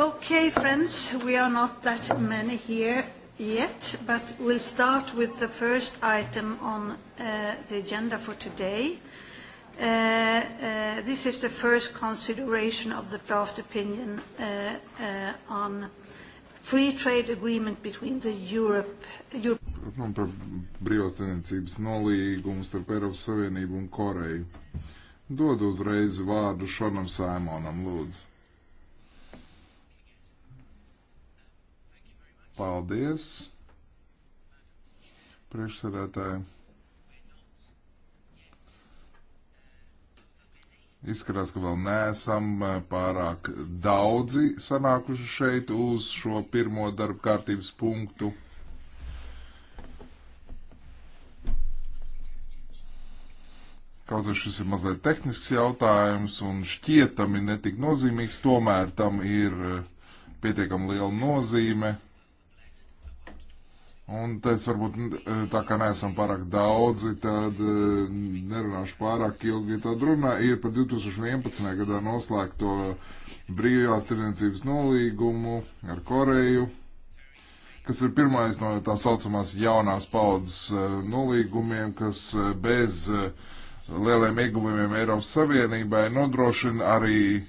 Okay, friends, we are not that many here yet, but we'll start with the first item on uh, the agenda for today. Uh, uh, this is the first consideration of the draft opinion uh, uh, on free trade agreement between the Europe. Europe nu, par brīvās tirdzniecības nolīgumu starp Eiropas Savienību un Koreju. Dodu uzreiz vārdu Šonam Saimonam, lūdzu. Paldies, priekšsēdētāji. Izskatās, ka vēl neesam eh, pārāk daudzi sanākuši šeit uz šo pirmo darba kārtības punktu. Kaut arī šis ir mazliet tehnisks jautājums un šķietami netik nozīmīgs, tomēr tam ir eh, pietiekami liela nozīme. Un es varbūt e, tā kā neesam pārāk daudzi, tad e, nerunāšu pārāk ilgi. Tad runa ir par 2011. gadā noslēgto brīvās tirdzniecības nolīgumu ar Koreju, kas ir pirmais no tā saucamās jaunās paudzes e, nolīgumiem, kas bez lieliem ieguvumiem Eiropas Savienībai nodrošina arī uh,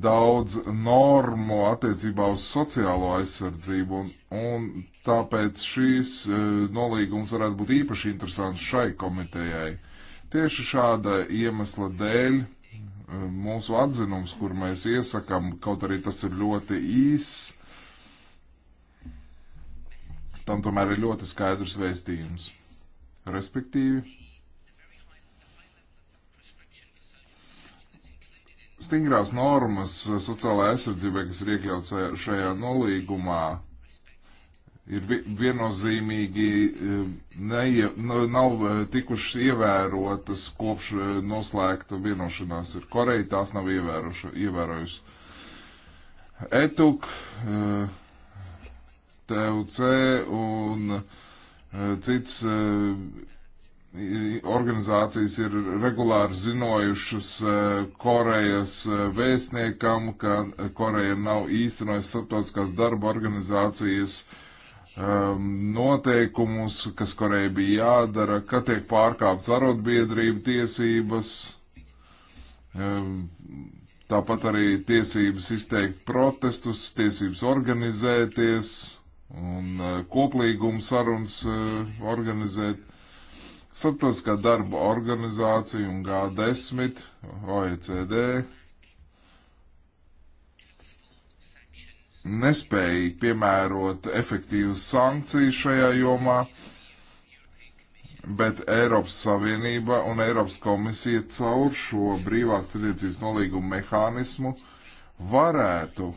daudz normu attiecībā uz sociālo aizsardzību, un, un tāpēc šīs e, nolīgums varētu būt īpaši interesants šai komitejai. Tieši šāda iemesla dēļ e, mūsu atzinums, kur mēs iesakam, kaut arī tas ir ļoti īss, tam tomēr ir ļoti skaidrs vēstījums. Respektīvi stingrās normas sociālajā aizsardzībai, kas ir iekļauts šajā nolīgumā, ir viennozīmīgi eh, neie, nu, nav eh, tikušas ievērotas kopš eh, noslēgta vienošanās ar Koreju, tās nav ievērojusi. ETUK, TUC un cits organizācijas ir regulāri zinojušas eh, Korejas eh, vēstniekam, ka Koreja nav īstenojusi starptautiskās darba organizācijas ehm, noteikumus, kas Koreja bija jādara, ka tiek pārkāpts arotbiedrību tiesības, ehm, tāpat arī tiesības izteikt protestus, tiesības organizēties un eh, koplīgumu sarunas organizēt. Starptautiskā darba organizācija un G10, OECD nespēja piemērot efektīvas sankcijas šajā jomā, bet Eiropas Savienība un Eiropas komisija caur šo brīvās tirdzniecības nolīgumu mehānismu varētu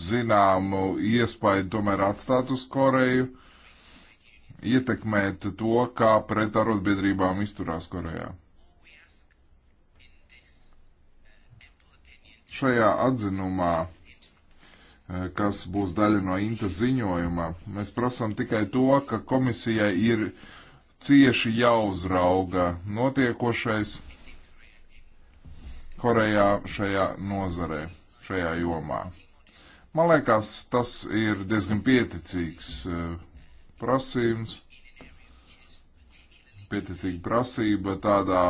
zināmu iespaidu tomēr atstāt uz Koreju ietekmēt to, kā pret arotbiedrībām izturās Korejā. Šajā atzinumā, eh, kas būs daļa no Inta ziņojuma, mēs prasām tikai to, ka komisijai ir cieši jāuzrauga notiekošais Korejā šajā nozarē, šajā jomā. Man liekas, tas ir diezgan pieticīgs uh, prasījums, pieticīga prasība tādā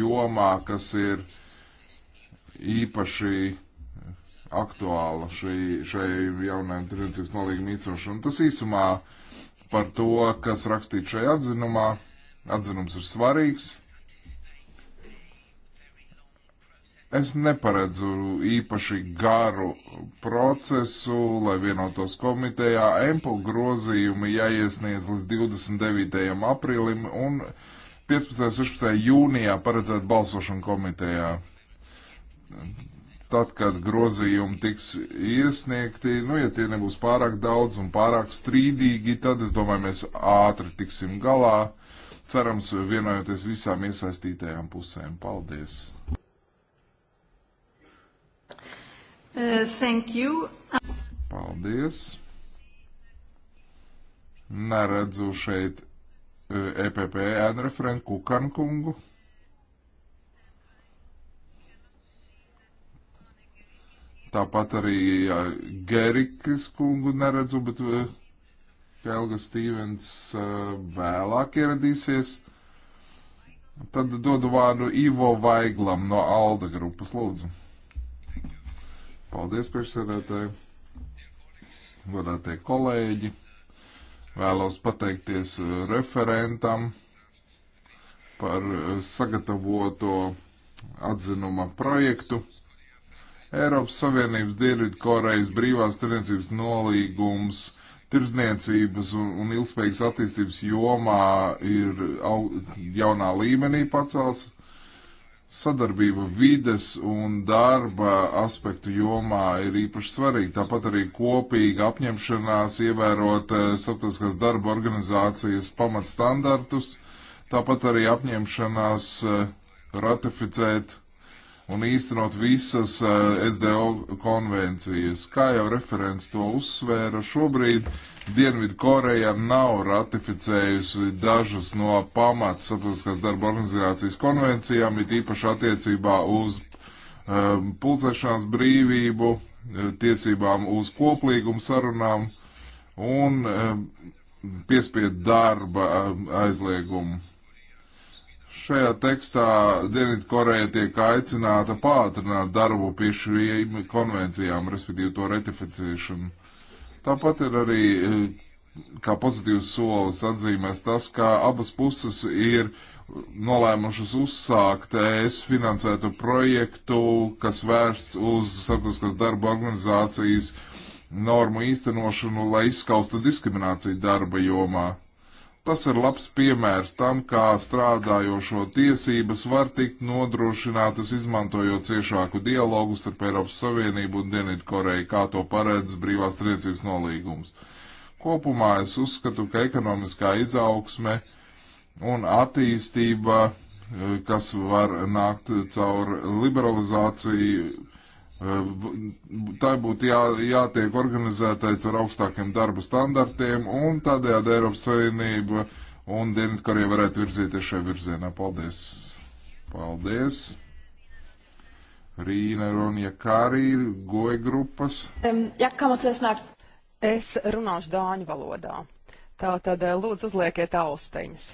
jomā, kas ir īpaši aktuāla šai, šai jaunajam tirdzniecības nolīguma īstenošanai. Tas īsumā par to, kas rakstīts šajā atzinumā. Atzinums ir svarīgs, Es neparedzu īpaši garu procesu, lai vienotos komitejā. Empul grozījumi jāiesniedz līdz 29. aprīlim un 15. un 16. jūnijā paredzēt balsošanu komitejā. Tad, kad grozījumi tiks iesniegti, nu, ja tie nebūs pārāk daudz un pārāk strīdīgi, tad es domāju, mēs ātri tiksim galā. Cerams, vienojoties visām iesaistītajām pusēm. Paldies! Uh, thank you. Paldies. Neredzu šeit uh, EPP ēnreferentu Kukankungu. Tāpat arī jā, Gerikas kungu neredzu, bet uh, Helga Stīvens uh, vēlāk ieradīsies. Tad dodu vārdu Ivo Vaiglam no Alda grupas, lūdzu. Paldies, priekšsēdētāji, godātie kolēģi. Vēlos pateikties uh, referentam par uh, sagatavoto atzinuma projektu. Eiropas Savienības Dienvidkorejas brīvās tirniecības nolīgums tirdzniecības un, un ilgspējīgas attīstības jomā ir au, jaunā līmenī pacels sadarbība vides un darba aspektu jomā ir īpaši svarīga. Tāpat arī kopīga apņemšanās ievērot eh, starptautiskās darba organizācijas pamatstandartus, tāpat arī apņemšanās eh, ratificēt un īstenot visas eh, SDO konvencijas. Kā jau referents to uzsvēra, šobrīd Dienvidu Koreja nav ratificējusi dažas no pamats sabiedriskās darba organizācijas konvencijām, it īpaši attiecībā uz um, pulcēšanās brīvību, eh, tiesībām uz koplīgumu sarunām un um, piespiedu darba aizliegumu. Šajā tekstā Dienvidkoreja tiek aicināta pātrināt darbu pie šīm konvencijām, respektīvi to ratificēšanu. Tāpat ir arī eh, kā pozitīvs solis atzīmēs tas, ka abas puses ir nolēmušas uzsākt ES finansētu projektu, kas vērsts uz starptautiskās darba organizācijas normu īstenošanu, lai izskaustu diskrimināciju darba jomā Tas ir labs piemērs tam, kā strādājošo tiesības var tikt nodrošinātas, izmantojot ciešāku dialogu starp Eiropas Savienību un Dienvidkoreju, kā to paredz brīvās triecības nolīgums. Kopumā es uzskatu, ka ekonomiskā izaugsme un attīstība eh, kas var nākt caur liberalizāciju, Eh, tā būtu jā, jātiek organizētai ar augstākiem darba standartiem, un tādējādi Eiropas Savienība un Dienvidkoreja varētu virzīties šajā virzienā. Paldies! Paldies! Rīna Ronja Kārī, goja grupas. Es runāšu dāņu valodā. Tātad eh, lūdzu uzliekiet austiņas.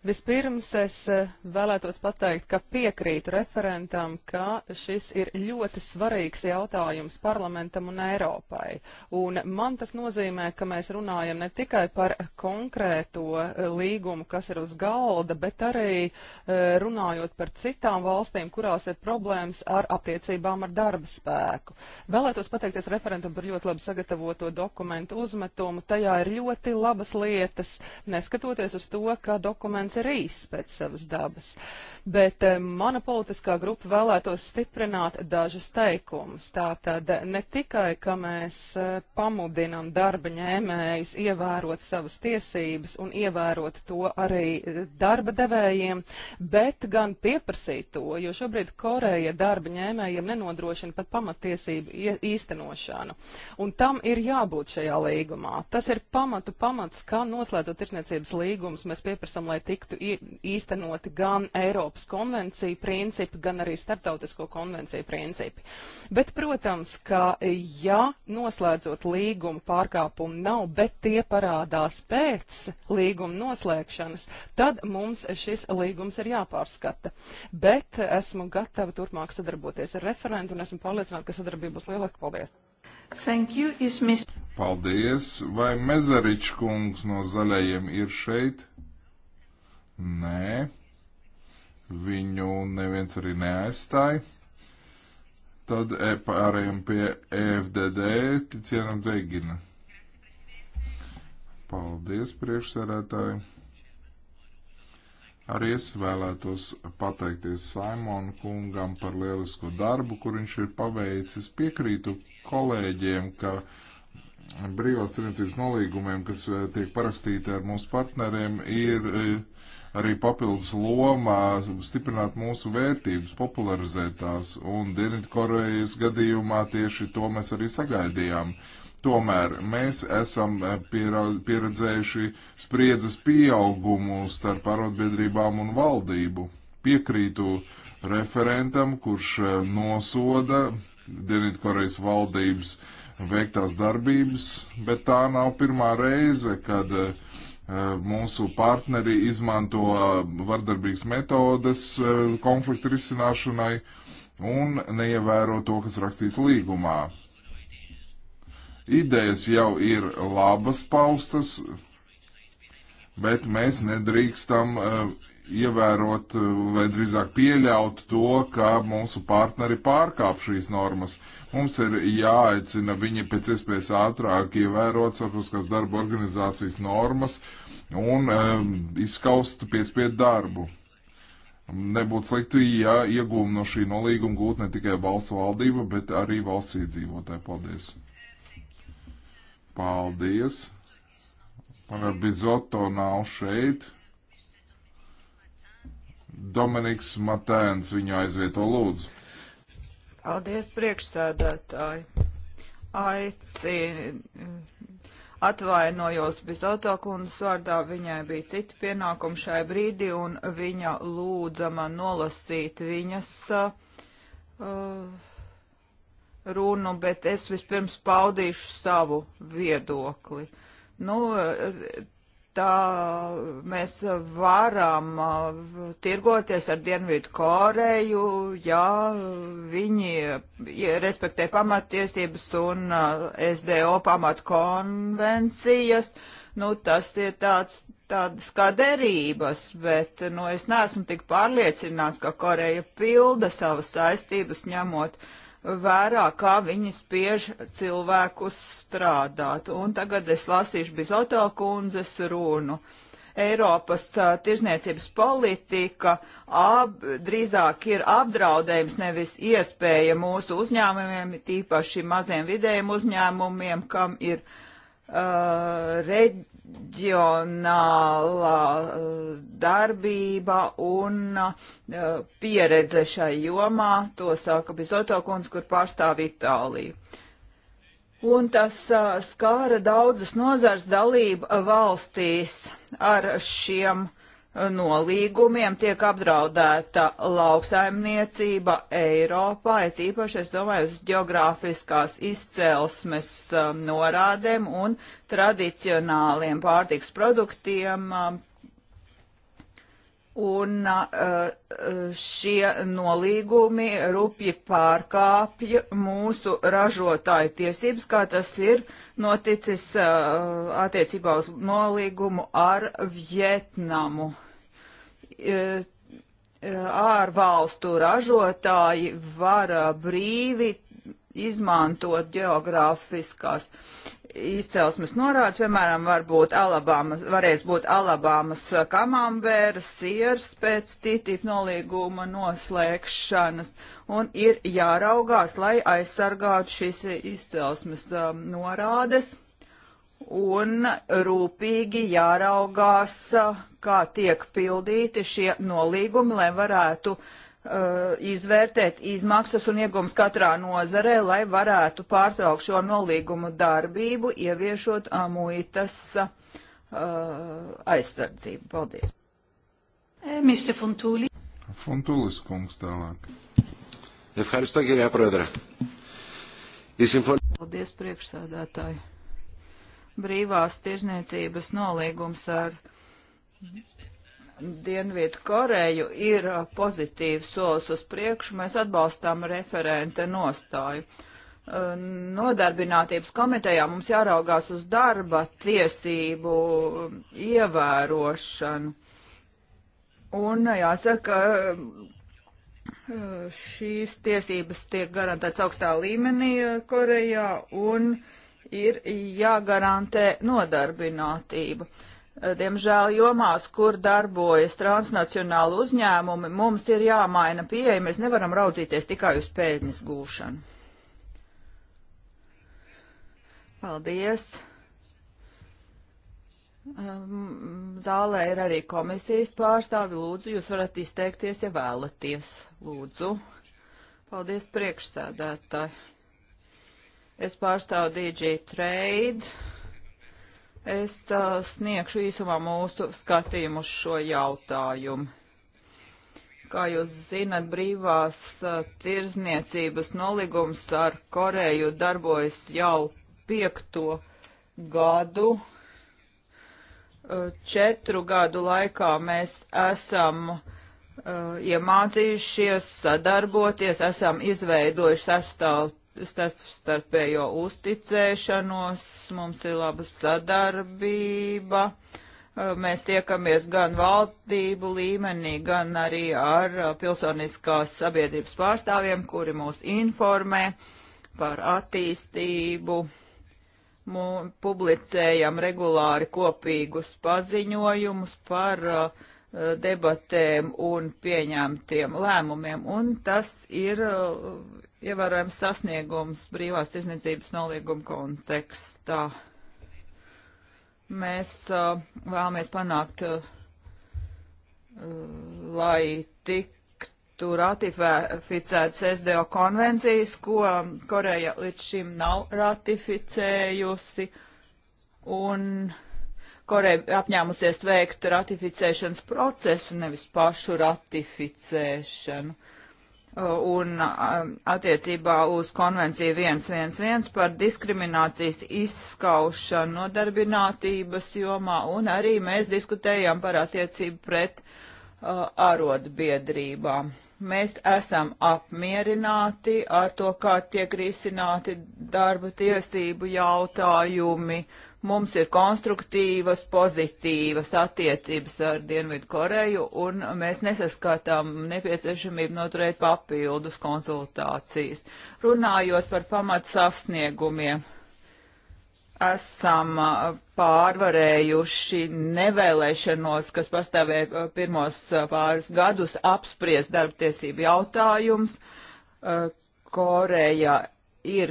Vispirms es eh, vēlētos pateikt, ka piekrītu referentam, ka šis ir ļoti svarīgs jautājums parlamentam un Eiropai. Un man tas nozīmē, ka mēs runājam ne tikai par konkrēto eh, līgumu, kas ir uz galda, bet arī eh, runājot par citām valstīm, kurās ir problēmas ar attiecībām ar darba spēku. Vēlētos pateikties referentam par ļoti labi sagatavoto dokumentu uzmetumu. Tajā ir ļoti labas lietas, neskatoties uz to, ka dokuments instruments arī pēc savas dabas. Uh, bet eh, mana politiskā grupa vēlētos stiprināt dažus teikumus. Tātad eh, ne tikai, ka mēs eh, pamudinam darba ņēmējus ievērot savas tiesības un ievērot to arī darba devējiem, bet gan pieprasīt to, jo šobrīd Koreja darba ņēmējiem nenodrošina pat pamatiesību īstenošanu. Un tam ir jābūt šajā līgumā. Tas ir pamatu pamats, kā noslēdzot tirsniecības līgumus mēs pieprasam, lai tiktu īstenoti gan Eiropas Eiropas konvenciju principi, gan arī starptautisko konvenciju principi. Bet, protams, ka ja noslēdzot līgumu pārkāpumu nav, bet tie parādās pēc līguma noslēgšanas, tad mums šis līgums ir jāpārskata. Bet esmu gatava turpmāk sadarboties ar referentu un esmu pārliecināta, ka sadarbība būs lielāka. Paldies! Thank you, is Miss. Paldies. Vai Mezeričs kungs no zaļajiem ir šeit? Nē. Viņu neviens arī neaizstāja. Tad e, pārējām pie EFDD Ticienam Degina. Paldies, priekšsēdētāji! Arī es vēlētos pateikties Saimonu kungam par lielisko darbu, kur viņš ir paveicis. Piekrītu kolēģiem, ka brīvās tirdzniecības nolīgumiem, kas e, tiek parakstīti ar mūsu partneriem, ir e, arī papildus loma stiprināt mūsu vērtības, popularizēt tās, un Dienvidkorejas gadījumā tieši to mēs arī sagaidījām. Tomēr mēs esam eh, pieredzējuši spriedzes pieaugumu starp arotbiedrībām un valdību. Piekrītu referentam, kurš eh, nosoda Dienvidkorejas valdības veiktās darbības, bet tā nav pirmā reize, kad uh, Eh, mūsu partneri izmanto eh, vardarbīgas metodes eh, konfliktu risināšanai un neievēro to, kas rakstīts līgumā. Idejas jau ir labas paustas, bet mēs nedrīkstam ievērot vai drīzāk pieļaut to, ka mūsu partneri pārkāp šīs normas. Mums ir jāaicina viņi pēc iespējas ātrāk ievērot starptautiskās darba organizācijas normas, uh, un um, izskaust piespiedu darbu. Nebūtu slikti, ja iegūmi no šī nolīguma gūt ne tikai valsts valdība, bet arī valsts iedzīvotāji. Paldies! Paldies! Man ar bizoto nav šeit. Dominiks Matēns viņu aizvieto lūdzu. Paldies, priekšsēdētāji! Aicinu Atvainojos Bizoto kundas vārdā, viņai bija citi pienākumi šai brīdī, un viņa lūdza man nolasīt viņas uh, runu, bet es vispirms paudīšu savu viedokli. Nu, tā mēs varam uh, tirgoties ar Dienvidu Koreju, ja viņi respektē pamatiesības un uh, SDO pamatkonvencijas. Nu, tas ir tāds, tādas kā derības, bet nu, es neesmu tik pārliecināts, ka Koreja pilda savas saistības ņemot uh, vērā, kā viņi spiež cilvēkus strādāt. Un tagad es lasīšu Bizoto kundzes runu. Eiropas uh, tirzniecības politika ab, drīzāk ir apdraudējums, nevis iespēja mūsu uzņēmumiem, tīpaši maziem vidējiem uzņēmumiem, kam ir uh, reģ reģionālā eh, darbība un eh, pieredze šai jomā, to saka Bizoto kundze, kur pārstāv Itāliju. Un tas eh, skāra daudzas nozars dalību valstīs ar šiem uh, nolīgumiem tiek apdraudēta lauksaimniecība Eiropā, it īpaši, es domāju, uz geogrāfiskās izcelsmes um, norādēm un tradicionāliem pārtiks produktiem um, Un uh, uh, šie nolīgumi rupji pārkāpja mūsu ražotāju tiesības, kā tas ir noticis uh, attiecībā uz nolīgumu ar Vietnamu. Ārvalstu ražotāji var brīvi izmantot geogrāfiskās izcelsmes norādes, piemēram, varbūt Alabamas, varēs būt Alabamas kamamberas, siers pēc TTIP nolīguma noslēgšanas, un ir jāraugās, lai aizsargātu šīs izcelsmes um, norādes, un rūpīgi jāraugās, uh, kā tiek pildīti šie nolīgumi, lai varētu uh, Uh, izvērtēt izmaksas un iegums katrā nozarē, lai varētu pārtraukt šo nolīgumu darbību, ieviešot muitas uh, aizsardzību. Paldies. Eh, Mr. Funtūli. Funtūlis kungs tālāk. Ευχαριστώ κύριε Πρόεδρε. Η συμφωνία... Paldies priekšsādātāji. Brīvās tirzniecības nolīgums ar Dienvidu Koreju ir uh, pozitīvs solis uz priekšu. Mēs atbalstām referente nostāju. Uh, nodarbinātības komitejā mums jāraugās uz darba tiesību um, ievērošanu. Un uh, jāsaka, šīs tiesības tiek garantētas augstā līmenī Korejā un ir jāgarantē nodarbinātība. Uh, Eh, diemžēl jomās, kur darbojas transnacionāli uzņēmumi, mums ir jāmaina pieeja, mēs nevaram raudzīties tikai uz pēļņas gūšanu. Paldies! Ehm, zālē ir arī komisijas pārstāvi. Lūdzu, jūs varat izteikties, ja vēlaties. Lūdzu. Paldies priekšsēdētāji. Es pārstāvu DJ Trade Es uh, sniegšu īsumā mūsu skatījumu uz šo jautājumu. Kā jūs zinat, brīvās uh, tirzniecības noligums ar Koreju darbojas jau piekto gadu. Uh, četru gadu laikā mēs esam iemācījušies sadarboties, esam izveidojuši starpstāvu starp, starpējo uzticēšanos, mums ir laba sadarbība. Uh, mēs tiekamies gan valdību līmenī, gan arī ar uh, pilsoniskās sabiedrības pārstāvjiem, kuri mūs informē par attīstību. Mū, publicējam regulāri kopīgus paziņojumus par uh, debatēm un pieņemtiem lēmumiem, un tas ir uh, ievērojams sasniegums brīvās tirzniecības nolīguma kontekstā. Mēs uh, vēlamies panākt, uh, uh lai tiktu ratificētas SDO konvencijas, ko Koreja līdz šim nav ratificējusi, un Koreja apņēmusies veikt ratificēšanas procesu, nevis pašu ratificēšanu un um, attiecībā uz konvenciju 111 par diskriminācijas izskaušanu nodarbinātības jomā, un arī mēs diskutējam par attiecību pret uh, arotbiedrībām. Mēs esam apmierināti ar to, kā tiek risināti darba tiesību jautājumi uh, Mums ir konstruktīvas, pozitīvas attiecības ar Dienvidu Koreju, un mēs nesaskatām nepieciešamību noturēt papildus konsultācijas. Runājot par pamat sasniegumiem, esam uh, pārvarējuši nevēlēšanos, kas pastāvēja uh, pirmos uh, pāris gadus, apspriest darbtiesību jautājumus. Koreja ir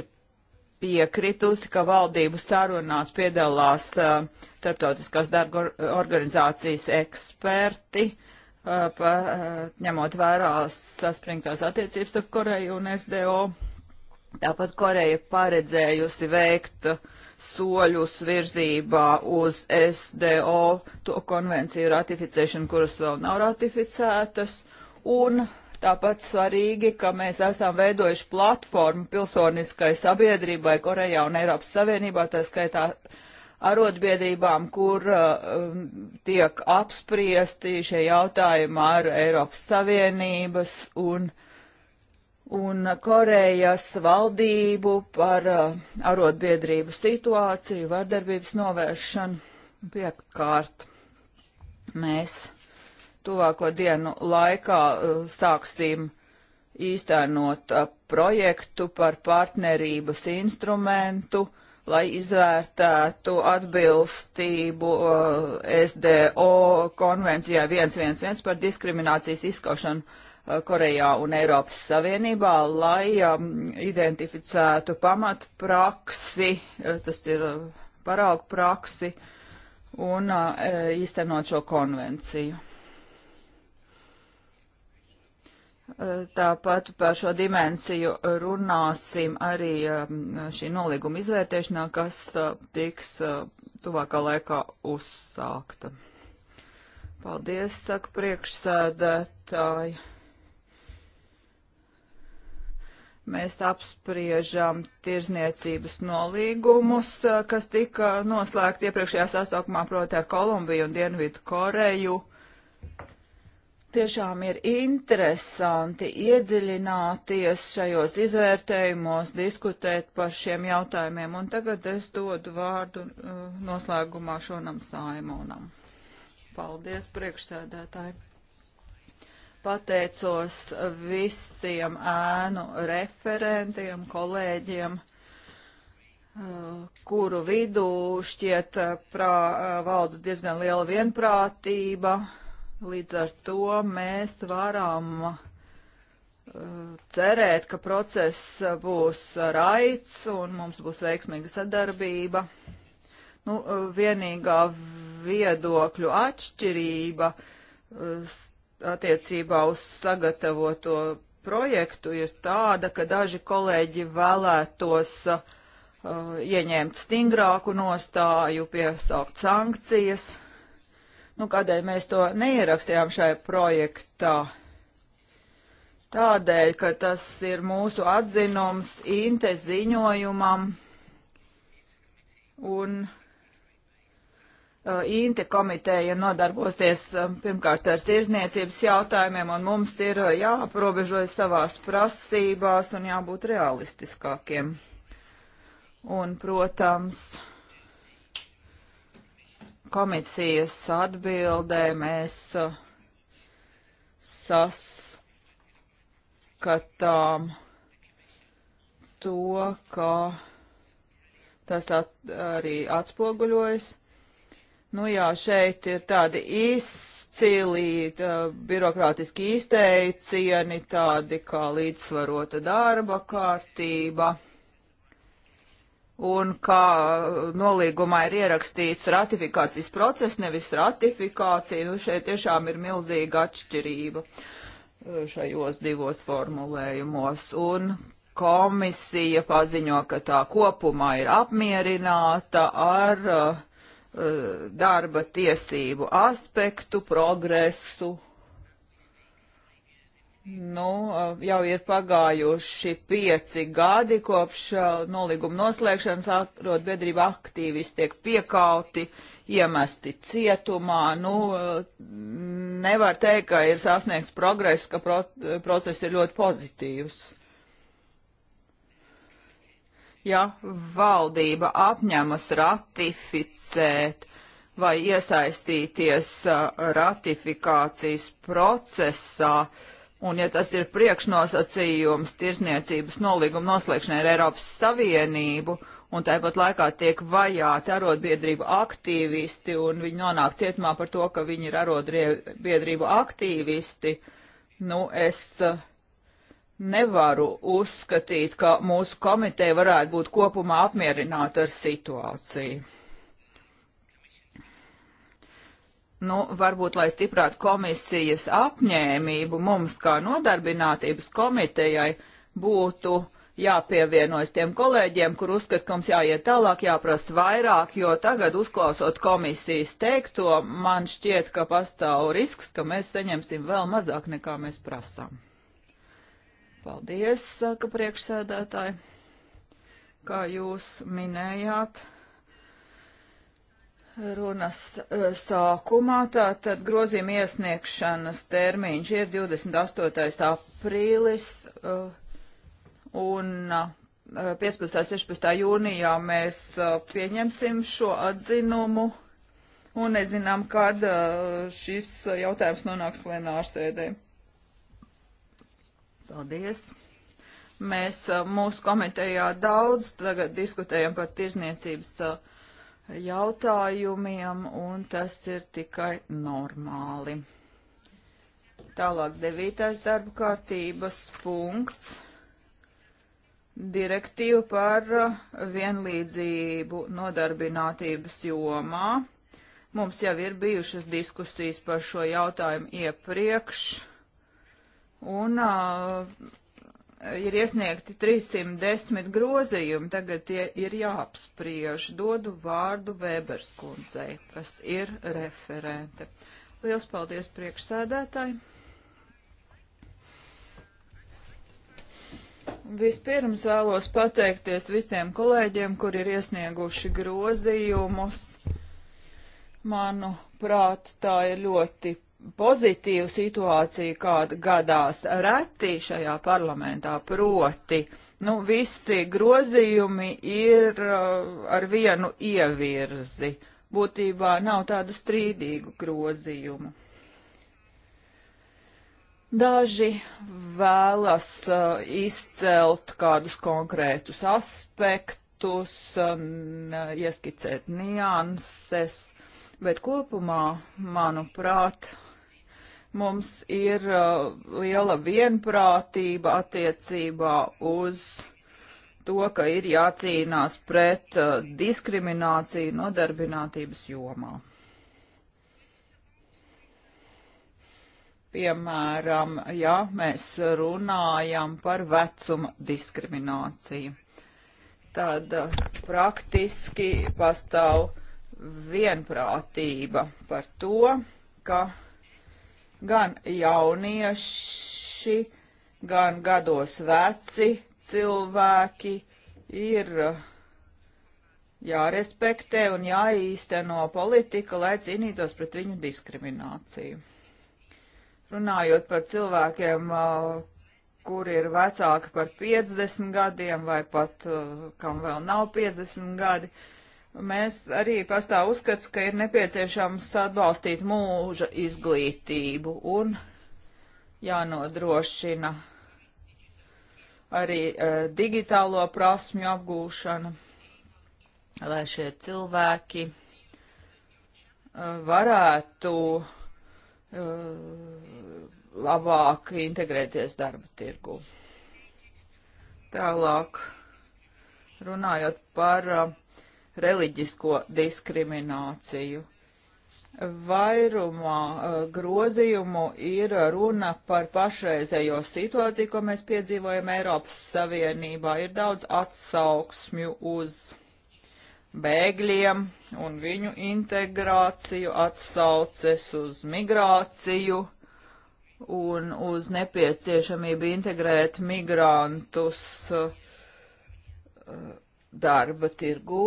piekritusi, ka valdību sarunās piedalās uh, starptautiskās darba organizācijas eksperti, uh, pa, uh, ņemot vērā saspringtās attiecības starp Koreju un SDO. Tāpat Koreja paredzējusi veikt soļus virzībā uz SDO to konvenciju ratificēšanu, kuras vēl nav ratificētas, un uh, Tāpat svarīgi, ka mēs esam veidojuši platformu pilsoniskai sabiedrībai Korejā un Eiropas Savienībā, tā skaitā arotbiedrībām, kur uh, um, tiek apspriesti šie jautājumi ar Eiropas Savienības un, un Korejas valdību par uh, arotbiedrību situāciju, vardarbības novēršanu. Piekārt, mēs tuvāko dienu laikā eh, sāksim īstenot eh, projektu par partnerības instrumentu, lai izvērtētu atbilstību eh, SDO konvencijai 111 par diskriminācijas izskaušanu Korejā un Eiropas Savienībā, lai um, identificētu pamatpraksi, tas ir paraugu praksi, un uh, īstenot šo konvenciju. Tāpat par šo dimensiju runāsim arī um, šī nolīguma izvērtēšanā, kas uh, tiks uh, tuvākā laikā uzsākta. Paldies, saka priekšsēdētāji. Mēs apspriežam tirzniecības nolīgumus, uh, kas tika noslēgti iepriekšējā sasaukumā proti ar Kolumbiju un Dienvidu Koreju tiešām ir interesanti iedziļināties šajos izvērtējumos, diskutēt par šiem jautājumiem. Un tagad es dodu vārdu uh, noslēgumā šonam Saimonam. Paldies, priekšsēdētāji. Pateicos visiem ēnu referentiem, kolēģiem, uh, kuru vidū šķiet uh, prā, valda diezgan liela vienprātība Līdz ar to mēs varam uh, cerēt, ka process būs raids un mums būs veiksmīga sadarbība. Nu, uh, vienīgā viedokļu atšķirība uh, attiecībā uz sagatavoto projektu ir tāda, ka daži kolēģi vēlētos uh, ieņemt stingrāku nostāju, piesaukt sankcijas. Uh, Nu, kādēļ mēs to neierakstījām šajā projektā? Tādēļ, ka tas ir mūsu atzinums inte ziņojumam un uh, inte komiteja nodarbosies uh, pirmkārt ar tirzniecības jautājumiem un mums ir uh, jāaprobežojas savās prasībās un jābūt realistiskākiem. Un, protams, uh, komisijas atbildē mēs uh, saskatām to, ka tas at, arī atspoguļojas. Nu jā, šeit ir tādi izcili tā, birokrātiski izteicieni, tādi kā līdzsvarota darba kārtība un kā nolīgumā ir ierakstīts ratifikācijas process, nevis ratifikācija. Nu, šeit tiešām ir milzīga atšķirība eh, šajos divos formulējumos. Un komisija paziņo, ka tā kopumā ir apmierināta ar uh, darba tiesību aspektu, progresu Nu, eh, jau ir pagājuši pieci gadi kopš eh, nolīguma noslēgšanas arotbiedrība aktīvis tiek piekauti, iemesti cietumā. Nu, eh, nevar teikt, ka ir sasniegts progress, ka pro process ir ļoti pozitīvs. Ja valdība apņemas ratificēt vai iesaistīties ratifikācijas procesā, uh, Un, ja tas ir priekšnosacījums tirsniecības nolīguma noslēgšanai ar Eiropas Savienību, un tāpat laikā tiek vajāti arotbiedrību aktīvisti, un viņi nonāk cietumā par to, ka viņi ir arotbiedrību aktīvisti, nu, es eh, nevaru uzskatīt, ka mūsu komiteja varētu būt kopumā apmierināta ar situāciju. nu, varbūt, lai stiprātu komisijas apņēmību, mums kā nodarbinātības komitejai būtu jāpievienojas tiem kolēģiem, kur uzskat, ka mums jāiet tālāk, jāprasa vairāk, jo tagad, uzklausot komisijas teikto, man šķiet, ka pastāv risks, ka mēs saņemsim vēl mazāk, nekā mēs prasām. Paldies, saka priekšsēdētāji, kā jūs minējāt runas eh, sākumā. Tātad grozījuma iesniegšanas termiņš ir 28. aprīlis eh, un 15. Eh, 16. jūnijā mēs pieņemsim šo atzinumu un nezinām, kad šis jautājums nonāks plenārsēdē. Paldies! Mēs mūsu komitejā daudz tagad diskutējam par tirzniecības uh, jautājumiem, un tas ir tikai normāli. Tālāk devītais darba kārtības punkts - direktīva par uh, vienlīdzību nodarbinātības jomā. Mums jau ir bijušas diskusijas par šo jautājumu iepriekš, un uh, ir iesniegti 310 grozījumi, tagad tie ir jāapspriež. Dodu vārdu Vēberskundzei, kas ir referente. Liels paldies priekšsēdētāji! Vispirms vēlos pateikties visiem kolēģiem, kur ir iesnieguši grozījumus. Manuprāt, tā ir ļoti pozitīvu situāciju, kāda gadās reti šajā parlamentā, proti, nu, visi grozījumi ir uh, ar vienu ievirzi. Būtībā nav tādu strīdīgu grozījumu. Daži vēlas uh, izcelt kādus konkrētus aspektus, um, ieskicēt nianses, bet kopumā, manuprāt, uh, Mums ir uh, liela vienprātība attiecībā uz to, ka ir jācīnās pret uh, diskrimināciju nodarbinātības jomā. Piemēram, ja mēs runājam par vecuma diskrimināciju, tad uh, praktiski pastāv vienprātība par to, ka gan jaunieši, gan gados veci cilvēki ir eh, jārespektē un jāīsteno politika, lai cīnītos pret viņu diskrimināciju. Runājot par cilvēkiem, eh, kuri ir vecāki par 50 gadiem vai pat eh, kam vēl nav 50 gadi, uh, mēs arī pastāv uzskats, ka ir nepieciešams atbalstīt mūža izglītību un jānodrošina arī e, digitālo prasmju apgūšana, lai šie cilvēki e, varētu e, labāk integrēties darba tirgu. Tālāk, runājot par uh, reliģisko diskrimināciju. Vairumā uh, grozījumu ir runa par pašreizējo situāciju, ko mēs piedzīvojam Eiropas Savienībā. Ir daudz atsauksmju uz bēgļiem un viņu integrāciju, atsauces uz migrāciju un uz nepieciešamību integrēt migrantus uh, darba tirgū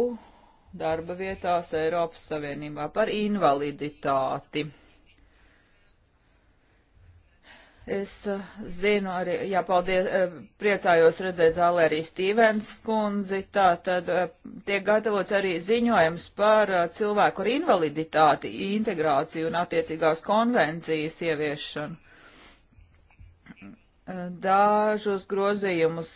darba vietās Eiropas Savienībā par invaliditāti. Es eh, zinu arī, jā, paldies, eh, priecājos redzēt zālē arī Stīvens skundzi, tā tad eh, tiek gatavots arī ziņojums par cilvēku ar invaliditāti, integrāciju un attiecīgās konvencijas ieviešanu. Dažus grozījumus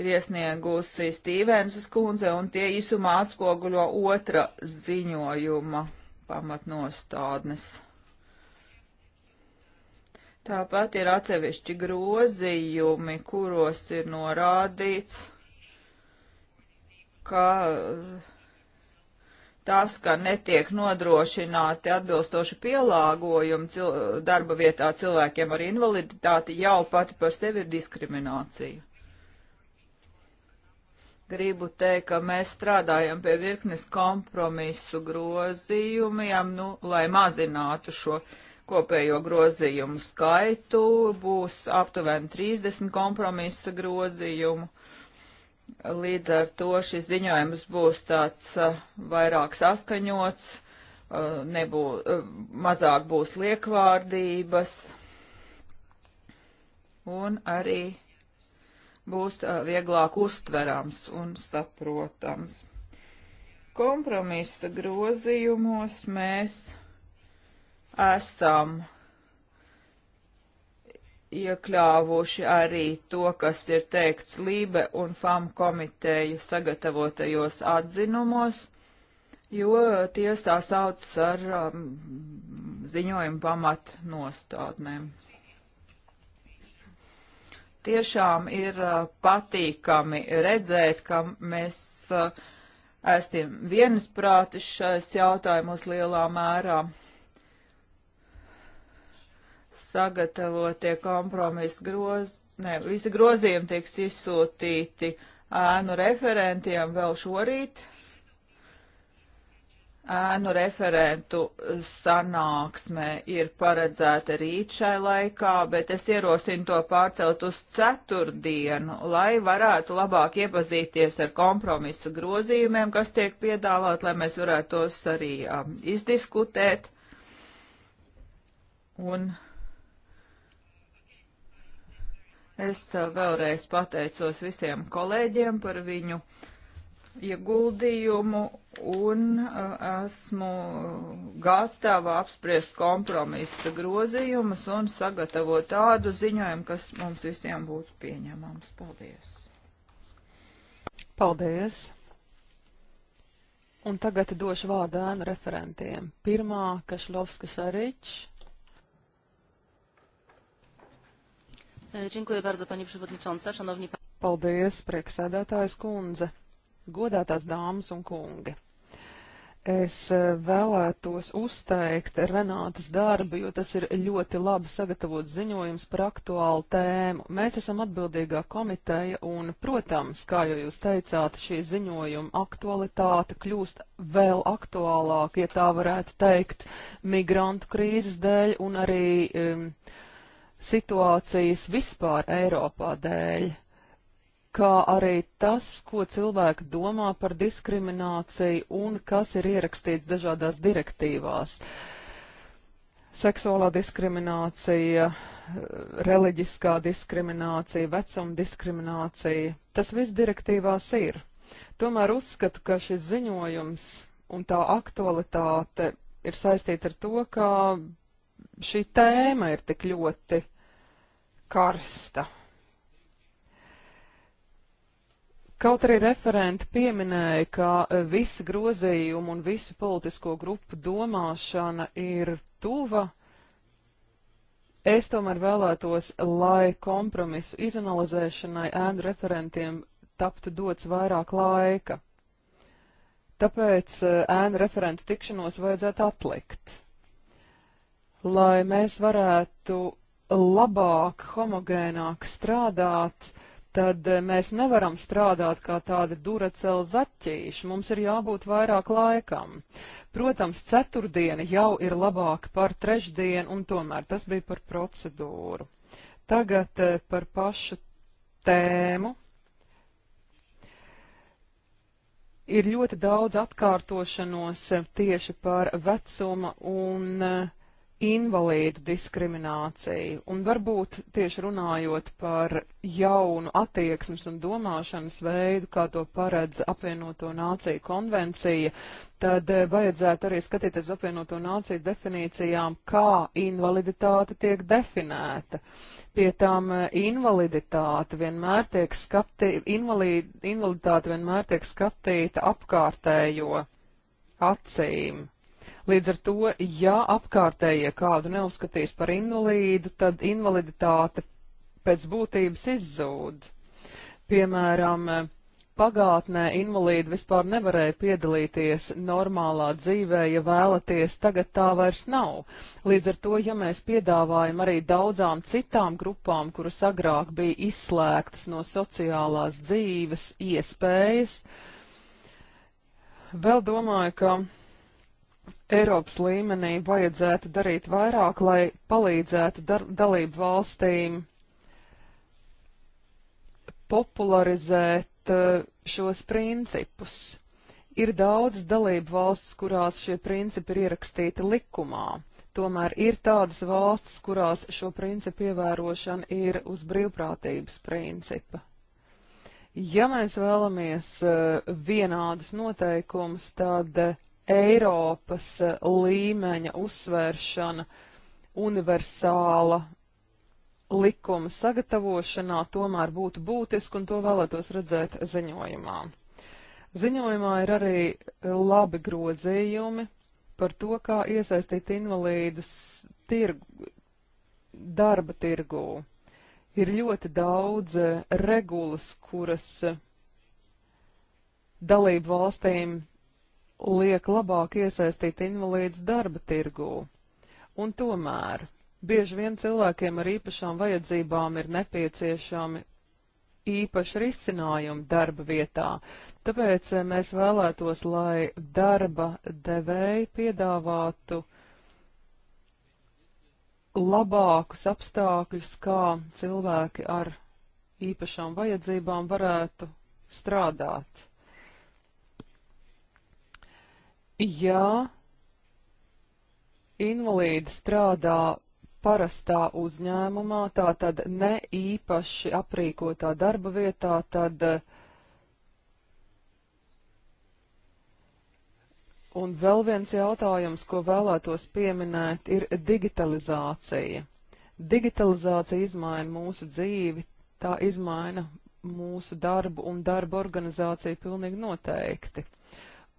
ir iesniegusi Stīvensas kundze, un tie īsumā atspoguļo otra ziņojuma pamatnostādnes. Tāpat ir atsevišķi grozījumi, kuros ir norādīts, ka tas, ka netiek nodrošināti atbilstoši pielāgojumi cil darba vietā cilvēkiem ar invaliditāti, jau pati par sevi ir diskriminācija gribu teikt, ka mēs strādājam pie virknes kompromisu grozījumiem, nu, lai mazinātu šo kopējo grozījumu skaitu. Būs aptuveni 30 kompromisa grozījumu. Līdz ar to šis ziņojums būs tāds eh, vairāk saskaņots, eh, nebū, eh, mazāk būs liekvārdības un arī būs vieglāk uztverams un saprotams. Kompromisa grozījumos mēs esam iekļāvuši arī to, kas ir teikts Lībe un FAM komiteju sagatavotajos atzinumos, jo tie sasaucas ar um, ziņojumu pamat nostādnēm tiešām ir uh, patīkami redzēt, ka mēs uh, esam viensprātis šais jautājumos lielā mērā. Sagatavotie kompromisu groz, ne, visi grozījumi tiks izsūtīti ēnu referentiem vēl šorīt ēnu referentu sanāksmē ir paredzēta rīt šai laikā, bet es ierosinu to pārcelt uz ceturtdienu, lai varētu labāk iepazīties ar kompromisu grozījumiem, kas tiek piedāvāt, lai mēs varētu tos arī um, izdiskutēt. Un es uh, vēlreiz pateicos visiem kolēģiem par viņu ieguldījumu un uh, esmu gatava apspriest kompromisa grozījumus un sagatavot tādu ziņojumu, kas mums visiem būtu pieņemams. Paldies! Paldies! Un tagad došu vārdu ēnu referentiem. Pirmā - Kašlovska Šarič. Dziękuję bardzo, pani przewodnicząca, szanowni państwo. Paldies, prieksēdētājs kundze godātās dāmas un kungi. Es e, vēlētos uzteikt Renātas darbu, jo tas ir ļoti labi sagatavots ziņojums par aktuālu tēmu. Mēs esam atbildīgā komiteja un, protams, kā jau jūs teicāt, šī ziņojuma aktualitāte kļūst vēl aktuālāk, ja tā varētu teikt, migrantu krīzes dēļ un arī um, situācijas vispār Eiropā dēļ kā arī tas, ko cilvēki domā par diskrimināciju un kas ir ierakstīts dažādās direktīvās. Seksuālā diskriminācija, reliģiskā diskriminācija, vecuma diskriminācija, tas viss direktīvās ir. Tomēr uzskatu, ka šis ziņojums un tā aktualitāte ir saistīta ar to, ka šī tēma ir tik ļoti karsta. Kaut arī referenti pieminēja, ka e, visi grozījumi un visu politisko grupu domāšana ir tuva, es tomēr vēlētos, lai kompromisu izanalizēšanai ēnu referentiem taptu dots vairāk laika. Tāpēc e, ēnu referentu tikšanos vajadzētu atlikt, lai mēs varētu labāk, homogēnāk strādāt, tad eh, mēs nevaram strādāt kā tādi duraceli zaķīši, mums ir jābūt vairāk laikam. Protams, ceturtdiena jau ir labāka par trešdienu, un tomēr tas bija par procedūru. Tagad eh, par pašu tēmu. Ir ļoti daudz atkārtošanos eh, tieši par vecuma un uh, invalīdu diskrimināciju, un varbūt tieši runājot par jaunu attieksmes un domāšanas veidu, kā to paredz apvienoto nāciju konvencija, tad eh, vajadzētu arī skatīties apvienoto nāciju definīcijām, kā invaliditāte tiek definēta. Pie tām eh, invaliditāte vienmēr tiek, skatī, invalid, invaliditāte vienmēr tiek skatīta apkārtējo acīm. Līdz ar to, ja apkārtējie kādu neuzskatīs par invalīdu, tad invaliditāte pēc būtības izzūd. Piemēram, pagātnē invalīdi vispār nevarēja piedalīties normālā dzīvē, ja vēlaties, tagad tā vairs nav. Līdz ar to, ja mēs piedāvājam arī daudzām citām grupām, kuras agrāk bija izslēgtas no sociālās dzīves iespējas, vēl domāju, ka Eiropas līmenī vajadzētu darīt vairāk, lai palīdzētu dar dalību valstīm popularizēt eh, šos principus. Ir daudz dalību valsts, kurās šie principi ir ierakstīti likumā. Tomēr ir tādas valstis, kurās šo principu ievērošana ir uz brīvprātības principa. Ja mēs vēlamies eh, vienādas noteikumus, tad Eiropas eh, līmeņa uzsvēršana universāla likuma sagatavošanā tomēr būtu būtiski un to vēlētos redzēt ziņojumā. Ziņojumā ir arī labi grozījumi par to, kā iesaistīt invalīdus tirgu, darba tirgū. Ir ļoti daudz eh, regulas, kuras eh, dalību valstīm liek labāk iesaistīt invalīdus darba tirgū. Un tomēr bieži vien cilvēkiem ar īpašām vajadzībām ir nepieciešami īpaši risinājumi darba vietā. Tāpēc eh, mēs vēlētos, lai darba devēji piedāvātu labākus apstākļus, kā cilvēki ar īpašām vajadzībām varētu strādāt. ja invalīdi strādā parastā uzņēmumā, tātad ne īpaši aprīkotā darba vietā, tad eh, Un vēl viens jautājums, ko vēlētos pieminēt, ir digitalizācija. Digitalizācija izmaina mūsu dzīvi, tā izmaina mūsu darbu un darba organizāciju pilnīgi noteikti.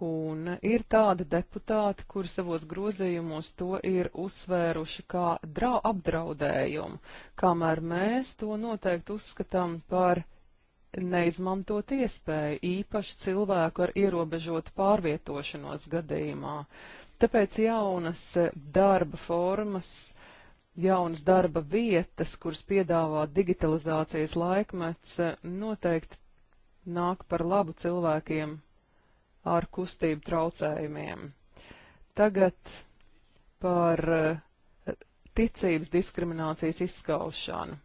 Un ir tādi deputāti, kuri savos grozījumos to ir uzsvēruši kā drau, apdraudējumu, kamēr mēs to noteikti uzskatām par neizmantot iespēju, īpaši cilvēku ar ierobežotu pārvietošanos gadījumā. Tāpēc jaunas eh, darba formas, jaunas darba vietas, kuras piedāvā digitalizācijas laikmets, eh, noteikti nāk par labu cilvēkiem ar kustību traucējumiem. Tagad par eh, ticības diskriminācijas izskaušanu.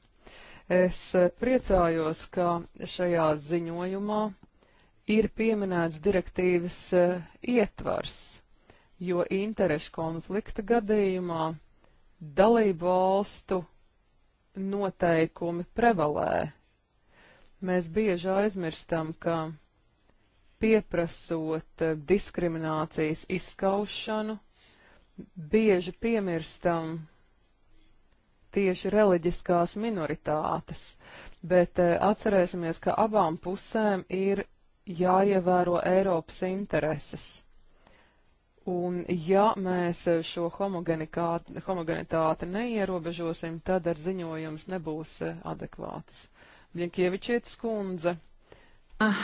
Es eh, priecājos, ka šajā ziņojumā ir pieminēts direktīvas eh, ietvars, jo interešu konflikta gadījumā dalību valstu noteikumi prevalē. Mēs bieži aizmirstam, ka pieprasot eh, diskriminācijas izskaušanu, bieži piemirstam tieši reliģiskās minoritātes, bet eh, atcerēsimies, ka abām pusēm ir jāievēro Eiropas intereses. Un ja mēs eh, šo homogenitāti neierobežosim, tad ar ziņojums nebūs adekvāts. Bļinkievičietis kundze. Ah,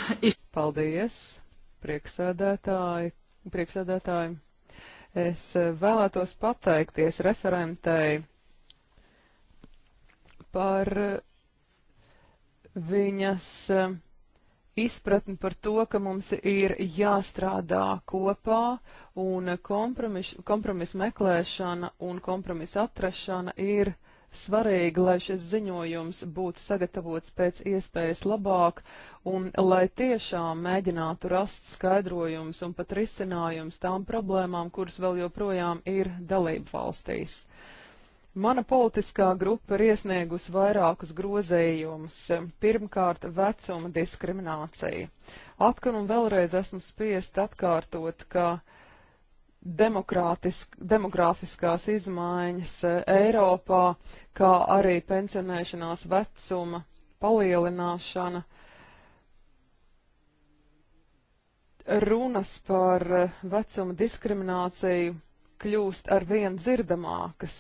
Paldies, prieksēdētāji. prieksēdētāji. Es eh, vēlētos pateikties referentei par eh, viņas eh, izpratni par to, ka mums ir jāstrādā kopā un kompromisu kompromis meklēšana un kompromisa atrašana ir Svarīgi, lai šis ziņojums būtu sagatavots pēc iespējas labāk un lai tiešām mēģinātu rast skaidrojums un pat risinājums tām problēmām, kuras vēl joprojām ir dalību valstīs. Mana politiskā grupa ir iesniegusi vairākus grozējumus. Pirmkārt, vecuma diskriminācija. Atkal un vēlreiz esmu spiest atkārtot, ka uh, demografiskās izmaiņas eh, Eiropā, kā arī pensionēšanās vecuma palielināšana. Runas par eh, vecuma diskrimināciju kļūst ar vien dzirdamākas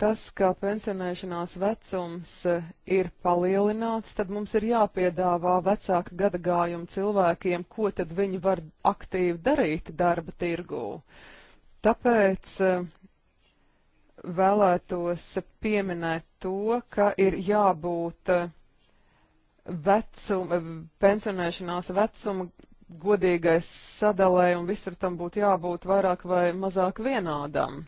tas, ka pensionēšanās vecums eh, ir palielināts, tad mums ir jāpiedāvā vecāka gadagājuma cilvēkiem, ko tad viņi var aktīvi darīt darba tirgū. Tāpēc eh, vēlētos pieminēt to, ka ir jābūt eh, vecuma, pensionēšanās vecuma godīgais sadalē un visur tam būtu jābūt vairāk vai mazāk vienādam.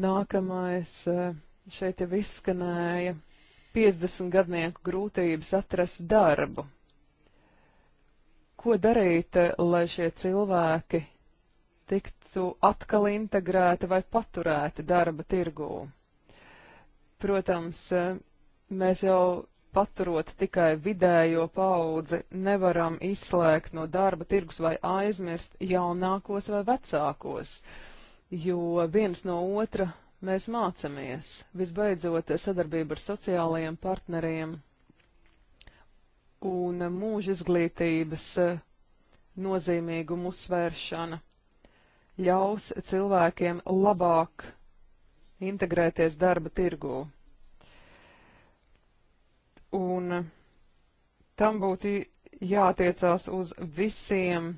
Nākamais eh, šeit jau izskanēja 50 gadnieku grūtības atrast darbu. Ko darīt, eh, lai šie cilvēki tiktu atkal integrēti vai paturēti darba tirgū? Protams, eh, mēs jau paturot tikai vidējo paudzi, nevaram izslēgt no darba tirgus vai aizmirst jaunākos vai vecākos. Uh, jo viens no otra mēs mācamies. Visbeidzot, sadarbība ar sociālajiem partneriem un mūža izglītības eh, nozīmīgumu uzsvēršana ļaus cilvēkiem labāk integrēties darba tirgū. Un tam būtu jātiecās uz visiem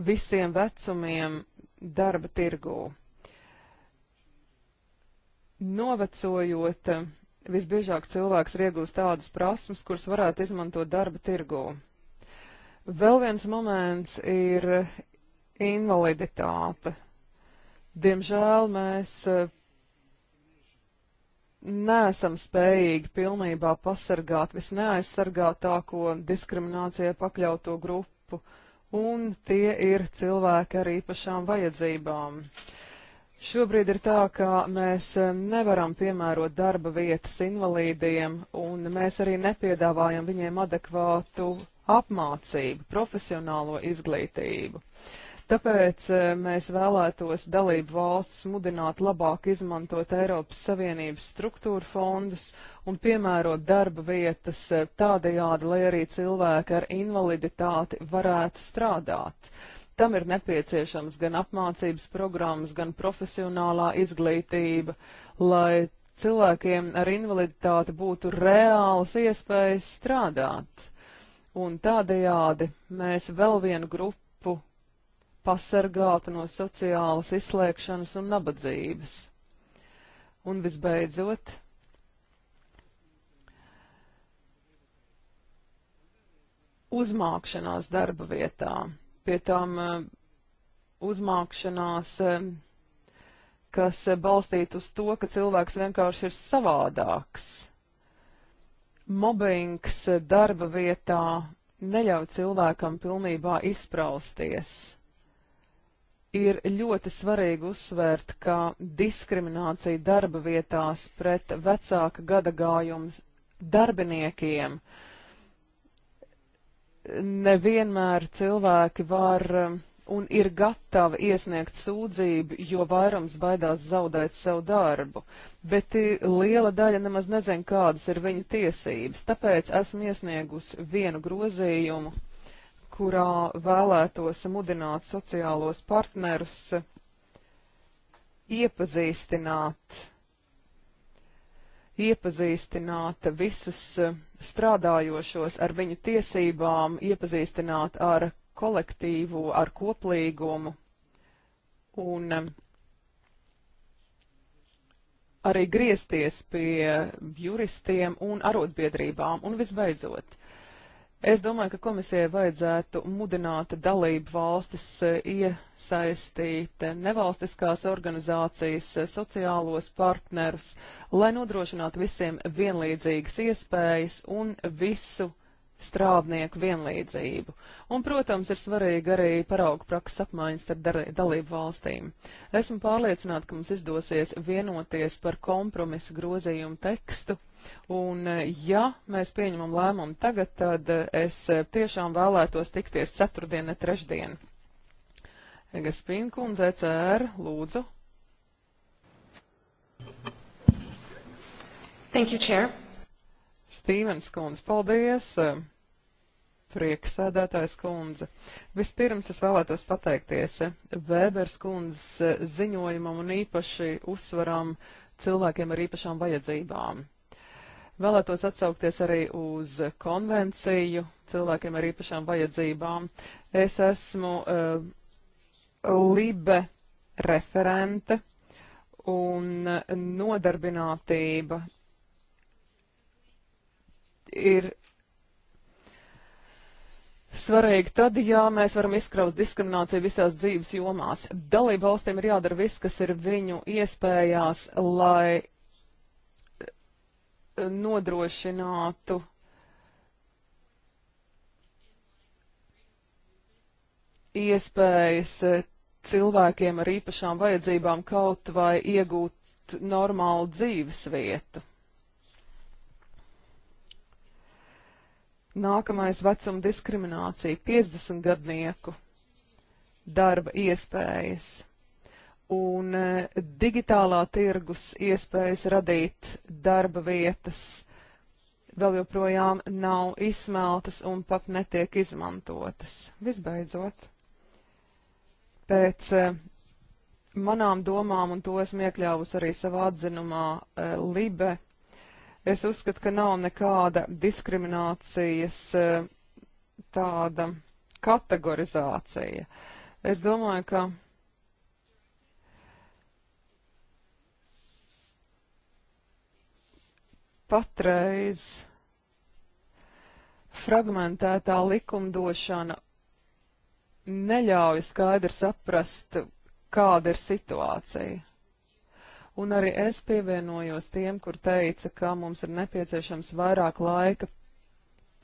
visiem vecumiem darba tirgū. Novecojot, visbiežāk cilvēks iegūst tādas prasmes, kuras varētu izmantot darba tirgū. Vēl viens moments ir invaliditāte. Diemžēl mēs e, neesam spējīgi pilnībā pasargāt visneaizsargātāko diskriminācijai pakļauto grupu un tie ir cilvēki ar īpašām vajadzībām. Šobrīd ir tā, ka mēs nevaram piemērot darba vietas invalīdiem, un mēs arī nepiedāvājam viņiem adekvātu apmācību, profesionālo izglītību. Uh, Tāpēc eh, mēs vēlētos dalību valstis mudināt labāk izmantot Eiropas Savienības struktūra fondus un piemērot darba vietas eh, tādajādi, lai arī cilvēki ar invaliditāti varētu strādāt. Tam ir nepieciešams gan apmācības programmas, gan profesionālā izglītība, lai cilvēkiem ar invaliditāti būtu reāls iespējas strādāt. Un tādējādi mēs vēl vienu grupu pasargāti no sociālas izslēgšanas un nabadzības. Un visbeidzot, uzmākšanās darba vietā, pie tām eh, uzmākšanās, eh, kas eh, balstīt uz to, ka cilvēks vienkārši ir savādāks. Mobbings darba vietā neļauj cilvēkam pilnībā izprausties ir ļoti svarīgi uzsvērt, ka diskriminācija darba vietās pret vecāka gadagājums darbiniekiem nevienmēr cilvēki var um, un ir gatavi iesniegt sūdzību, jo vairums baidās zaudēt savu darbu, bet eh, liela daļa nemaz nezin, kādas ir viņu tiesības, tāpēc esmu iesniegus vienu grozījumu kurā vēlētos mudināt sociālos partnerus iepazīstināt, iepazīstināt visus strādājošos ar viņu tiesībām, iepazīstināt ar kolektīvu, ar koplīgumu un arī griezties pie juristiem un arotbiedrībām. Un visbeidzot, Es domāju, ka komisijai vajadzētu mudināt dalību valstis e, iesaistīt e, nevalstiskās organizācijas, e, sociālos partnerus, lai nodrošinātu visiem vienlīdzīgas iespējas un visu strādnieku vienlīdzību. Un, protams, ir svarīgi arī paraugu prakses apmaiņas starp dalību valstīm. Esmu pārliecināta, ka mums izdosies vienoties par kompromisu grozījumu tekstu Un eh, ja mēs pieņemam lēmumu tagad, tad eh, es eh, tiešām vēlētos tikties ceturtdien, ne trešdien. Egaspīna kundze, ECR, lūdzu. Thank you, Chair. Stīvens kundze, paldies! Prieksēdētājs kundze. Vispirms es vēlētos pateikties Vēbers kundzes ziņojumam un īpaši uzsvaram cilvēkiem ar īpašām vajadzībām. Vēlētos atsaukties arī uz konvenciju cilvēkiem ar īpašām vajadzībām. Es esmu uh, Libe referente un nodarbinātība ir svarīgi tad, ja mēs varam izkraut diskrimināciju visās dzīves jomās. Dalību valstīm ir jādara viss, kas ir viņu iespējās, lai nodrošinātu iespējas eh, cilvēkiem ar īpašām vajadzībām kaut vai iegūt normālu dzīvesvietu. Nākamais vecuma diskriminācija - 50 gadnieku darba iespējas un e, digitālā tirgus iespējas radīt darba vietas vēl joprojām nav izsmeltas un pat netiek izmantotas. Visbeidzot, pēc e, manām domām, un to esmu iekļāvusi arī savā atzinumā, e, Libe, es uzskatu, ka nav nekāda diskriminācijas tāda kategorizācija. Es domāju, ka patreiz fragmentētā likumdošana neļauj skaidri saprast, kāda ir situācija. Un arī es pievienojos tiem, kur teica, ka mums ir nepieciešams vairāk laika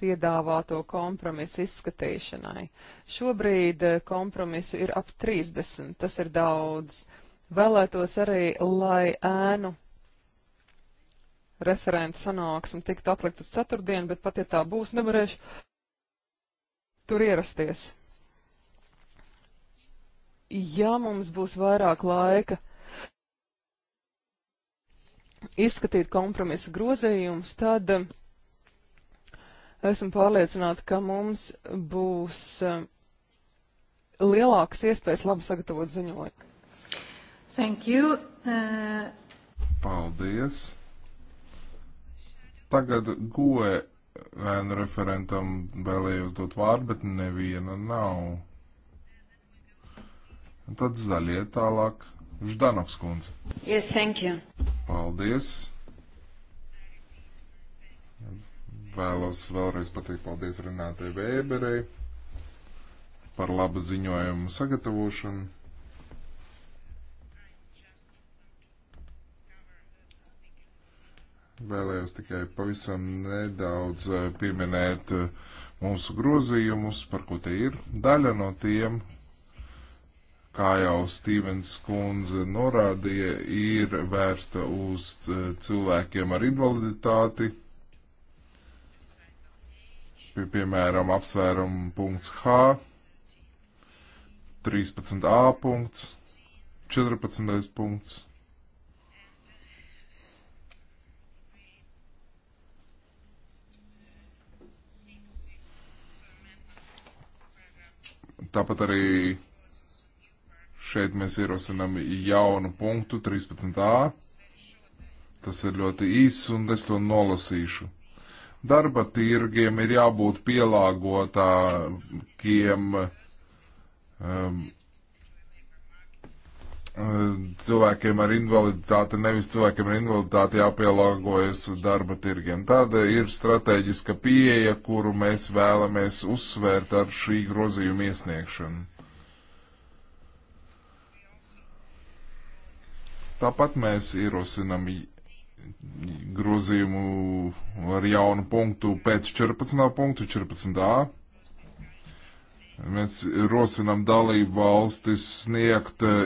piedāvāto kompromisu izskatīšanai. Šobrīd eh, kompromisu ir ap 30, tas ir daudz. Vēlētos arī, lai ēnu referenta sanāksme tiktu atlikt uz ceturtdienu, bet pat ja tā būs, nevarēšu tur ierasties. Ja mums būs vairāk laika izskatīt kompromisa grozījumus, tad um, esmu pārliecināta, ka mums būs um, lielākas iespējas labi sagatavot ziņojumu. Thank you. Uh... Paldies. Tagad goe ēnu referentam vēlējos dot vārdu, bet neviena nav. Un tad zaļie tālāk. Ždanovs kundze. Yes, thank you. Paldies. Vēlos vēlreiz pateikt paldies Renātei Vēberei par labu ziņojumu sagatavošanu. Vēlējos tikai pavisam nedaudz eh, pieminēt eh, mūsu grozījumus, par ko te ir. Daļa no tiem, kā jau Stīvens kundze norādīja, ir vērsta uz eh, cilvēkiem ar invaliditāti. Pie, piemēram, apsvērumu punkts H, 13a punkts, 14. punkts. Tāpat arī šeit mēs ierosinām jaunu punktu 13a. Tas ir ļoti īss un es to nolasīšu. Darba tirgiem ir jābūt pielāgotākiem um, cilvēkiem ar invaliditāti, nevis cilvēkiem ar invaliditāti jāpielāgojas darba tirgiem. Tāda ir strateģiska pieeja, kuru mēs vēlamies uzsvērt ar šī grozījuma iesniegšanu. Tāpat mēs ierosinam grozījumu ar jaunu punktu pēc 14. punktu 14a. Mēs rosinam dalību valstis sniegt e,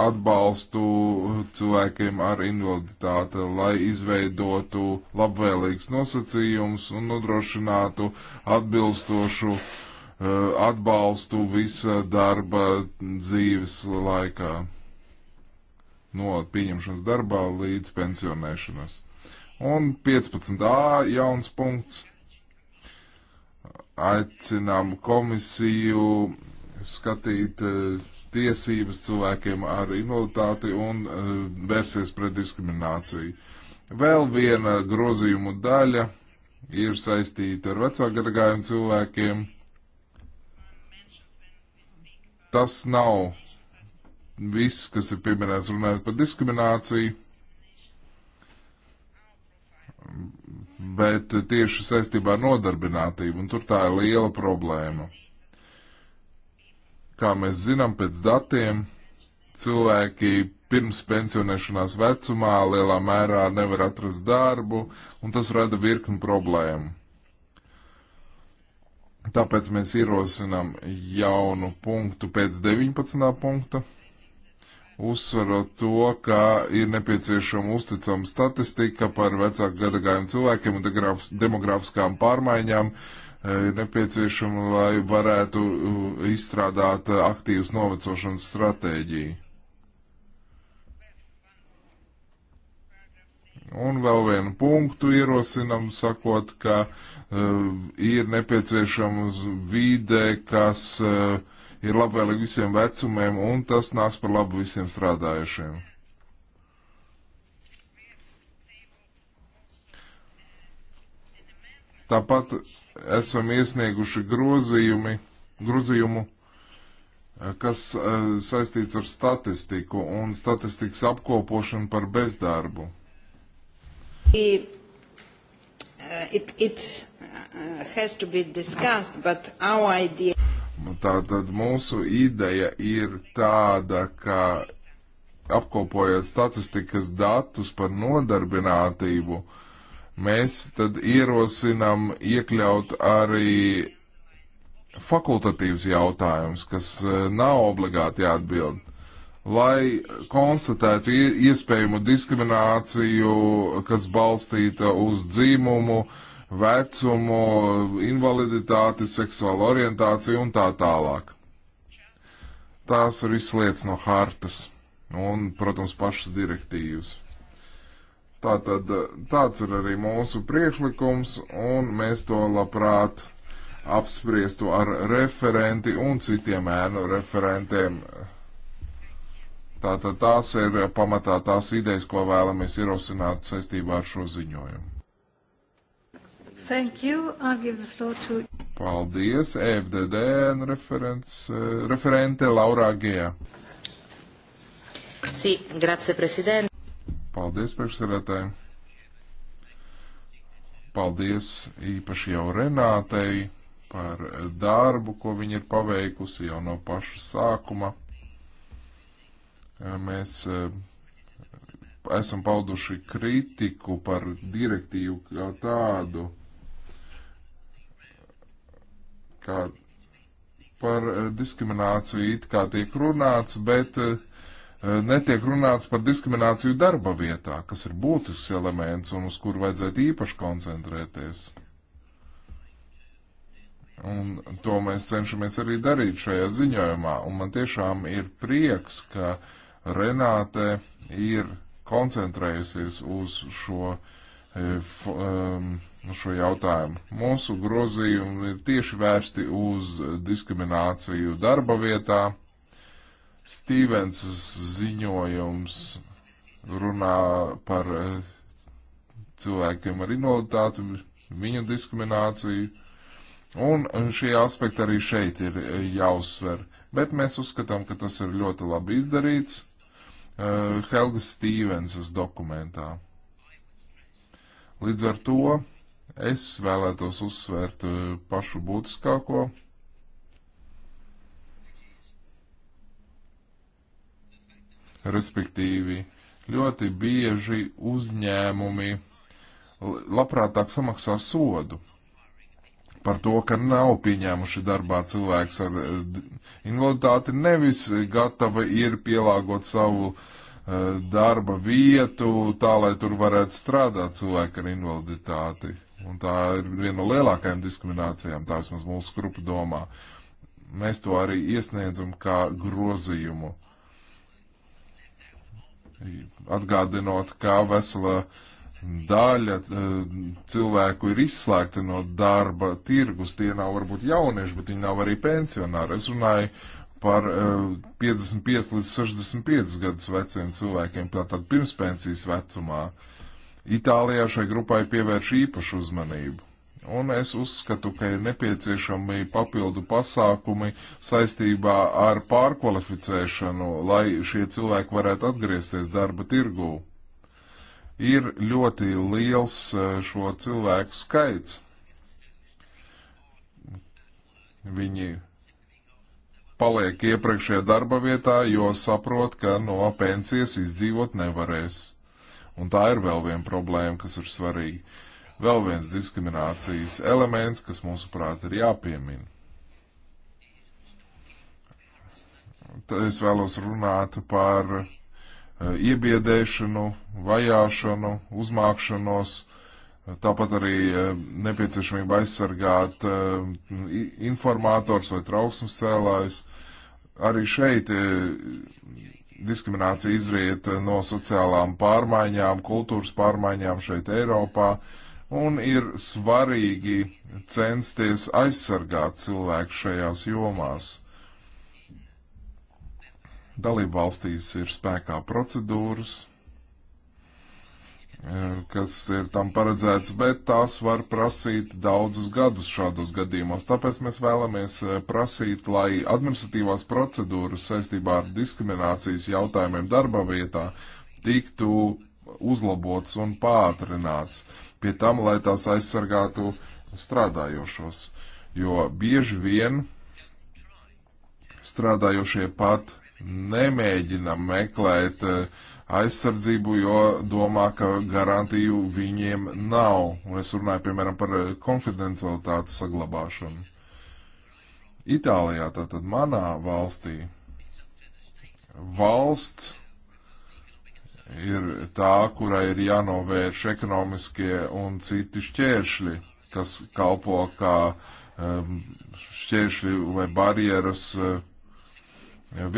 atbalstu cilvēkiem ar invaliditāti, lai izveidotu labvēlīgs nosacījums un nodrošinātu atbilstošu eh, atbalstu visa darba dzīves laikā, no pieņemšanas darbā līdz pensionēšanas. Un 15a jauns punkts. Aicinām komisiju skatīt uh, tiesības cilvēkiem ar invaliditāti un uh, vērsties pret diskrimināciju. Vēl viena grozījumu daļa ir saistīta ar vecākajiem cilvēkiem. Tas nav viss, kas ir pieminēts runājot par diskrimināciju, bet tieši saistībā ar nodarbinātību, un tur tā ir liela problēma. Kā mēs zinām, pēc datiem cilvēki pirms pensionēšanās vecumā lielā mērā nevar atrast darbu, un tas rada virkni problēmu. Tāpēc mēs ierosinām jaunu punktu pēc 19. punkta, uzsverot to, ka ir nepieciešama uzticama statistika par vecāku gadagājumu cilvēkiem un demografiskām pārmaiņām, uh, ir nepieciešama, lai varētu izstrādāt aktīvas novecošanas stratēģiju. Un vēl vienu punktu ierosinam, sakot, ka uh, ir nepieciešams vide, kas uh, ir labvēlīgi visiem vecumiem, un tas nāks par labu visiem strādājušiem. Tāpat esam iesnieguši grozījumi, grozījumu, eh, kas eh, saistīts ar statistiku un statistikas apkopošanu par bezdarbu. Eh, it, it, it idea... Tātad mūsu ideja ir tāda, ka apkopojot statistikas datus par nodarbinātību, uh, mēs tad ierosinām iekļaut arī fakultatīvs jautājums, kas e, nav obligāti jāatbild, lai konstatētu iespējamu diskrimināciju, kas balstīta uz dzīmumu, vecumu, invaliditāti, seksuālu orientāciju un tā tālāk. Tās ir viss lietas no hartas un, protams, pašas direktīvas. Tātad eh, tāds ir arī mūsu priekšlikums, un mēs to labprāt apspriestu ar referenti un citiem ēnu referentiem. Tātad tās ir pamatā tās idejas, ko vēlamies ierosināt saistībā ar šo ziņojumu. Thank you. I'll give the floor to... Paldies, e FDD referents, eh, referente Laura Gea. Sì, grazie Presidente. Paldies, priekšsēdētāji. Paldies īpaši jau Renātei par darbu, ko viņa ir paveikusi jau no paša sākuma. Mēs eh, esam pauduši kritiku par direktīvu kā tādu, kā par diskrimināciju it kā tiek runāts, bet uh, Eh, netiek runāts par diskrimināciju darba vietā, kas ir būtisks elements un uz kuru vajadzētu īpaši koncentrēties. Un to mēs cenšamies arī darīt šajā ziņojumā, un man tiešām ir prieks, ka Renāte ir koncentrējusies uz šo, eh, ehm, šo jautājumu. Mūsu grozījumi ir tieši vērsti uz diskrimināciju darba vietā Stīvens ziņojums runā par eh, cilvēkiem ar invaliditāti, viņu diskrimināciju. Un šie aspekti arī šeit ir eh, jāuzsver. Bet mēs uzskatām, ka tas ir ļoti labi izdarīts uh, Helga Stīvensas dokumentā. Līdz ar to es vēlētos uzsvērt uh, pašu būtiskāko. Respektīvi, ļoti bieži uzņēmumi labprātāk samaksā sodu par to, ka nav pieņēmuši darbā cilvēks ar eh, invaliditāti, nevis gatava ir pielāgot savu eh, darba vietu tā, lai tur varētu strādāt cilvēki ar invaliditāti. Un tā ir viena no lielākajām diskriminācijām, tā vismaz mūsu grupa domā. Mēs to arī iesniedzam kā grozījumu atgādinot, kā vesela daļa e, cilvēku ir izslēgta no darba tirgus. Tie nav varbūt jaunieši, bet viņi nav arī pensionāri. Es runāju par 55 e, līdz 65 gadus veciem cilvēkiem, tātad pirms pensijas vecumā. Itālijā šai grupai pievērš īpašu uzmanību. Un es uzskatu, ka ir nepieciešami papildu pasākumi saistībā ar pārkvalificēšanu, lai šie cilvēki varētu atgriezties darba tirgū. Ir ļoti liels e, šo cilvēku skaits. Viņi paliek iepriekšējā darba vietā, jo saprot, ka no pensijas izdzīvot nevarēs. Un tā ir vēl viena problēma, kas ir svarīga vēl viens diskriminācijas elements, kas mūsuprāt ir jāpiemina. Tad es vēlos runāt par uh, iebiedēšanu, vajāšanu, uzmākšanos, tāpat arī uh, nepieciešamība aizsargāt uh, informātors vai trauksmes cēlājus. Arī šeit uh, diskriminācija izriet no sociālām pārmaiņām, kultūras pārmaiņām šeit Eiropā. Uh, un ir svarīgi censties aizsargāt cilvēku šajās jomās. Dalību valstīs ir spēkā procedūras, eh, kas ir tam paredzēts, bet tās var prasīt daudzus gadus šādos gadījumos. Tāpēc mēs vēlamies eh, prasīt, lai administratīvās procedūras saistībā ar diskriminācijas jautājumiem darba vietā tiktu uzlabots un pātrināts. Uh, pie tam, lai tās aizsargātu strādājošos. Jo bieži vien strādājošie pat nemēģina meklēt eh, aizsardzību, jo domā, ka garantiju viņiem nav. Un es runāju, piemēram, par eh, konfidencialitātes saglabāšanu. Itālijā, tātad manā valstī, valsts ir tā, kurai ir jānovērš ekonomiskie un citi šķēršļi, kas kalpo kā um, šķēršļi vai barjeras uh,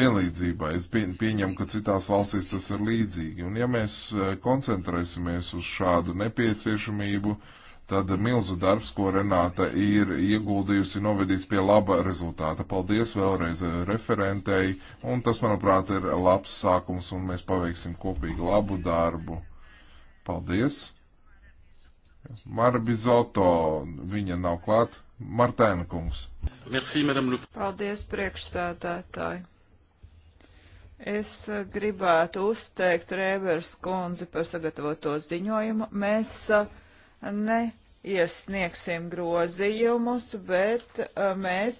vienlīdzībai. Es pieņemu, ka citās valstīs tas ir līdzīgi. Un ja mēs uh, koncentrēsimies uz šādu nepieciešamību, uh, tad milzu darbs, ko Renāta ir ieguldījusi, novedīs pie laba rezultāta. Paldies vēlreiz referentei, un tas, manuprāt, ir labs sākums, un mēs paveiksim kopīgi labu darbu. Paldies! Mara Bizoto, viņa nav klāt. Martēna kungs. Merci, Paldies, priekšstādātāji. Es gribētu uzteikt Rēvers kundzi par sagatavoto ziņojumu. Mēs uh, neiesniegsim grozījumus, bet uh, mēs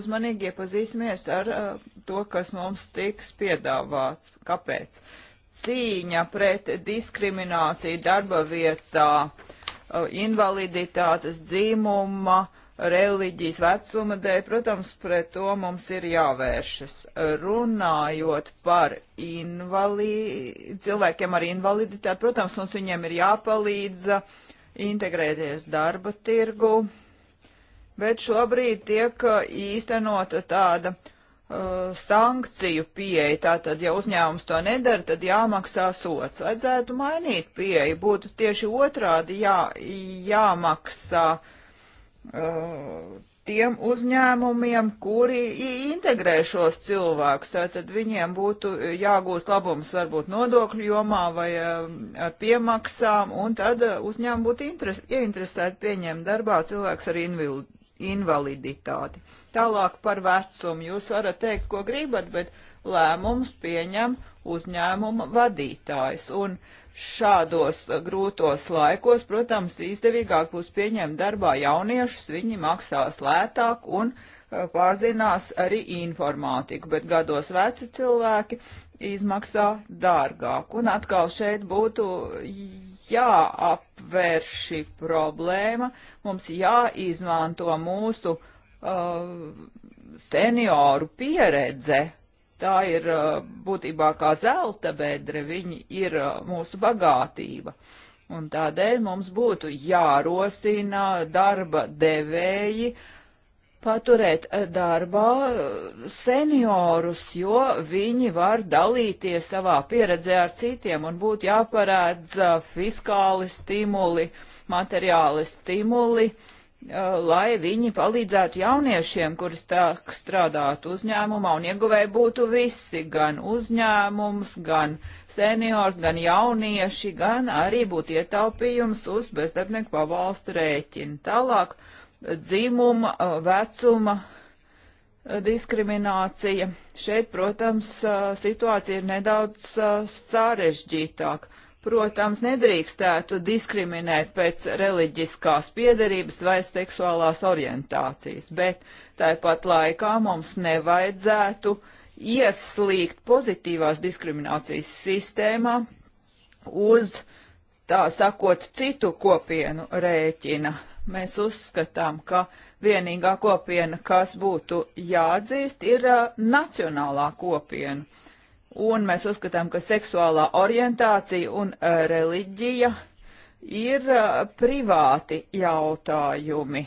uzmanīgi iepazīsimies ar uh, to, kas mums tiks piedāvāts. Kāpēc? Cīņa pret diskrimināciju darba vietā, uh, invaliditātes dzīmuma, reliģijas vecuma dēļ, protams, pret to mums ir jāvēršas. Runājot par invalī... cilvēkiem ar invaliditāti, protams, mums viņiem ir jāpalīdza uh, integrēties darba tirgu, bet šobrīd tiek uh, īstenota tāda uh, sankciju pieeja. Tātad, ja uzņēmums to nedara, tad jāmaksā sots. Vajadzētu mainīt pieeju, būtu tieši otrādi jā, jāmaksā. Uh, tiem uzņēmumiem, kuri integrē šos cilvēkus. Tātad viņiem būtu jāgūst labums varbūt nodokļu jomā vai um, ar piemaksām, un tad uh, uzņēmumi būtu interes, ieinteresēti pieņemt darbā cilvēks ar invaliditāti. Tālāk par vecumu. Jūs varat teikt, ko gribat, bet lēmumus pieņem uzņēmuma vadītājs. Un šādos grūtos laikos, protams, izdevīgāk būs pieņemt darbā jauniešus, viņi maksās lētāk un eh, pārzinās arī informātiku, bet gados veci cilvēki izmaksā dārgāk. Un atkal šeit būtu jāapvērš šī problēma, mums jāizmanto mūsu uh, senioru pieredze Tā ir uh, būtībā kā zelta bedre, viņi ir uh, mūsu bagātība. Un tādēļ mums būtu jārosina darba devēji paturēt uh, darbā seniorus, jo viņi var dalīties savā pieredzē ar citiem un būtu jāparādz fiskāli stimuli, materiāli stimuli, uh, lai viņi palīdzētu jauniešiem, kuri strādātu uzņēmumā, un ieguvēji būtu visi, gan uzņēmums, gan seniors, gan jaunieši, gan arī būtu ietaupījums uz bezdarbnieku pavalstu rēķinu. Tālāk dzimuma, vecuma diskriminācija. Šeit, protams, situācija ir nedaudz sarežģītāka protams, nedrīkstētu diskriminēt pēc reliģiskās piedarības vai seksuālās orientācijas, bet tāpat laikā mums nevajadzētu ieslīgt pozitīvās diskriminācijas sistēmā uz, tā sakot, citu kopienu rēķina. Mēs uzskatām, ka vienīgā kopiena, kas būtu jāatzīst, ir uh, nacionālā kopiena un mēs uzskatām, ka seksuālā orientācija un e, reliģija ir e, privāti jautājumi,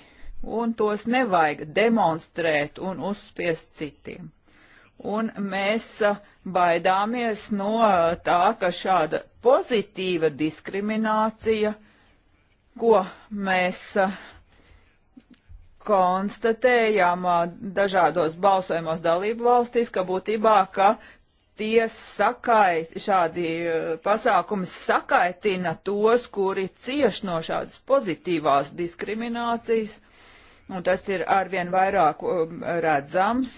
un tos nevajag demonstrēt un uzspiest citiem. Un mēs e, baidāmies no tā, ka šāda pozitīva diskriminācija, ko mēs konstatējām dažādos balsojumos dalību valstīs, ka būtībā, ka tie sakait, šādi eh, pasākumi sakaitina tos, kuri cieš no šādas pozitīvās diskriminācijas, un tas ir arvien vairāk um, redzams,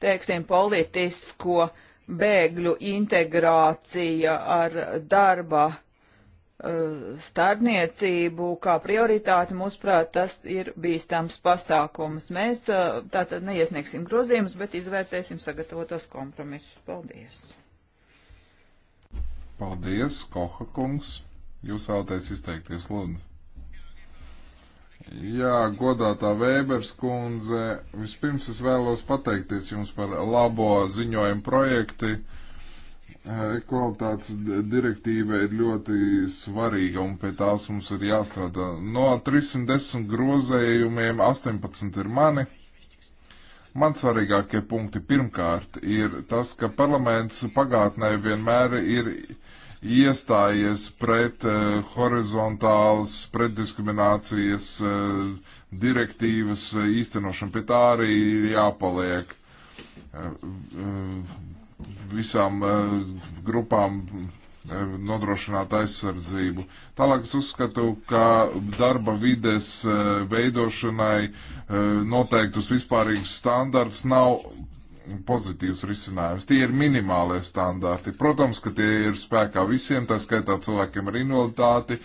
teiksim, politisko bēgļu integrācija ar darba Eh, starpniecību kā prioritāti, mūsuprāt, tas ir bīstams pasākums. Mēs eh, tātad neiesniegsim grozījumus, bet izvērtēsim sagatavotos kompromisus. Paldies! Paldies, Koha kungs! Jūs vēlaties izteikties, lūdzu! Jā, godātā Vēbers kundze, vispirms es vēlos pateikties jums par labo ziņojumu projektu Eh, kvalitātes direktīva ir ļoti svarīga un pie tās mums ir jāstrādā. No 310 grozējumiem 18 ir mani. Man svarīgākie punkti pirmkārt ir tas, ka parlaments pagātnē vienmēr ir iestājies pret uh, horizontālas pretdiskriminācijas uh, direktīvas uh, īstenošanu. Pie tā arī ir jāpaliek. Uh, uh, visām eh, grupām eh, nodrošināt aizsardzību. Tālāk es uzskatu, ka darba vides eh, veidošanai noteiktus vispārīgus standarts nav pozitīvs risinājums. Tie ir minimālie standarti. Protams, ka tie ir spēkā visiem, tā skaitā cilvēkiem ar invaliditāti,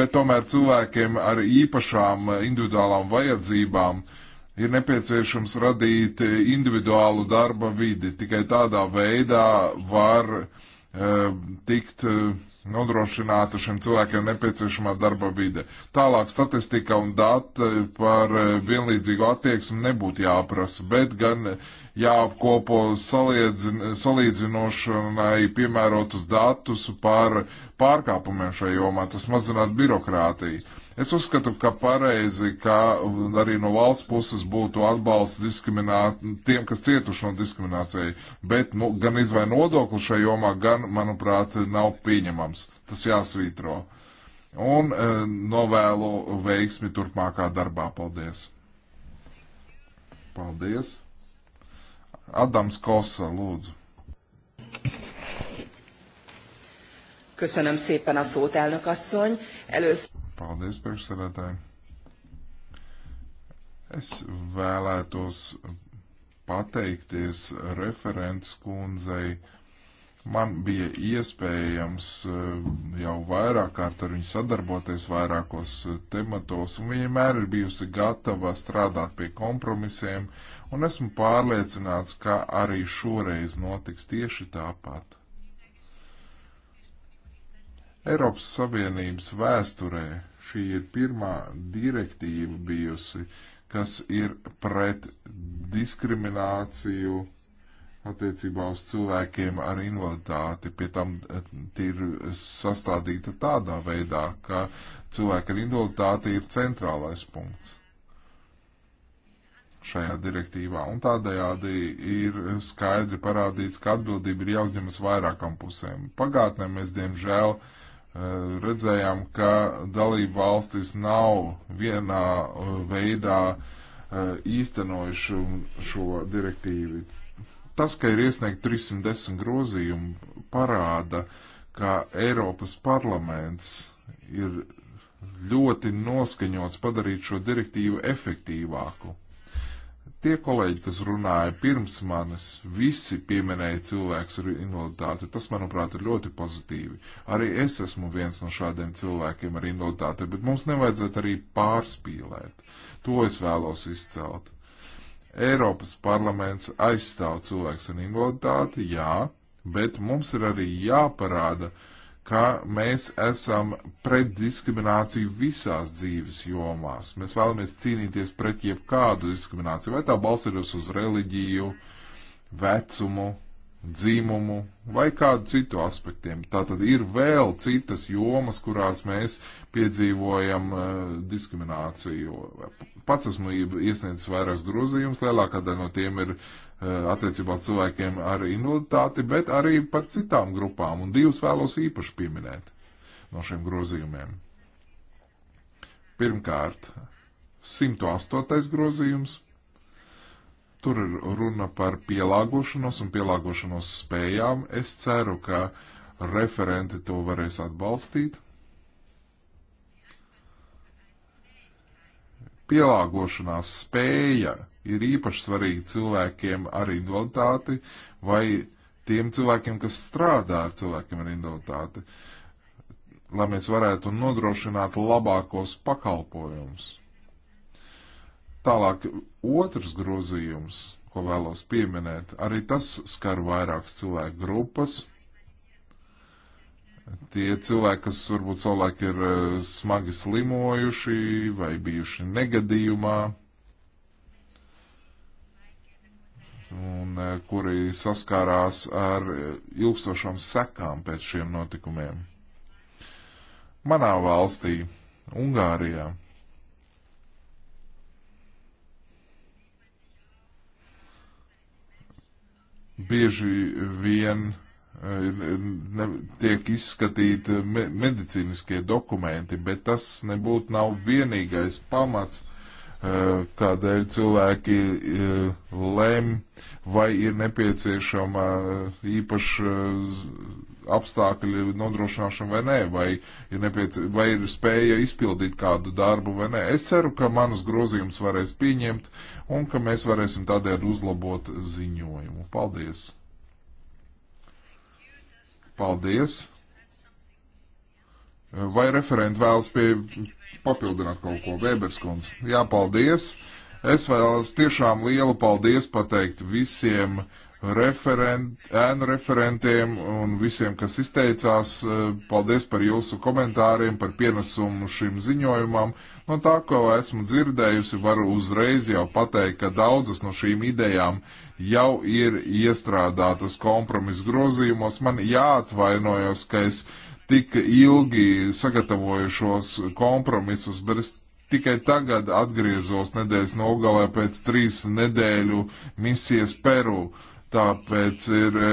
bet tomēr cilvēkiem ar īpašām individuālām vajadzībām uh, ir nepieciešams radīt individuālu darba vidi. Tikai tādā veidā var e, tikt eh, nodrošināta šiem cilvēkiem nepieciešamā darba vide. Tālāk statistika un dati par eh, vienlīdzīgu attieksmi nebūtu jāprasa, bet gan jāapkopo salīdzinošanai piemērotus datus par pārkāpumiem šajā jomā. Tas mazinātu birokrātiju Es uzskatu, ka pareizi, ka arī no valsts puses būtu atbalsts tiem, kas cietuši no diskriminācijai, bet nu, gan izvai nodokli šajā jomā, gan, manuprāt, nav pieņemams. Tas jāsvītro. Un e, novēlu veiksmi turpmākā darbā. Paldies! Paldies! Adams Kosa, lūdzu! Köszönöm szépen a szót, elnök asszony. Először... Paldies, priekšsēdētāji. Es vēlētos pateikties referents kundzei. Man bija iespējams eh, jau vairāk kārt ar viņu sadarboties vairākos eh, tematos, un viņa vienmēr ir bijusi gatava strādāt pie kompromisiem, un esmu pārliecināts, ka arī šoreiz notiks tieši tāpat. Eiropas Savienības vēsturē šī ir pirmā direktīva bijusi, kas ir pret diskrimināciju attiecībā uz cilvēkiem ar invaliditāti. Pie tam eh, ir sastādīta tādā veidā, ka cilvēki ar invaliditāti ir centrālais punkts šajā direktīvā. Un tādējādi ir skaidri parādīts, ka atbildība ir jāuzņemas vairākam pusēm. Pagātnē mēs, diemžēl, uh, Eh, redzējām, ka dalību valstis nav vienā eh, veidā eh, īstenojuši šo direktīvu. Tas, ka ir iesniegt 310 grozījumu, parāda, ka Eiropas parlaments ir ļoti noskaņots padarīt šo direktīvu efektīvāku. Tie kolēģi, kas runāja pirms manis, visi pieminēja cilvēkus ar invaliditāti. Tas, manuprāt, ir ļoti pozitīvi. Arī es esmu viens no šādiem cilvēkiem ar invaliditāti, bet mums nevajadzētu arī pārspīlēt. To es vēlos izcelt. Eiropas parlaments aizstāv cilvēks ar invaliditāti, jā, bet mums ir arī jāparāda, uh, ka mēs esam pret diskrimināciju visās dzīves jomās. Mēs vēlamies cīnīties pret jebkādu diskrimināciju, vai tā balstītos uz reliģiju, vecumu, dzīmumu vai kādu citu aspektiem. Tātad ir vēl citas jomas, kurās mēs piedzīvojam uh, diskrimināciju. Pats esmu iesniedzis vairākas grozījumus, lielākā daļa no tiem ir Eh, attiecībā uz cilvēkiem ar invaliditāti, bet arī par citām grupām. Un divus vēlos īpaši pieminēt no šiem grozījumiem. Pirmkārt, 108. grozījums. Tur ir runa par pielāgošanos un pielāgošanos spējām. Es ceru, ka referenti to varēs atbalstīt. Pielāgošanās spēja ir īpaši svarīgi cilvēkiem ar invaliditāti vai tiem cilvēkiem, kas strādā ar cilvēkiem ar invaliditāti, lai mēs varētu nodrošināt labākos pakalpojumus. Tālāk, otrs grozījums, ko vēlos pieminēt, arī tas skar vairākas cilvēku grupas. Tie cilvēki, kas varbūt savulaik ir eh, smagi slimojuši vai bijuši negadījumā, un e, kuri saskārās ar e, ilgstošām sekām pēc šiem notikumiem. Manā valstī, Ungārijā, bieži vien e, ne, tiek izskatīti me, medicīniskie dokumenti, bet tas nebūtu nav vienīgais pamats, Eh, kādēļ cilvēki eh, lem, vai ir nepieciešama eh, īpaša apstākļu nodrošināšana vai nē, vai ir, nepiec... vai ir spēja izpildīt kādu darbu vai nē. Es ceru, ka manus grozījumus varēs pieņemt un ka mēs varēsim tādēļ uzlabot ziņojumu. Paldies! Paldies! Vai referenti vēlas pie, papildināt kaut ko. Vēberskundze, jā, paldies. Es vēlos tiešām lielu paldies pateikt visiem referent, ēnu referentiem un visiem, kas izteicās. Paldies par jūsu komentāriem, par pienesumu šim ziņojumam. No tā, ko esmu dzirdējusi, varu uzreiz jau pateikt, ka daudzas no šīm idejām jau ir iestrādātas kompromisu grozījumos. Man jāatvainojos, ka es tik ilgi sagatavojušos kompromisus, bet es tikai tagad atgriezos nedēļas nogalē pēc trīs nedēļu misijas Peru. Tāpēc ir e,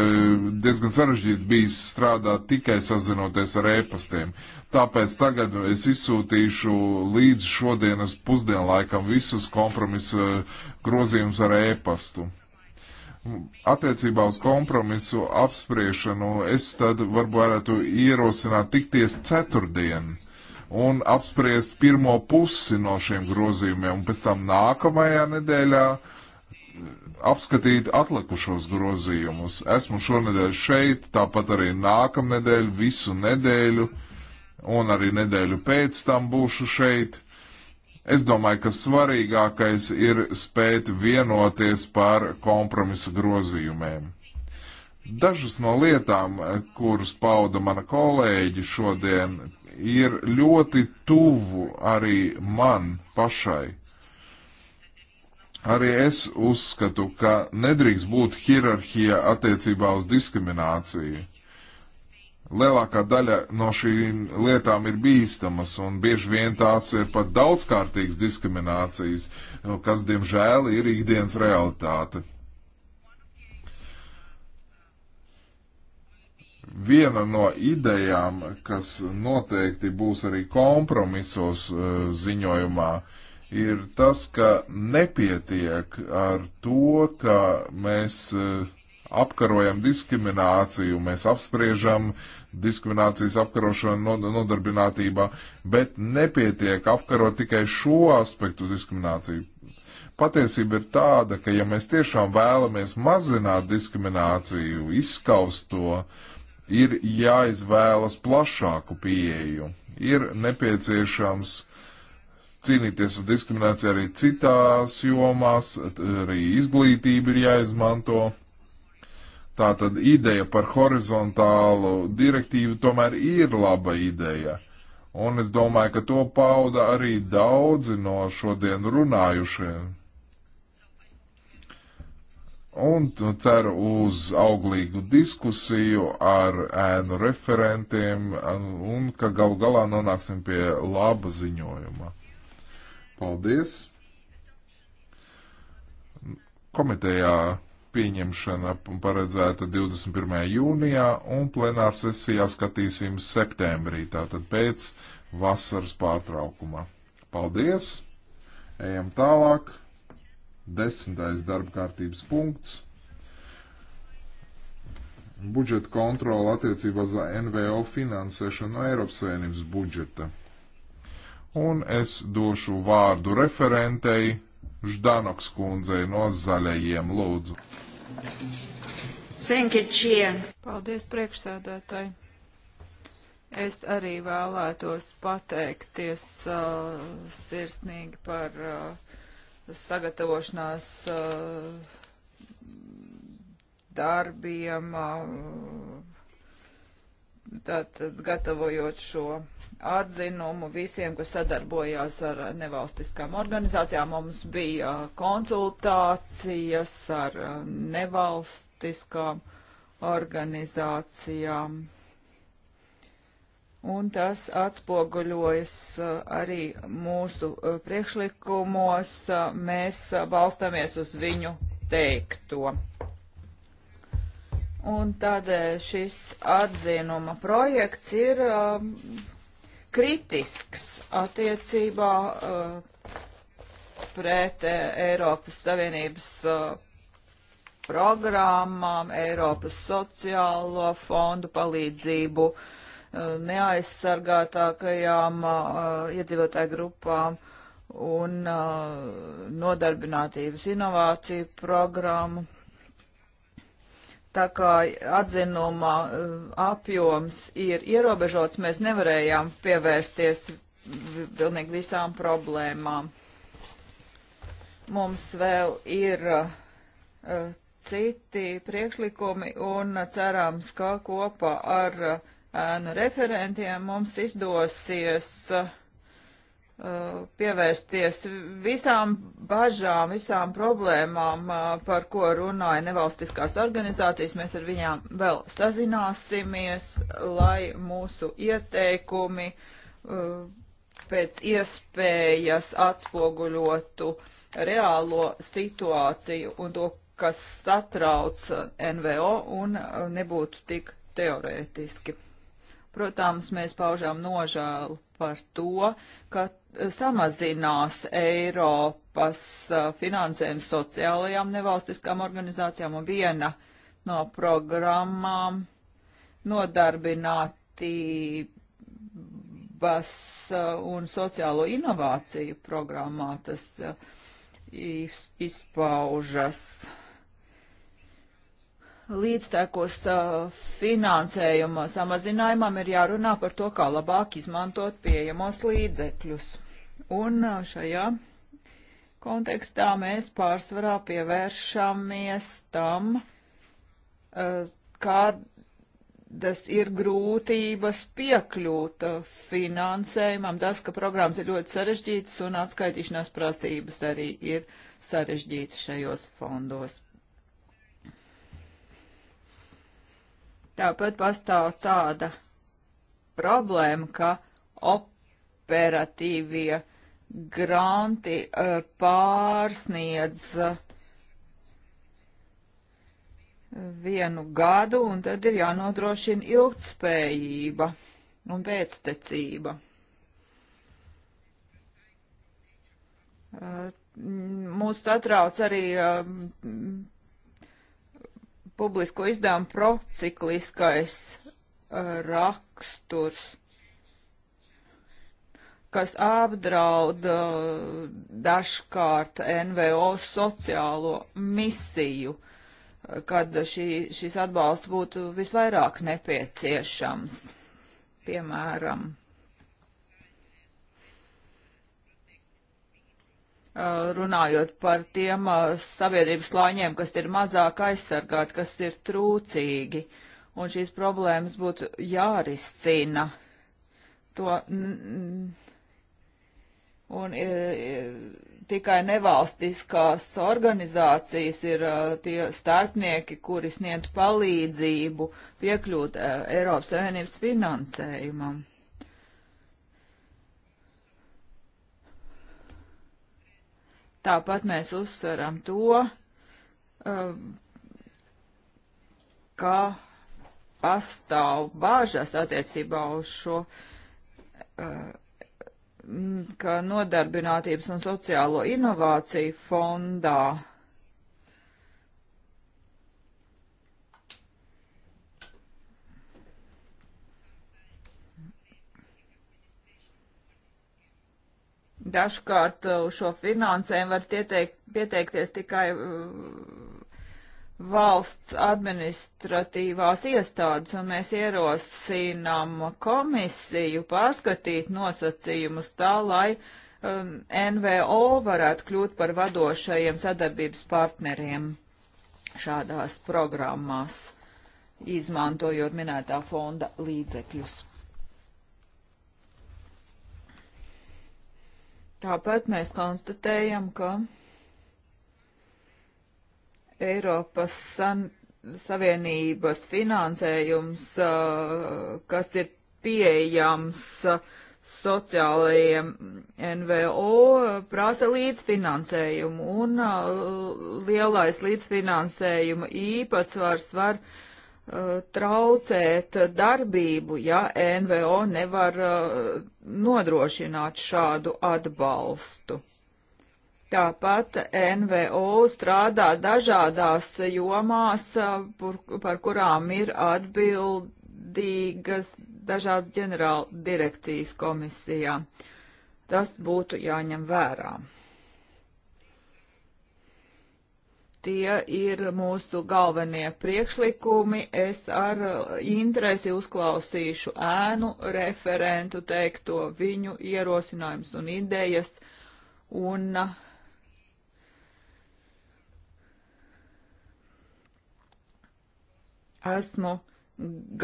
diezgan sarežģīti bijis strādāt tikai sazinoties ar ēpastiem. Tāpēc tagad es izsūtīšu līdz šodienas pusdienlaikam visus kompromisu e, grozījumus ar ēpastu. Attiecībā uz kompromisu apspriešanu es tad varētu ierosināt tikties ceturtdien un apspriest pirmo pusi no šiem grozījumiem, un pēc tam nākamajā nedēļā apskatīt atlikušos grozījumus. Esmu šonadēļ šeit, tāpat arī nākamnedēļ, visu nedēļu, un arī nedēļu pēc tam būšu šeit. Es domāju, ka svarīgākais ir spēt vienoties par kompromisa grozījumiem. Dažas no lietām, kuras pauda mana kolēģi šodien, ir ļoti tuvu arī man pašai. Arī es uzskatu, ka nedrīkst būt hierarhija attiecībā uz diskrimināciju lielākā daļa no šīm lietām ir bīstamas, un bieži vien tās ir pat daudzkārtīgas diskriminācijas, kas, diemžēl, ir ikdienas realitāte. Viena no idejām, kas noteikti būs arī kompromisos e, ziņojumā, ir tas, ka nepietiek ar to, ka mēs e, apkarojam diskrimināciju, mēs apspriežam diskriminācijas apkarošanu nodarbinātībā, bet nepietiek apkarot tikai šo aspektu diskrimināciju. Patiesība ir tāda, ka ja mēs tiešām vēlamies mazināt diskrimināciju, izskaust to, ir jāizvēlas plašāku pieeju. Ir nepieciešams cīnīties ar diskrimināciju arī citās jomās, arī izglītība ir jāizmanto Tātad ideja par horizontālu direktīvu tomēr ir laba ideja. Un es domāju, ka to pauda arī daudzi no šodien runājušiem. Un ceru uz auglīgu diskusiju ar ēnu referentiem un ka gal galā nonāksim pie laba ziņojuma. Paldies! Komitejā pieņemšana paredzēta 21. jūnijā un plenāra sesijā skatīsim septembrī, tātad pēc vasaras pārtraukuma. Paldies! Ejam tālāk. Desmitais darba kārtības punkts. Budžeta kontrola attiecībā uz NVO finansēšanu no Eiropas Savienības budžeta. Un es došu vārdu referentei Ždanoks kundzei no zaļajiem lūdzu. Senkečiē. Paldies priekšsēdētāji. Es arī vēlētos pateikties uh, sirsnīgi par uh, sagatavošanās uh, darbiem. Uh, Tātad, gatavojot šo atzinumu visiem, kas sadarbojās ar nevalstiskām organizācijām, mums bija konsultācijas ar nevalstiskām organizācijām. Un tas atspoguļojas uh, arī mūsu uh, priekšlikumos. Uh, mēs balstamies uz viņu teikto. Un tādēļ šis atzinuma projekts ir um, kritisks attiecībā uh, pret uh, Eiropas Savienības uh, programmām, Eiropas sociālo fondu palīdzību uh, neaizsargātākajām uh, iedzīvotāju grupām un uh, nodarbinātības inovāciju programmu Tā kā atzinuma eh, apjoms ir ierobežots, mēs nevarējām pievērsties pilnīgi visām problēmām. Mums vēl ir uh, citi priekšlikumi un cerams, ka kopā ar eh, ēnu uh, referentiem mums izdosies uh, pievērsties visām bažām, visām problēmām, par ko runāja nevalstiskās organizācijas. Mēs ar viņām vēl sazināsimies, lai mūsu ieteikumi pēc iespējas atspoguļotu reālo situāciju un to, kas satrauc NVO un nebūtu tik teorētiski. Protams, mēs paužām nožēlu par to, ka samazinās Eiropas uh, finansējums sociālajām nevalstiskām organizācijām un viena no programmām nodarbinātības uh, un sociālo inovāciju programmā tas uh, izpaužas. Uh, līdztekus uh, finansējuma samazinājumam ir jārunā par to, kā labāk izmantot pieejamos līdzekļus. Un uh, šajā kontekstā mēs pārsvarā pievēršamies tam, uh, kādas ir grūtības piekļūt finansējumam. Tas, ka programmas ir ļoti sarežģītas un atskaitīšanās prasības arī ir sarežģītas šajos fondos Tāpat pastāv tāda problēma, ka operatīvie granti eh, pārsniedz eh, vienu gadu, un tad ir jānodrošina ilgtspējība un pēctecība. Eh, mūs satrauc arī publisko izdevumu procikliskais uh, raksturs, kas apdrauda uh, dažkārt NVO sociālo misiju, kad šī, šis atbalsts būtu visvairāk nepieciešams. Piemēram, Eh, runājot par tiem eh, sabiedrības slāņiem, kas ir mazāk aizsargāti, kas ir trūcīgi, un šīs problēmas būtu jārisina. To, un eh, tikai nevalstiskās organizācijas ir tie starpnieki, kuri sniedz palīdzību piekļūt Eiropas Savienības finansējumam. Tāpat mēs uzsveram to, um, ka pastāv bāžas attiecībā uz šo uh, ka nodarbinātības un sociālo inovāciju fondā Dažkārt uh, šo finansējumu var pieteikt, pieteikties tikai uh, valsts administratīvās iestādes, un mēs ierosinām komisiju pārskatīt nosacījumus tā, lai um, NVO varētu kļūt par vadošajiem sadarbības partneriem šādās programmās, izmantojot minētā fonda līdzekļus. Tāpat mēs konstatējam, ka Eiropas san, Savienības finansējums, kas ir pieejams sociālajiem NVO, prasa līdzfinansējumu, un lielais līdzfinansējuma īpatsvars var uh, traucēt darbību, ja NVO nevar uh, nodrošināt šādu atbalstu. Tāpat NVO strādā dažādās jomās, uh, par kurām ir atbildīgas dažādas ģenerāla direkcijas komisijā. Tas būtu jāņem vērā. Tie ir mūsu galvenie priekšlikumi. Es ar uh, interesi uzklausīšu ēnu referentu teikto viņu ierosinājums un idejas. Un uh, esmu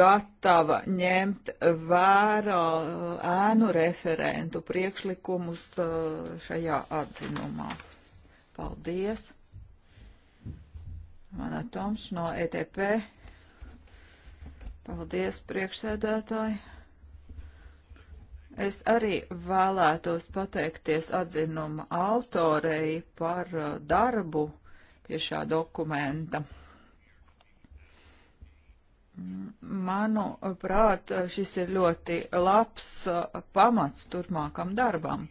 gatava ņemt vērā uh, ēnu referentu priekšlikumus uh, šajā atzinumā. Paldies! Manā Toms no ETP. Paldies, priekšsēdētāji. Es arī vēlētos pateikties atzinuma autorei par uh, darbu pie šā dokumenta. Manuprāt, šis ir ļoti labs uh, pamats turpmākam darbam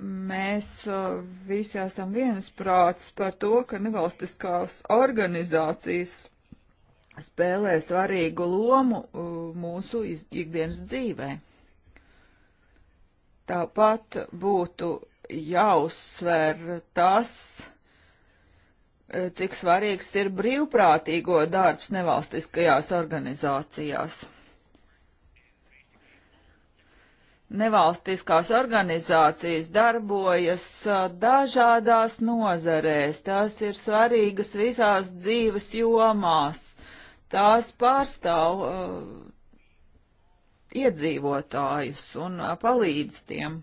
mēs uh, visi esam viensprāts par to, ka nevalstiskās organizācijas spēlē svarīgu lomu uh, mūsu ikdienas dzīvē. Tāpat būtu jāuzsver tas, uh, cik svarīgs ir brīvprātīgo darbs nevalstiskajās organizācijās. nevalstiskās organizācijas darbojas dažādās nozarēs, tās ir svarīgas visās dzīves jomās, tās pārstāv uh, iedzīvotājus un uh, palīdz tiem.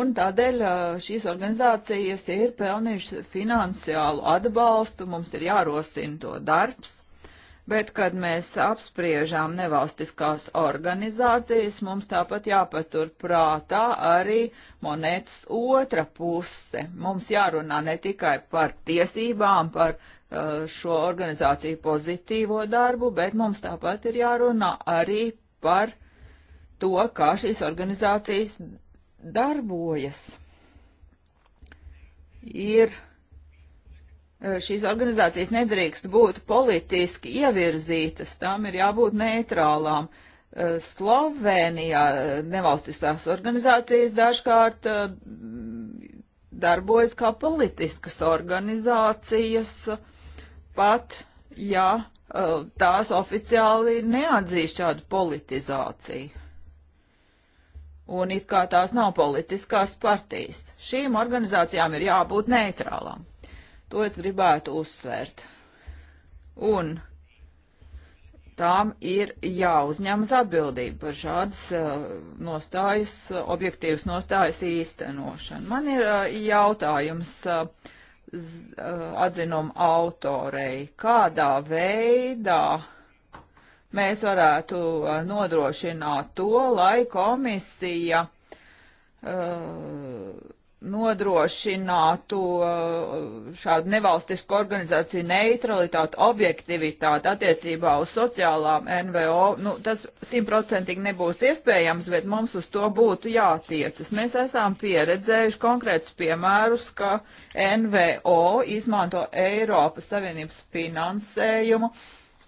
Un tādēļ uh, šīs organizācijas ir pelnījušas finansiālu atbalstu, mums ir jārosina to darbs bet kad mēs apspriežām nevalstiskās organizācijas, mums tāpat jāpatur prātā arī monētas otra puse. Mums jārunā ne tikai par tiesībām, par uh, šo organizāciju pozitīvo darbu, bet mums tāpat ir jārunā arī par to, kā šīs organizācijas darbojas. Ir Eh, šīs organizācijas nedrīkst būt politiski ievirzītas, tām ir jābūt neitrālām. Eh, Slovenijā eh, nevalstiskās organizācijas dažkārt darbojas kā politiskas organizācijas, pat ja tās oficiāli neatzīst šādu politizāciju. Un it kā tās nav politiskās partijas. Šīm organizācijām ir jābūt neitrālām. To es gribētu uzsvērt. Un tām ir jāuzņemas atbildība par šādas uh, nostājas, objektīvas nostājas īstenošanu. Man ir uh, jautājums uh, uh atzinuma autorei, kādā veidā mēs varētu uh, nodrošināt to, lai komisija uh, nodrošinātu uh, šādu nevalstisku organizāciju neutralitāti, objektivitāti attiecībā uz sociālām NVO. Nu, tas simtprocentīgi nebūs iespējams, bet mums uz to būtu jātiecas. Mēs esam pieredzējuši konkrētus piemērus, ka NVO izmanto Eiropas Savienības finansējumu,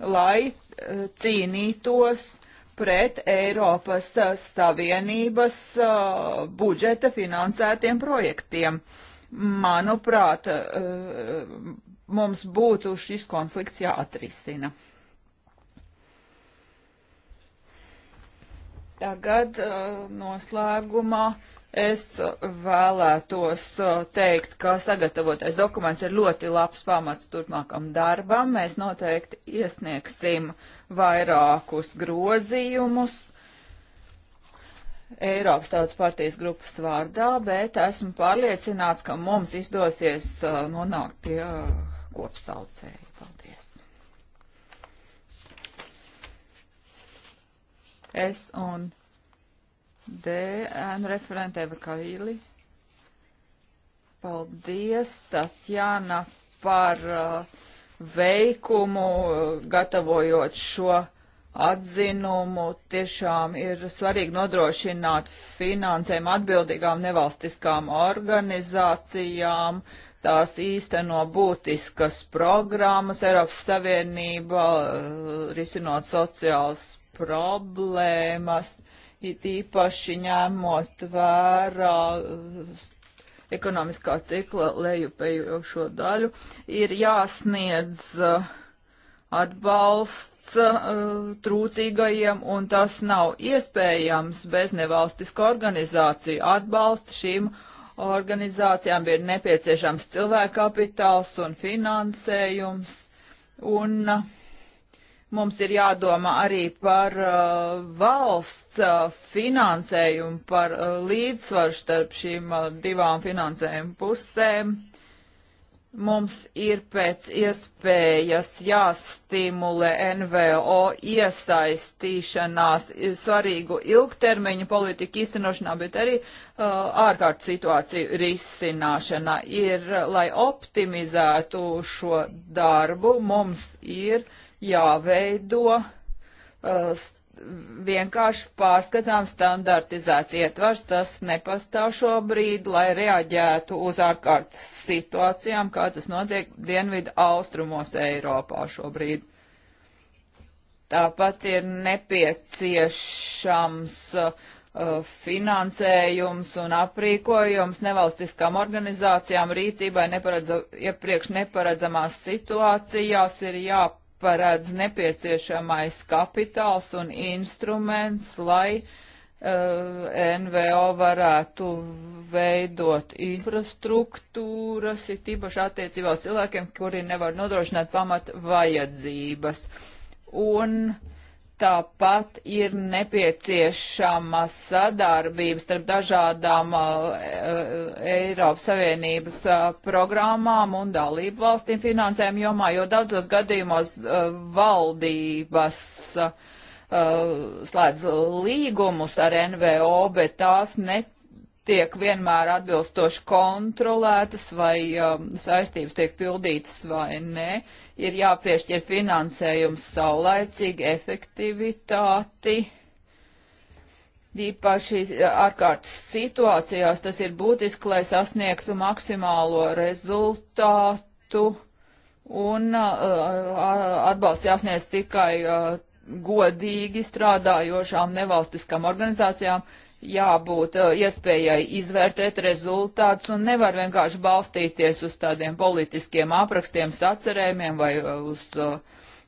lai uh, cīnītos pret Eiropas uh, Savienības uh, budžeta finansētiem projektiem. Manuprāt, uh, mums būtu šis konflikts jāatrisina. Tagad noslēgumā Es vēlētos teikt, ka sagatavotais dokuments ir ļoti labs pamats turpmākam darbam. Mēs noteikti iesniegsim vairākus grozījumus Eiropas Tautas partijas grupas vārdā, bet esmu pārliecināts, ka mums izdosies uh, nonākt pie uh, kopsaucēja. Paldies! Es un D. Ēnu referente Eva Kaili. Paldies, Tatjana, par uh, veikumu, gatavojot šo atzinumu. Tiešām ir svarīgi nodrošināt finansēm atbildīgām nevalstiskām organizācijām, tās īsteno būtiskas programmas Eiropas Savienība, uh, risinot sociālas problēmas it īpaši ņemot vērā uh, ekonomiskā cikla lejupējošo daļu, ir jāsniedz uh, atbalsts uh, trūcīgajiem, un tas nav iespējams bez nevalstisko organizāciju atbalsta šīm organizācijām ir nepieciešams cilvēka kapitāls un finansējums, un uh, Mums ir jādomā arī par uh, valsts uh, finansējumu, par uh, līdzsvaru starp šīm uh, divām finansējuma pusēm. Mums ir pēc iespējas jāstimulē NVO iesaistīšanās svarīgu ilgtermiņu politiku īstenošanā, bet arī uh, ārkārtas situāciju risināšanā. Ir, lai optimizētu šo darbu, mums ir uh, jāveido uh, vienkārši pārskatām standartizēts ietvars, tas nepastāv šobrīd, lai reaģētu uz ārkārtas situācijām, kā tas notiek dienvidu austrumos Eiropā šobrīd. Tāpat ir nepieciešams uh, finansējums un aprīkojums nevalstiskām organizācijām rīcībai neparedza, iepriekš neparedzamās situācijās ir jāpārādās jāparedz nepieciešamais kapitāls un instruments, lai uh, eh, NVO varētu veidot infrastruktūras, ir tīpaši attiecībā uz cilvēkiem, kuri nevar nodrošināt pamat vajadzības. Un uh, Tāpat ir nepieciešama sadarbība starp dažādām uh, uh, Eiropas Savienības uh, programmām un dalību valstīm finansējuma jomā, jo daudzos gadījumos valdības slēdz līgumus ar NVO, bet tās net tiek vienmēr atbilstoši kontrolētas, vai um, saistības tiek pildītas vai nē, ir jāpiešķir finansējums saulaicīgi, efektivitāti. Īpaši ārkārtas situācijās tas ir būtiski, lai sasniegtu maksimālo rezultātu, un uh, atbalsts jāsniedz tikai uh, godīgi strādājošām nevalstiskām organizācijām, uh, jābūt eh, iespējai izvērtēt rezultātus un nevar vienkārši balstīties uz tādiem politiskiem aprakstiem, sacerējumiem vai eh, uz, eh,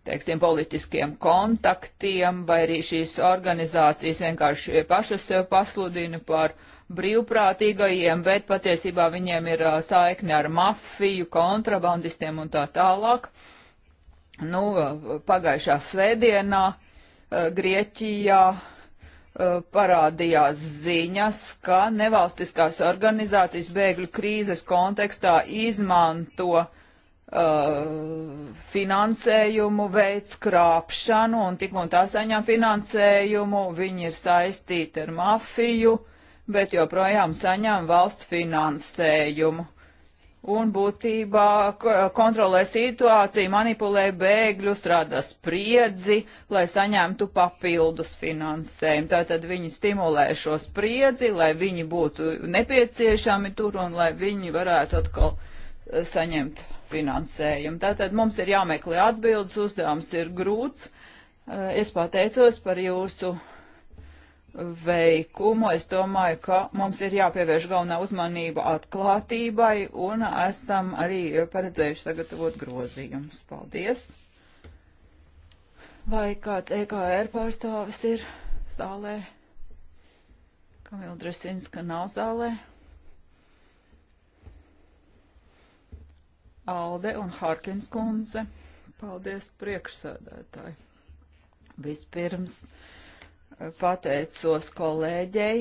teiksim, politiskiem kontaktiem, vai arī šīs organizācijas vienkārši pašas sev pasludina par brīvprātīgajiem, bet patiesībā viņiem ir saikne ar mafiju, kontrabandistiem un tā tālāk. Nu, pagājušā svētdienā Grieķijā Uh, parādījās ziņas, ka nevalstiskās organizācijas bēgļu krīzes kontekstā izmanto uh, finansējumu, veids krāpšanu un tik un tā saņem finansējumu, viņi ir saistīti ar mafiju, bet joprojām saņem valsts finansējumu un būtībā kontrolē situāciju, manipulē bēgļus, rada spriedzi, lai saņemtu papildus finansējumu. Tātad viņi stimulē šo spriedzi, lai viņi būtu nepieciešami tur un lai viņi varētu atkal eh, saņemt finansējumu. Tātad mums ir jāmeklē atbildes, uzdevums ir grūts. Eh, es pateicos par jūsu veikumu. Es domāju, ka mums ir jāpievērš galvenā uzmanība atklātībai un esam arī paredzējuši sagatavot grozījumus. Paldies! Vai kāds EKR pārstāvis ir zālē? Kamila Dresinska nav zālē. Alde un Harkins kundze. Paldies priekšsēdētāji. Vispirms. Uh, pateicos kolēģei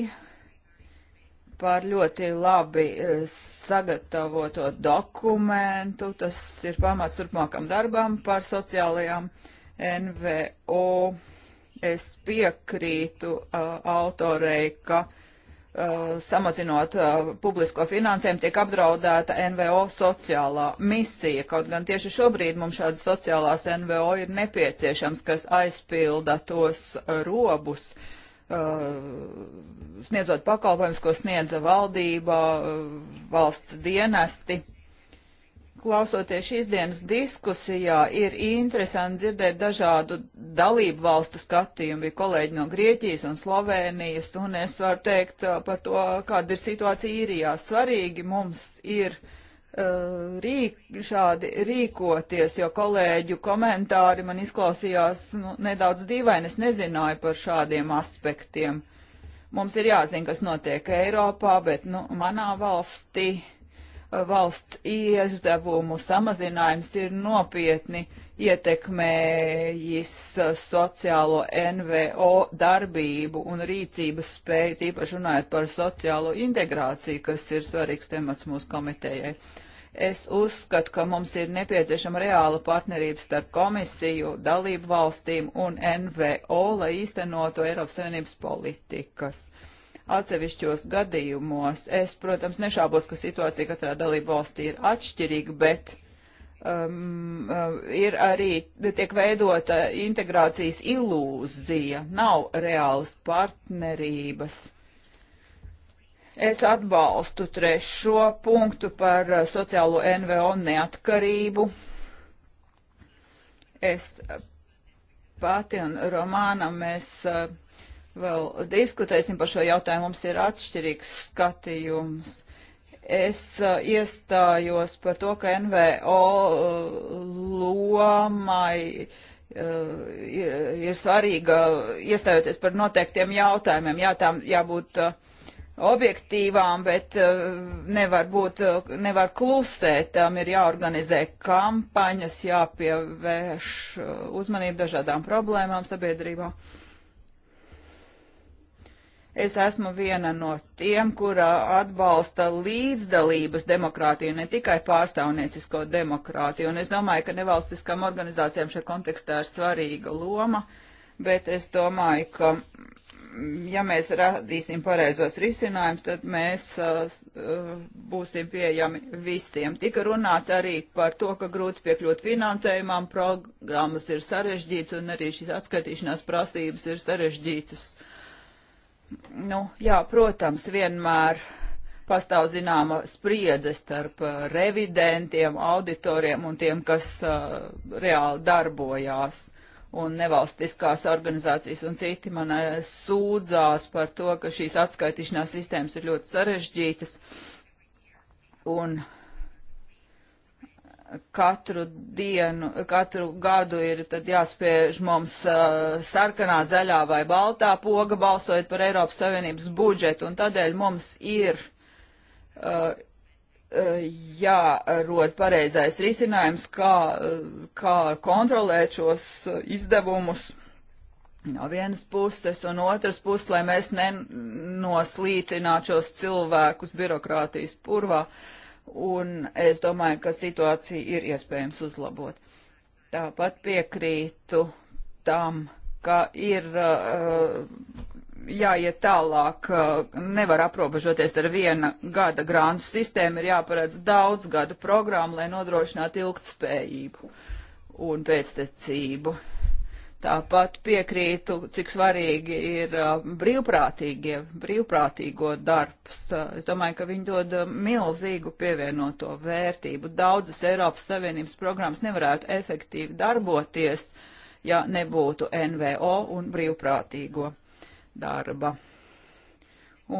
par ļoti labi e, sagatavoto dokumentu. Tas ir pamats turpmākam darbam par sociālajām NVO. Es piekrītu uh, autorei, ka uh, Eh, samazinot uh, publisko finansēm, tiek apdraudēta NVO sociālā misija. Kaut gan tieši šobrīd mums šādas sociālās NVO ir nepieciešams, kas aizpilda tos robus, uh, sniedzot pakalpojumus, ko sniedza valdība, uh, valsts dienesti. Klausoties šīs dienas diskusijā, ir interesanti dzirdēt dažādu dalību valstu skatījumu. Bija kolēģi no Grieķijas un Slovēnijas, un es varu teikt uh, par to, kāda ir situācija īrijā. Svarīgi mums ir uh, rīk, šādi rīkoties, jo kolēģu komentāri man izklausījās nu, nedaudz dīvaini. Es nezināju par šādiem aspektiem. Mums ir jāzina, kas notiek Eiropā, bet nu, manā valstī valsts iezdevumu samazinājums ir nopietni ietekmējis sociālo NVO darbību un rīcības spēju, tīpaši runājot par sociālo integrāciju, kas ir svarīgs temats mūsu komitejai. Es uzskatu, ka mums ir nepieciešama reāla partnerība starp komisiju, dalību valstīm un NVO, lai īstenotu Eiropas Savienības politikas. Uh, atsevišķos gadījumos. Es, protams, nešaubos, ka situācija katrā dalību valstī ir atšķirīga, bet um, um, ir arī tiek veidota integrācijas ilūzija, nav reālas partnerības. Es atbalstu trešo punktu par uh, sociālo NVO neatkarību. Es pati un Romāna mēs uh, vēl diskutēsim par šo jautājumu. Mums ir atšķirīgs skatījums. Es uh, iestājos par to, ka NVO uh, lomai uh, ir, ir svarīga iestājoties par noteiktiem jautājumiem. Jā, tām jābūt uh, objektīvām, bet uh, nevar būt, uh, nevar klusēt, tam ir jāorganizē kampaņas, jāpievērš uzmanību dažādām problēmām sabiedrībā. Uh, Es esmu viena no tiem, kura atbalsta līdzdalības demokrātiju, ne tikai pārstāvniecisko demokrātiju. Un es domāju, ka nevalstiskām organizācijām šajā kontekstā ir svarīga loma, bet es domāju, ka mm, ja mēs radīsim pareizos risinājumus, tad mēs uh, uh, būsim pieejami visiem. Tika runāts arī par to, ka grūti piekļūt finansējumam, programmas ir sarežģītas un arī šīs atskaitīšanās prasības ir sarežģītas. Nu, jā, protams, vienmēr pastāv zināma spriedze starp uh, revidentiem, auditoriem un tiem, kas uh, reāli darbojās. Un nevalstiskās organizācijas un citi man uh, sūdzās par to, ka šīs atskaitīšanās sistēmas ir ļoti sarežģītas. Un uh, katru dienu, katru gadu ir tad jāspiež mums uh, sarkanā, zaļā vai baltā poga balsojot par Eiropas Savienības budžetu, un tādēļ mums ir uh, uh, jārod pareizais risinājums, kā, uh, kā kontrolēt šos uh, izdevumus no vienas puses, un otras puses, lai mēs nenoslīcinātu šos cilvēkus birokrātijas purvā. Uh, un es domāju, ka situācija ir iespējams uzlabot. Tāpat piekrītu tam, ka ir uh, jāiet tālāk, uh, nevar aprobežoties ar viena gada grāntu sistēmu, ir jāparedz daudz gadu programmu, lai nodrošinātu ilgtspējību un pēctecību. Uh, Tāpat piekrītu, cik svarīgi ir uh, brīvprātīgie, brīvprātīgo darbs. Es domāju, ka viņi dod uh, milzīgu pievienoto vērtību. Daudzas Eiropas Savienības programmas nevarētu efektīvi darboties, ja nebūtu NVO un brīvprātīgo darba.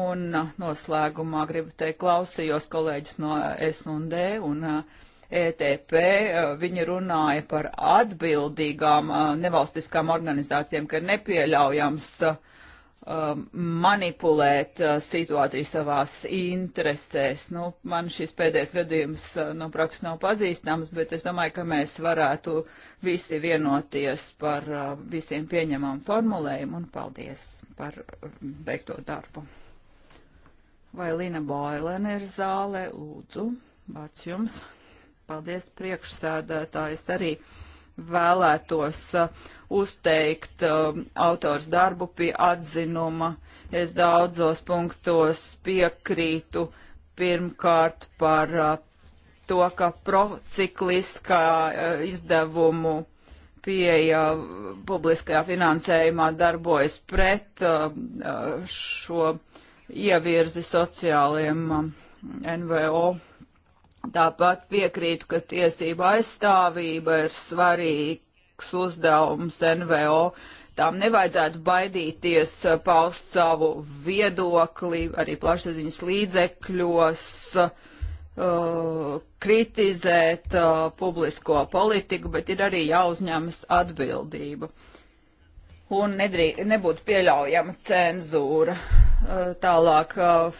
Un uh, noslēgumā gribu teikt, klausījos kolēģis no S&D un uh, ETP, eh, viņi runāja par atbildīgām eh, nevalstiskām organizācijām, ka nepieļaujams eh, manipulēt situāciju savās interesēs. Nu, man šis pēdējais gadījums no prakses nav pazīstams, bet es domāju, ka mēs varētu visi vienoties par visiem pieņemam formulējumu un paldies par veikto darbu. Vai Lina Boilene ir zālē? Lūdzu, vārds jums. Paldies priekšsēdētājs arī vēlētos uh, uzteikt uh, autors darbu pie atzinuma. Es daudzos punktos piekrītu pirmkārt par uh, to, ka procikliskā uh, izdevumu pieeja uh, publiskajā finansējumā darbojas pret uh, šo ievirzi sociāliem um, NVO Tāpat piekrītu, ka tiesība aizstāvība ir svarīgs uzdevums NVO. Tām nevajadzētu baidīties eh, paust savu viedokli arī plašsaziņas līdzekļos, uh, kritizēt uh, publisko politiku, bet ir arī jāuzņemas atbildība. Uh, un nedrī, nebūtu pieļaujama cenzūra. Tālāk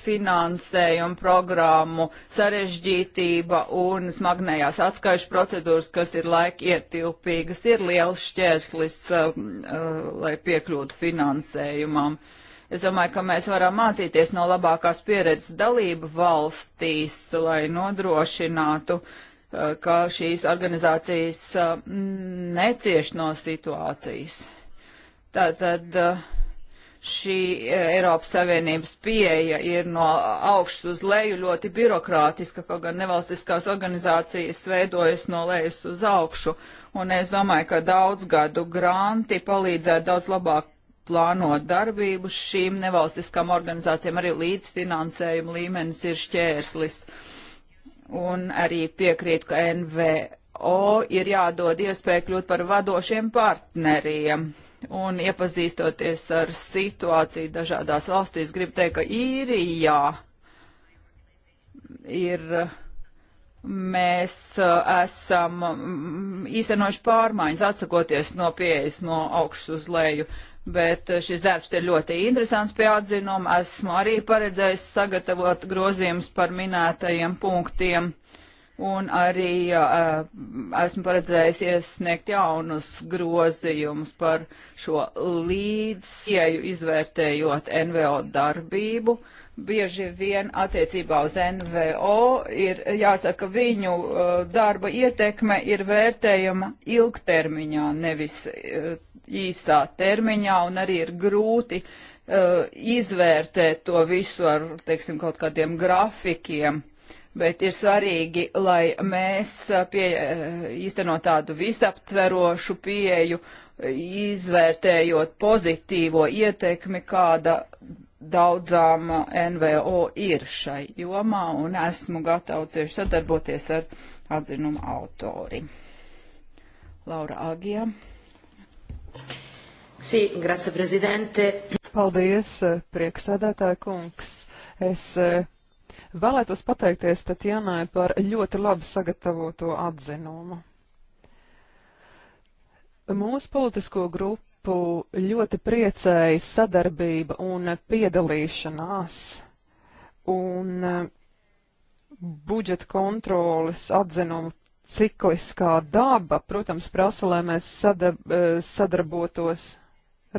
finansējuma programmu sarežģītība un smagnējās atskaišu procedūras, kas ir laika ietilpīgas, ir liels šķērslis, lai piekļūtu finansējumam. Es domāju, ka mēs varam mācīties no labākās pieredzes dalību valstīs, lai nodrošinātu uh, ka šīs organizācijas necieš no situācijas. Tātad eh, šī eh, Eiropas Savienības pieeja ir no augšas uz leju ļoti birokrātiska, kaut gan nevalstiskās organizācijas veidojas no lejas uz augšu. Un es domāju, ka daudz gadu granti palīdzētu daudz labāk plānot darbību šīm nevalstiskām organizācijām, arī līdzfinansējuma līmenis ir šķērslis. Un arī piekrītu, ka NVO ir jādod iespēja kļūt par vadošiem partneriem un iepazīstoties ar situāciju dažādās valstīs, gribu teikt, ka īrijā ir mēs uh, esam mm, īstenojuši pārmaiņas, atsakoties no pieejas no augšas uz leju. Bet uh, šis darbs ir ļoti interesants pie atzinuma. Esmu arī paredzējis sagatavot grozījumus par minētajiem punktiem. Uh, un arī uh, esmu paredzējis iesniegt jaunus grozījumus par šo līdzsieju izvērtējot NVO darbību. Bieži vien attiecībā uz NVO ir jāsaka, viņu uh, darba ietekme ir vērtējama ilgtermiņā, nevis uh, īsā termiņā, un arī ir grūti izvērtēt to visu ar, teiksim, kaut kādiem grafikiem bet ir svarīgi, lai mēs uh, pie, uh, īstenot tādu visaptverošu pieeju, izvērtējot pozitīvo ietekmi, kāda daudzām uh, NVO ir šai jomā, un esmu gatava cieši sadarboties ar atzinumu autori. Laura Agija. Sī, grazie, prezidente. Paldies, priekšsēdētāja kungs. Es Vēlētos pateikties Tatjanai par ļoti labi sagatavoto atzinumu. Mūsu politisko grupu ļoti priecēja sadarbība un piedalīšanās, un eh, budžeta kontrolas atzinumu cikliskā daba, protams, prasa, lai mēs sadab, eh, sadarbotos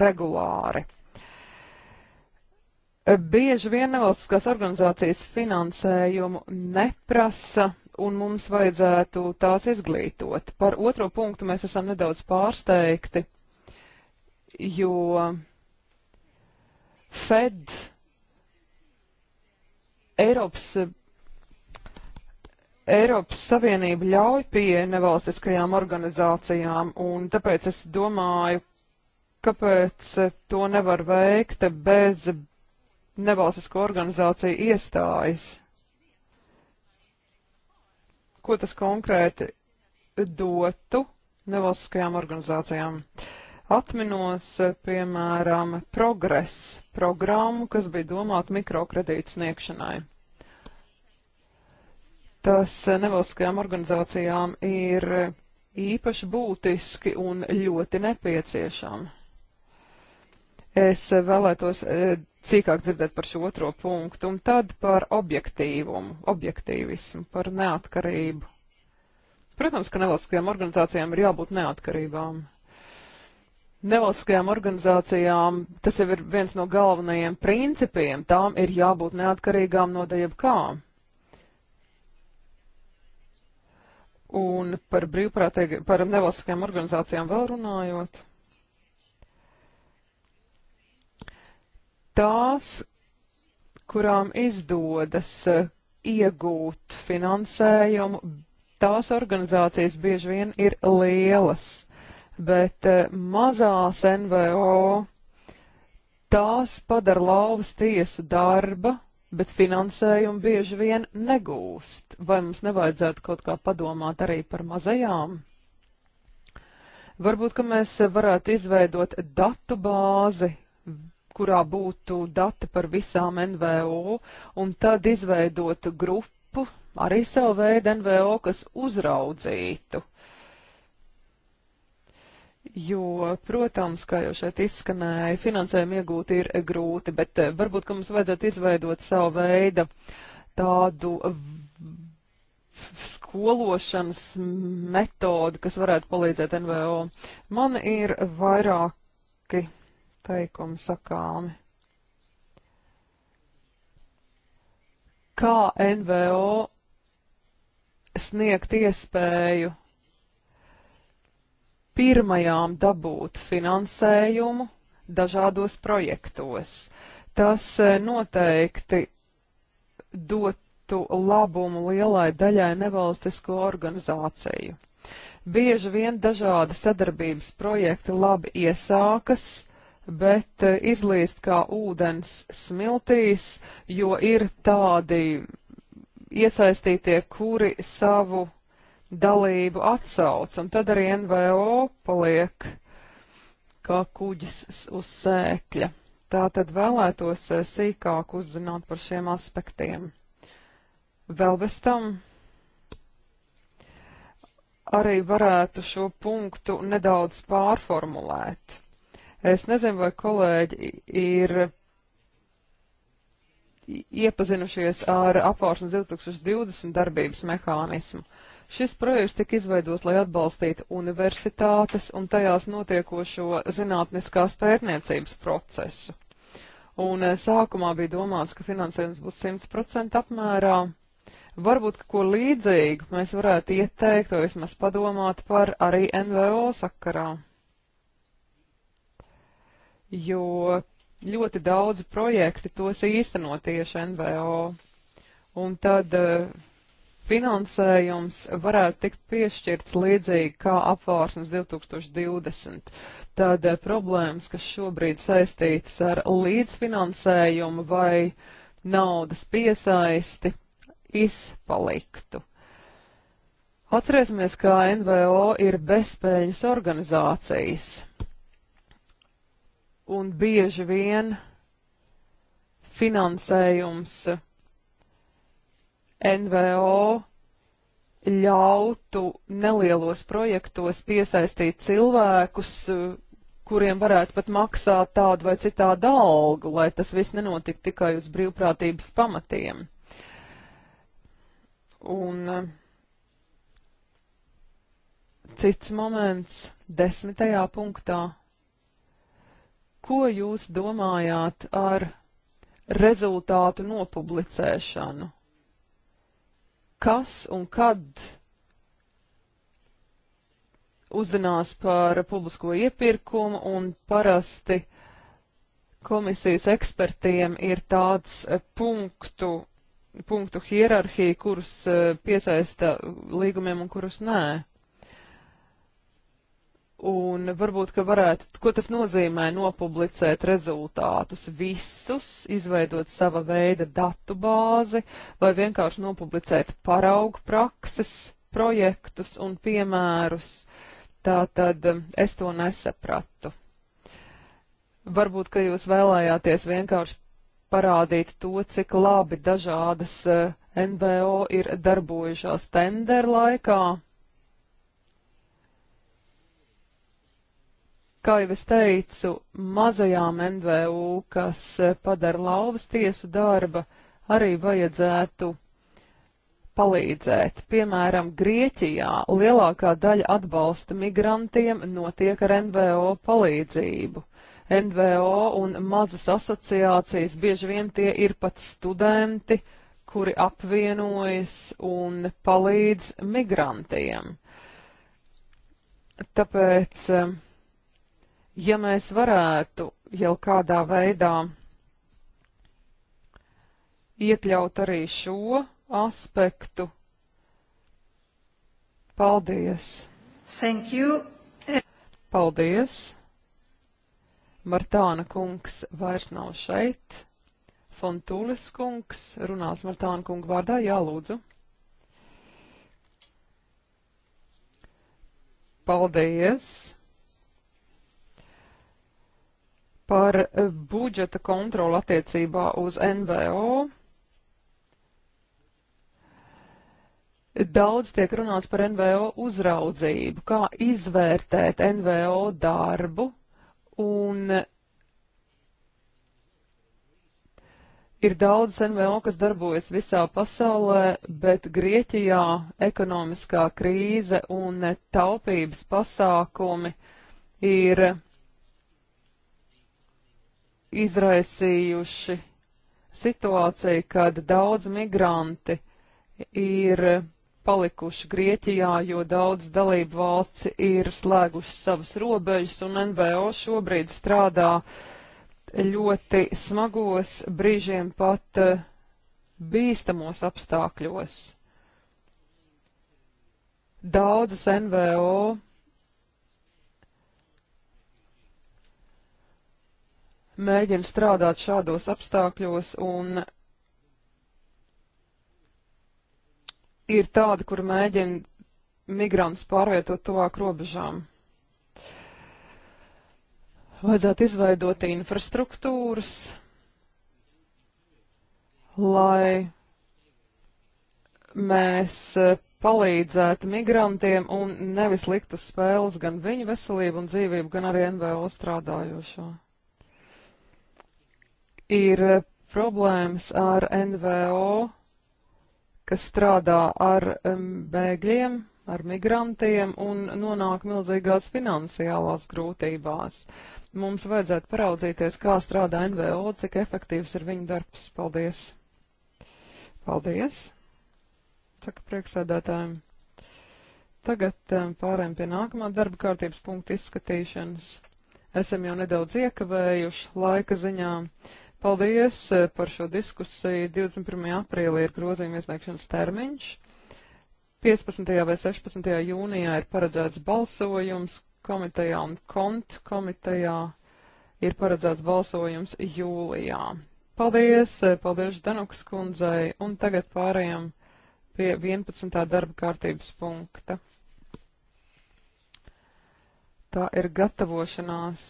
regulāri. Bieži vien nevalstiskās organizācijas finansējumu neprasa, un mums vajadzētu tās izglītot. Par otro punktu mēs esam nedaudz pārsteigti, jo Fed Eiropas Eiropas Savienība ļauj pie nevalstiskajām organizācijām, un tāpēc es domāju, kāpēc to nevar veikt bez nevalstisko organizāciju iestājas. Ko tas konkrēti dotu nevalstiskajām organizācijām? Atminos, piemēram, progress programmu, kas bija domāta mikrokredītu sniegšanai. Tas nevalstiskajām organizācijām ir īpaši būtiski un ļoti nepieciešami. Es vēlētos e, cīkāk dzirdēt par šo otro punktu, un tad par objektīvumu, objektīvismu, par neatkarību. Protams, ka nevalstiskajām organizācijām ir jābūt neatkarībām. Nevalstiskajām organizācijām tas jau ir viens no galvenajiem principiem, tām ir jābūt neatkarīgām no jebkā. Un par brīvprātīgi, par nevalstiskajām organizācijām vēl runājot. tās, kurām izdodas eh, iegūt finansējumu, tās organizācijas bieži vien ir lielas, bet eh, mazās NVO tās padara lauvas tiesu darba, bet finansējumu bieži vien negūst. Vai mums nevajadzētu kaut kā padomāt arī par mazajām? Varbūt, ka mēs eh, varētu izveidot datu bāzi kurā būtu dati par visām NVO, un tad izveidot grupu, arī savu veidu NVO, kas uzraudzītu. Jo, protams, kā jau šeit izskanēja, finansējumu iegūt ir grūti, bet eh, varbūt, ka mums vajadzētu izveidot savu veidu tādu skološanas metodu, kas varētu palīdzēt NVO. Man ir vairāki teikumu sakāmi. Kā NVO sniegt iespēju pirmajām dabūt finansējumu dažādos projektos? Tas e, noteikti dotu labumu lielai daļai nevalstisko organizāciju. Bieži vien dažādi sadarbības projekti labi iesākas, bet eh, izlīst kā ūdens smiltīs, jo ir tādi iesaistītie, kuri savu dalību atsauc, un tad arī NVO paliek kā kuģis uz sēkļa. Tā tad vēlētos eh, sīkāk uzzināt par šiem aspektiem. Vēl bez tam arī varētu šo punktu nedaudz pārformulēt. Es nezinu, vai kolēģi ir iepazinušies ar apvārsnes 2020 darbības mehānismu. Šis projekts tika izveidots, lai atbalstītu universitātes un tajās notiekošo zinātniskās pērniecības procesu. Un eh, sākumā bija domāts, ka finansējums būs 100% apmērā. Varbūt, ka ko līdzīgu mēs varētu ieteikt, vai vismaz padomāt par arī NVO sakarā jo ļoti daudz projekti tos īsteno tieši NVO. Un tad uh, finansējums varētu tikt piešķirts līdzīgi kā apvārsnes 2020. Tad uh, problēmas, kas šobrīd saistītas ar līdzfinansējumu vai naudas piesaisti, izpaliktu. Atcerēsimies, ka NVO ir bezspēļņas organizācijas, un bieži vien finansējums NVO ļautu nelielos projektos piesaistīt cilvēkus, kuriem varētu pat maksāt tādu vai citādu algu, lai tas viss nenotiktu tikai uz brīvprātības pamatiem. Un cits moments desmitajā punktā Ko jūs domājāt ar rezultātu nopublicēšanu? Kas un kad uzzinās par publisko iepirkumu un parasti komisijas ekspertiem ir tāds eh, punktu, punktu hierarhija, kurus eh, piesaista līgumiem un kurus nē. Un varbūt, ka varētu, ko tas nozīmē, nopublicēt rezultātus visus, izveidot sava veida datu bāzi, vai vienkārši nopublicēt paraugu prakses, projektus un piemērus. Tā tad um, es to nesapratu. Varbūt, ka jūs vēlējāties vienkārši parādīt to, cik labi dažādas uh, NVO ir darbojušās tender laikā kā jau es teicu, mazajām NVU, kas padara lauvas tiesu darba, arī vajadzētu palīdzēt. Piemēram, Grieķijā lielākā daļa atbalsta migrantiem notiek ar NVO palīdzību. NVO un mazas asociācijas bieži vien tie ir pat studenti, kuri apvienojas un palīdz migrantiem. Tāpēc um, ja mēs varētu jau kādā veidā iekļaut arī šo aspektu. Paldies! Thank you! Paldies! Martāna kungs vairs nav šeit. Fontūlis kungs runās Martāna kunga vārdā. Jā, lūdzu! Paldies! par eh, budžeta kontroli attiecībā uz NVO. Daudz tiek runāts par NVO uzraudzību, kā izvērtēt NVO darbu, un ir daudz NVO, kas darbojas visā pasaulē, bet Grieķijā ekonomiskā krīze un taupības pasākumi ir izraisījuši situāciju, kad daudz migranti ir palikuši Grieķijā, jo daudz dalību valsts ir slēguši savas robežas, un NVO šobrīd strādā ļoti smagos, brīžiem pat eh, bīstamos apstākļos. Daudzas NVO mēģina strādāt šādos apstākļos, un ir tādi, kur mēģina migrantus pārvietot tuvāk robežām. Vajadzētu izveidot infrastruktūras, lai mēs eh, palīdzētu migrantiem un nevis likt uz spēles gan viņu veselību un dzīvību, gan arī NVO strādājošo ir eh, problēmas ar NVO, kas strādā ar bēgļiem, ar migrantiem un nonāk milzīgās finansiālās grūtībās. Mums vajadzētu paraudzīties, kā strādā NVO, cik efektīvs ir viņa darbs. Paldies! Paldies! Saka priekšsēdētājiem. Tagad pārējām pie nākamā darba kārtības punkta izskatīšanas. Esam jau nedaudz iekavējuši laika ziņā. Paldies eh, par šo diskusiju. 21. aprīlī ir grozījuma iesniegšanas termiņš. 15. vai 16. jūnijā ir paredzēts balsojums komitejā un kont komitejā ir paredzēts balsojums jūlijā. Paldies, eh, paldies Danuks kundzei, un tagad pārējām pie 11. darba kārtības punkta. Tā ir gatavošanās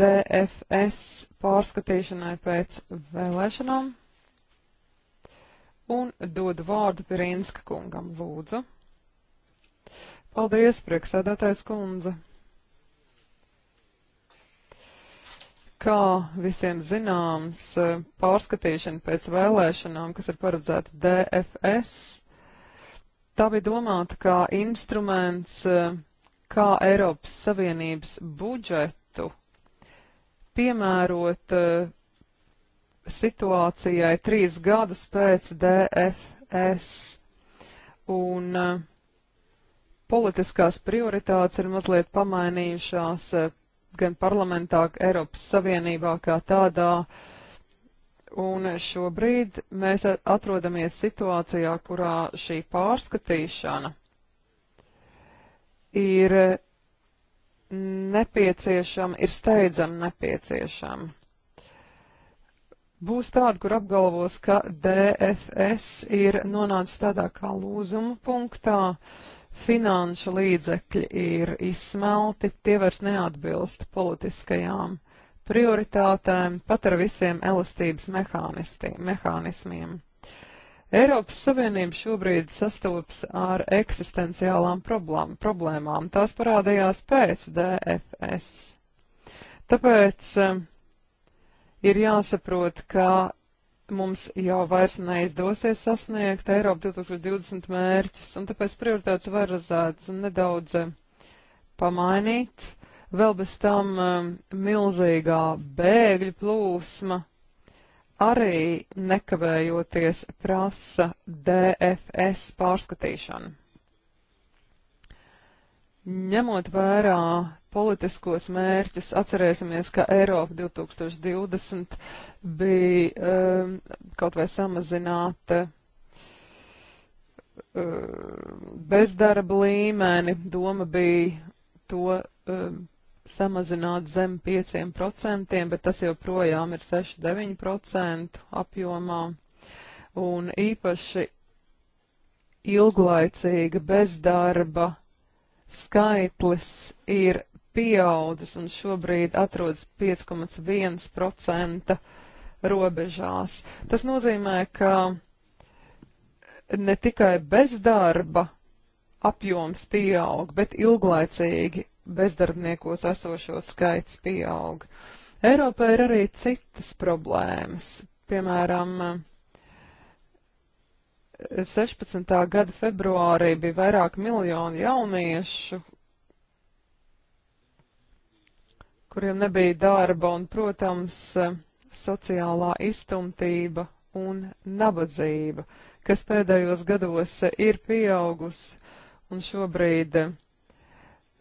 DFS pārskatīšanai pēc vēlēšanām. Un dodu vārdu Pirinska kungam, lūdzu. Paldies, prieksēdētājs kundze. Kā visiem zināms, pārskatīšana pēc vēlēšanām, kas ir paredzēta DFS, tā bija domāta kā instruments, kā Eiropas Savienības budžetu piemērot uh, situācijai trīs gadus pēc DFS. Un uh, politiskās prioritātes ir mazliet pamainījušās uh, gan parlamentā, gan Eiropas Savienībā kā tādā. Un šobrīd mēs atrodamies situācijā, kurā šī pārskatīšana ir nepieciešama, ir steidzami nepieciešama. Būs tāda, kur apgalvos, ka DFS ir nonācis tādā kā lūzuma punktā, finanšu līdzekļi ir izsmelti, tie vairs neatbilst politiskajām prioritātēm, pat ar visiem elastības mehānismiem. Eiropas Savienība šobrīd sastopas ar eksistenciālām problēm, problēmām. Tās parādījās pēc DFS. Tāpēc ir jāsaprot, ka mums jau vairs neizdosies sasniegt Eiropu 2020 mērķus, un tāpēc prioritātes var redzētas nedaudz pamainīt. Vēl bez tam milzīgā bēgļu plūsma arī nekavējoties prasa DFS pārskatīšanu. Ņemot vērā politiskos mērķus, atcerēsimies, ka Eiropa 2020 bija um, kaut vai samazināta um, bezdarba līmeni, doma bija to um, samazināt zem 5%, bet tas joprojām ir 6-9% apjomā. Un īpaši ilglaicīga bezdarba skaitlis ir pieaudzis un šobrīd atrodas 5,1% robežās. Tas nozīmē, ka ne tikai bezdarba apjoms pieaug, bet ilglaicīgi bezdarbniekos esošo skaits pieaug. Eiropā ir arī citas problēmas. Piemēram, 16. gada februārī bija vairāk miljonu jauniešu, kuriem nebija darba un, protams, sociālā iztumtība un nabadzība, kas pēdējos gados ir pieaugusi un šobrīd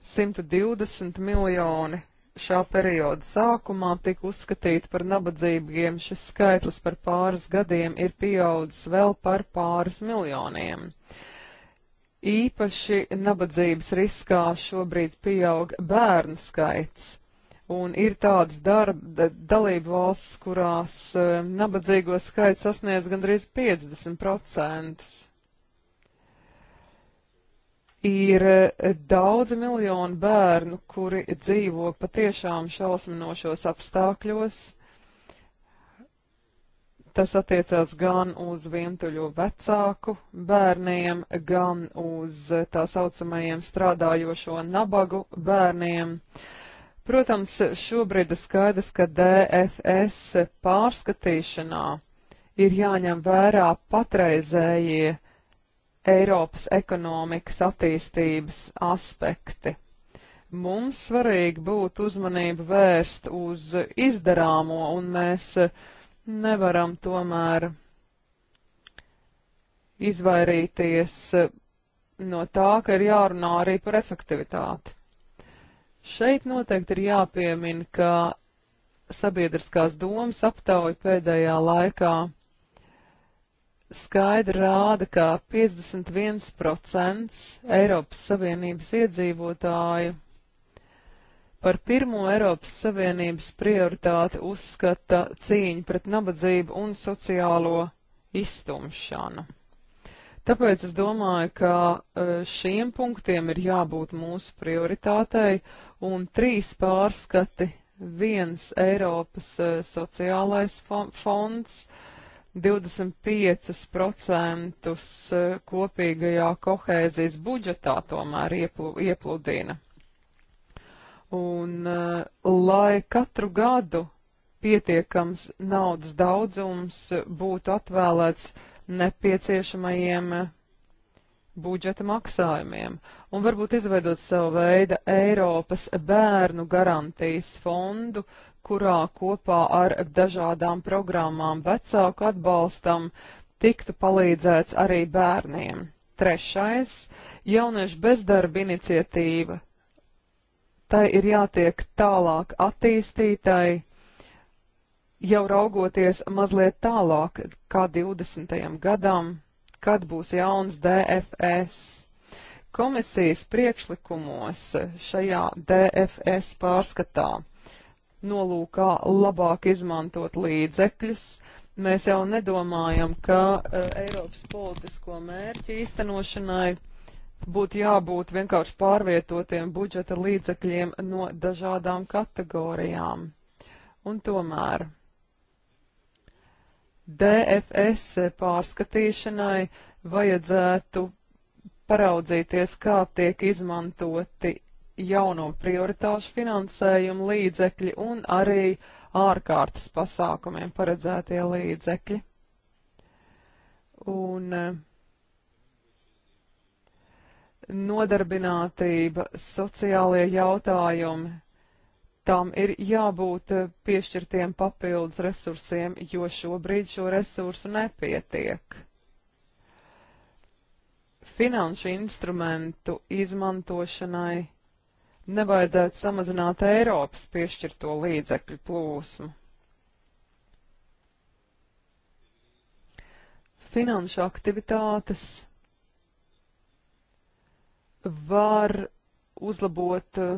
120 miljoni šā perioda sākumā tika uzskatīti par nabadzīgiem, šis skaitlis par pāris gadiem ir pieaudzis vēl par pāris miljoniem. Īpaši nabadzības riskā šobrīd pieaug bērnu skaits, un ir tādas darba dalību valsts, kurās eh, nabadzīgo skaits sasniedz gandrīz 50% ir eh, daudzi miljoni bērnu, kuri dzīvo patiešām šausminošos apstākļos. Tas attiecās gan uz vientuļo vecāku bērniem, gan uz tā saucamajiem strādājošo nabagu bērniem. Protams, šobrīd ir skaidrs, ka DFS pārskatīšanā ir jāņem vērā patreizējie Eiropas ekonomikas attīstības aspekti. Mums svarīgi būtu uzmanību vērst uz izdarāmo, un mēs nevaram tomēr izvairīties no tā, ka ir jārunā arī par efektivitāti. Šeit noteikti ir jāpiemina, ka sabiedriskās domas aptauja pēdējā laikā skaidri rāda, ka 51% Eiropas Savienības iedzīvotāju par pirmo Eiropas Savienības prioritāti uzskata cīņu pret nabadzību un sociālo iztumšanu. Tāpēc es domāju, ka eh, šiem punktiem ir jābūt mūsu prioritātei un trīs pārskati. Viens Eiropas eh, sociālais fonds, uh, 25% eh, kopīgajā kohēzijas budžetā tomēr iepludina. Un, eh, lai katru gadu pietiekams naudas daudzums būtu atvēlēts nepieciešamajiem eh, budžeta maksājumiem, un varbūt izveidot savu veidu Eiropas bērnu garantijas fondu, uh, kurā kopā ar dažādām programmām vecāku atbalstam tiktu palīdzēts arī bērniem. Trešais - jauniešu bezdarba iniciatīva. Tai ir jātiek tālāk attīstītai, jau raugoties mazliet tālāk kā 20. gadam, kad būs jauns DFS komisijas priekšlikumos šajā DFS pārskatā nolūkā labāk izmantot līdzekļus. Mēs jau nedomājam, ka uh, Eiropas politisko mērķu īstenošanai būtu jābūt vienkārši pārvietotiem budžeta līdzekļiem no dažādām kategorijām. Un tomēr DFS pārskatīšanai vajadzētu paraudzīties, kā tiek izmantoti jauno prioritāšu finansējumu līdzekļi un arī ārkārtas pasākumiem paredzētie līdzekļi. Un eh, nodarbinātība, sociālie jautājumi, tam ir jābūt eh, piešķirtiem papildus resursiem, jo šobrīd šo resursu nepietiek. Finanšu instrumentu izmantošanai nevajadzētu samazināt Eiropas piešķirto līdzekļu plūsmu. Finanšu aktivitātes var uzlabot uh,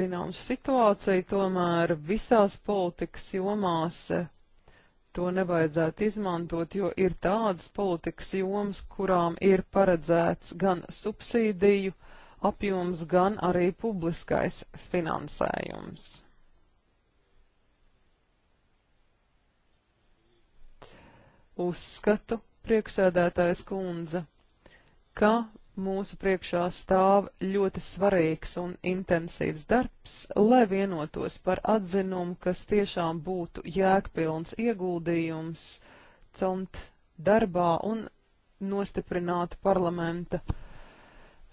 finanšu situāciju, tomēr visās politikas jomās uh, to nevajadzētu izmantot, jo ir tādas politikas jomas, kurām ir paredzēts gan subsīdiju apjoms, gan arī publiskais finansējums. Uzskatu, priekšsēdētājs kundze, ka mūsu priekšā stāv ļoti svarīgs un intensīvs darbs, lai vienotos par atzinumu, kas tiešām būtu jēgpilns ieguldījums celt darbā un nostiprinātu parlamenta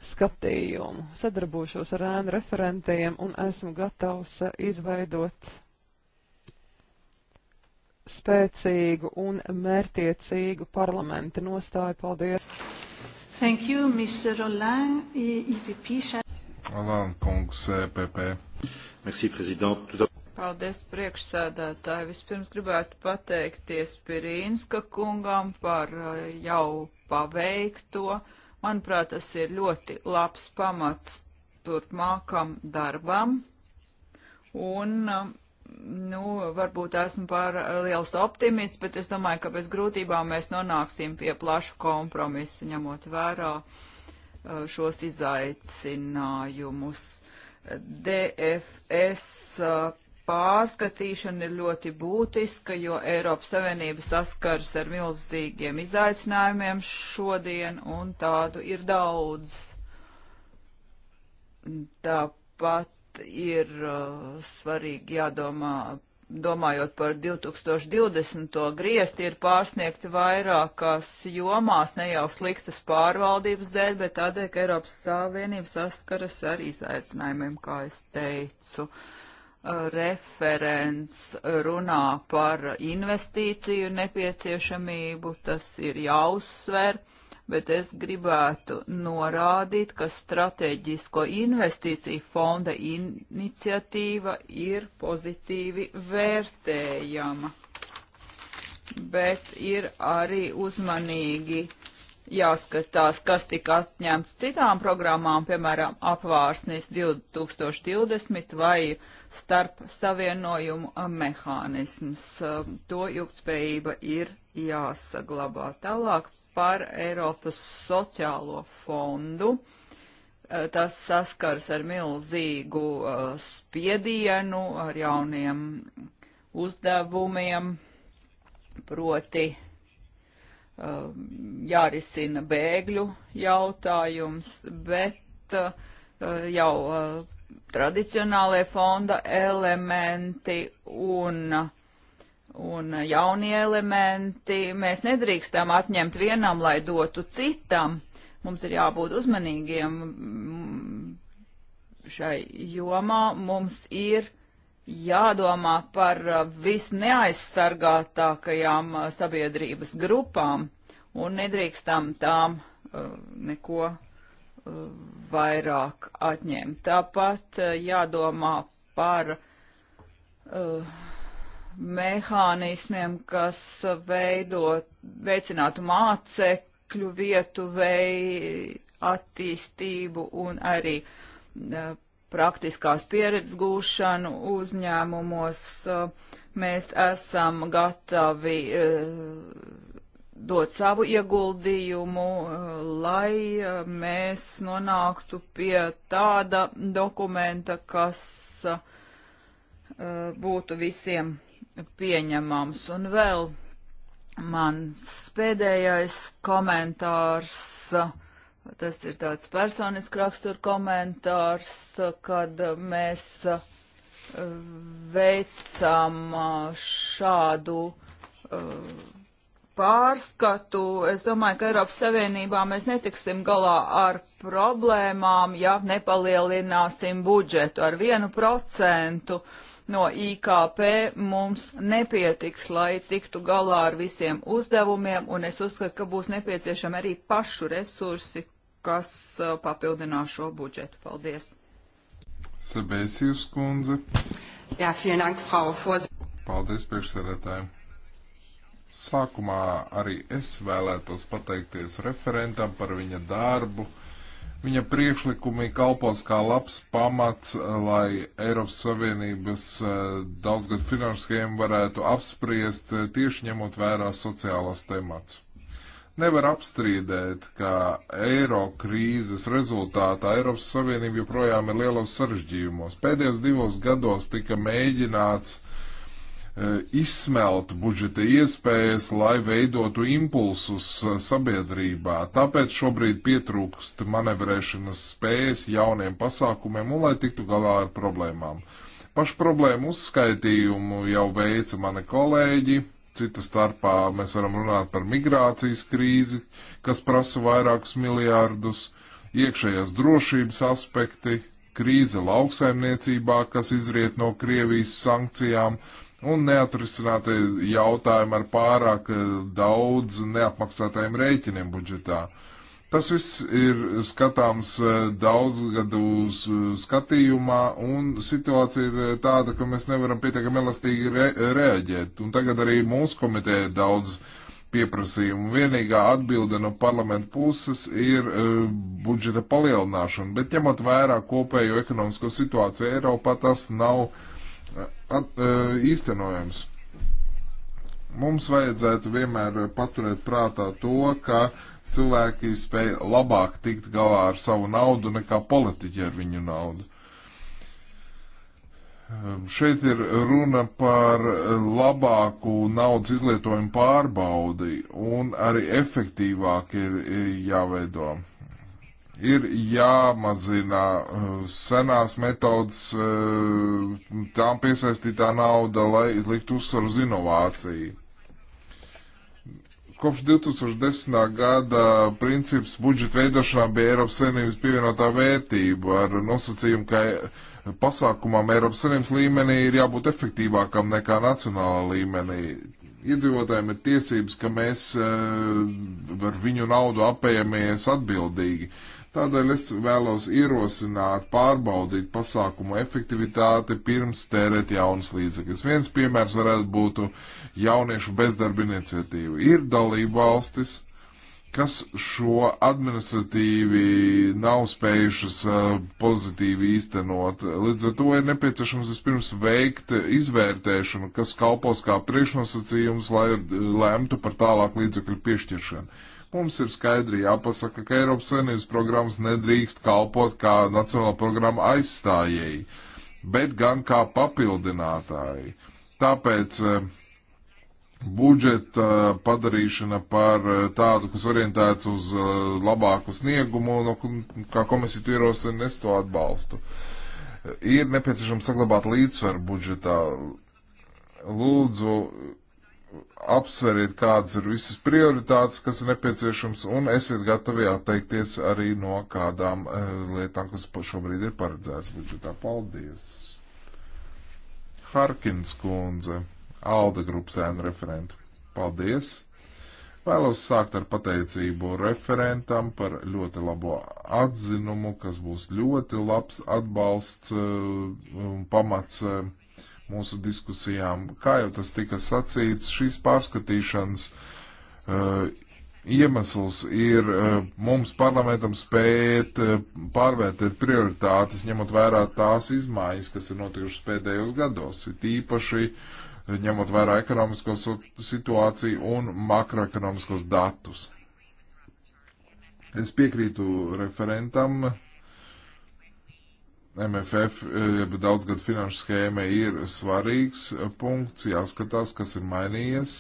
skatījumu. Sadarbošos ar ēnu referentiem un esmu gatavs izveidot spēcīgu un mērtiecīgu parlamenta nostāju. Paldies! Thank you, Mr. Roland, EPP. E Roland kungs, EPP. Merci, prezident. Paldies, priekšsēdētāji. Vispirms gribētu pateikties Pirīnska kungam par e, jau paveikto. Manuprāt, tas ir ļoti labs pamats turpmākam darbam. Un e, nu, varbūt esmu pār eh, liels optimists, bet es domāju, ka bez grūtībām mēs nonāksim pie plašu kompromisu, ņemot vērā eh, šos izaicinājumus. DFS eh, pārskatīšana ir ļoti būtiska, jo Eiropas Savienība saskars ar milzīgiem izaicinājumiem šodien, un tādu ir daudz. Tāpat ir uh, svarīgi jādomā, domājot par 2020. griezti, ir pārsniegti vairākās jomās, ne jau sliktas pārvaldības dēļ, bet tādēļ, ka Eiropas Savienība saskaras ar izaicinājumiem, kā es teicu. Uh, referents runā par investīciju nepieciešamību, tas ir jāuzsver. Uh, bet es gribētu norādīt, ka strateģisko investīciju fonda iniciatīva ir pozitīvi vērtējama, bet ir arī uzmanīgi uh, jāskatās, kas tika atņemts citām programmām, piemēram, apvārsnis 2020 vai starp savienojumu mehānisms. Um, to ilgspējība ir jāsaglabā. Tālāk par Eiropas sociālo fondu. Uh, tas saskars ar milzīgu uh, spiedienu, ar jauniem uzdevumiem, proti jārisina bēgļu jautājums, bet uh, jau uh, tradicionālie fonda elementi un, un jaunie elementi mēs nedrīkstam atņemt vienam, lai dotu citam. Mums ir jābūt uzmanīgiem mm, šai jomā. Mums ir jādomā par uh, visneaizsargātākajām uh, sabiedrības grupām un nedrīkstam tām uh, neko vairāk atņemt. Tāpat jādomā par uh, mehānismiem, kas veido, veicinātu mācekļu vietu vei attīstību un arī uh, praktiskās pieredzes gūšanu uzņēmumos. Eh, mēs esam gatavi eh, dot savu ieguldījumu, eh, lai mēs nonāktu pie tāda dokumenta, kas būtu visiem pieņemams. Un vēl mans pēdējais komentārs. Uh, Tas ir tāds personisks rakstur komentārs, kad mēs eh, veicam eh, šādu eh, pārskatu. Es domāju, ka Eiropas Savienībā mēs netiksim galā ar problēmām, ja nepalielināsim budžetu ar vienu procentu no IKP mums nepietiks, lai tiktu galā ar visiem uzdevumiem, un es uzskatu, ka būs nepieciešami arī pašu resursi, kas uh, papildinās šo budžetu. Paldies! Sebēsijas kundze. Jā, vielen dank, Frau Forz. Paldies, priekšsēdētāji. Sākumā arī es vēlētos pateikties referentam par viņa darbu. Viņa priekšlikumi kalpos kā labs pamats, uh, lai Eiropas Savienības uh, daudzgad finanšu schēmu varētu apspriest, tieši ņemot vērā sociālās temats. Nevar apstrīdēt, ka eiro krīzes rezultātā Eiropas Savienība joprojām ir lielos sarežģījumos. Pēdējos divos gados tika mēģināts e, izsmelt budžeta iespējas, lai veidotu impulsus e, sabiedrībā. Tāpēc šobrīd pietrūkst manevrēšanas spējas jauniem pasākumiem un lai tiktu galā ar problēmām. Pašu problēmu uzskaitījumu jau veica mani kolēģi, Cita starpā mēs varam runāt par migrācijas krīzi, kas prasa vairākus miljārdus, iekšējās drošības aspekti, krīze lauksaimniecībā, kas izriet no Krievijas sankcijām, un neatrisinātie jautājumi ar pārāk eh, daudz neapmaksātajiem rēķiniem budžetā. Uh, Tas viss ir skatāms eh, daudzgadu eh, skatījumā, un situācija ir eh, tāda, ka mēs nevaram pietiekami elastīgi re reaģēt. Un tagad arī mūsu komiteja daudz pieprasījumu. Vienīgā atbilde no parlamenta puses ir uh, budžeta palielināšana, bet ņemot vērā kopējo ekonomisko situāciju Eiropā, tas nav uh, at, uh, īstenojams mums vajadzētu vienmēr paturēt prātā to, ka cilvēki spēj labāk tikt galā ar savu naudu nekā politiķi ar viņu naudu. Ehm, šeit ir runa par labāku naudas izlietojumu pārbaudi un arī efektīvāk ir jāveido. Ir jāmazina eh, senās metodas, eh, tām piesaistītā nauda, lai likt uzsvaru uz inovāciju Kopš 2010. gada princips budžeta veidošanā bija Eiropas Savienības pievienotā vērtība ar nosacījumu, ka pasākumam Eiropas Savienības līmenī ir jābūt efektīvākam nekā nacionālā līmenī. Iedzīvotājiem ir tiesības, ka mēs eh, ar viņu naudu apējamies atbildīgi. Uh, Tādēļ es vēlos ierosināt, pārbaudīt pasākumu efektivitāti pirms tērēt jaunas līdzekļus. Viens piemērs varētu būt jauniešu bezdarba iniciatīva. Ir dalība valstis, kas šo administratīvi nav spējušas pozitīvi īstenot. Līdz ar to ir nepieciešams vispirms veikt izvērtēšanu, kas kalpos kā priekšnosacījums, lai lemtu par tālāk līdzekļu piešķiršanu. Mums ir skaidri jāpasaka, ka Eiropas Savienības programmas nedrīkst kalpot kā nacionāla programma aizstājēji, bet gan kā papildinātāji. Tāpēc eh, budžeta eh, padarīšana par eh, tādu, kas orientēts uz labāku sniegumu, no, kā komisija to ierosina, es to atbalstu. Ir nepieciešams saglabāt līdzsvaru budžetā. Lūdzu, apsveriet, kādas ir visas prioritātes, kas ir nepieciešams, un esiet gatavi atteikties arī no kādām uh, lietām, kas šobrīd ir paredzētas budžetā. Paldies! Harkins kundze, Alda grupas ēna referenta. Paldies! Vēlos sākt ar pateicību referentam par ļoti labo atzinumu, kas būs ļoti labs atbalsts eh, un uh, pamats uh, mūsu diskusijām. Kā jau tas tika sacīts, šīs pārskatīšanas uh, iemesls ir uh, mums parlamentam spēt uh, pārvērtēt prioritātes, ņemot vērā tās izmaiņas, kas ir notikušas pēdējos gados, it īpaši uh, ņemot vērā ekonomisko situāciju un makroekonomiskos datus. Es piekrītu referentam, MFF, eh, daudzgad finanšu schēma ir svarīgs eh, punkts, jāskatās, kas ir mainījies.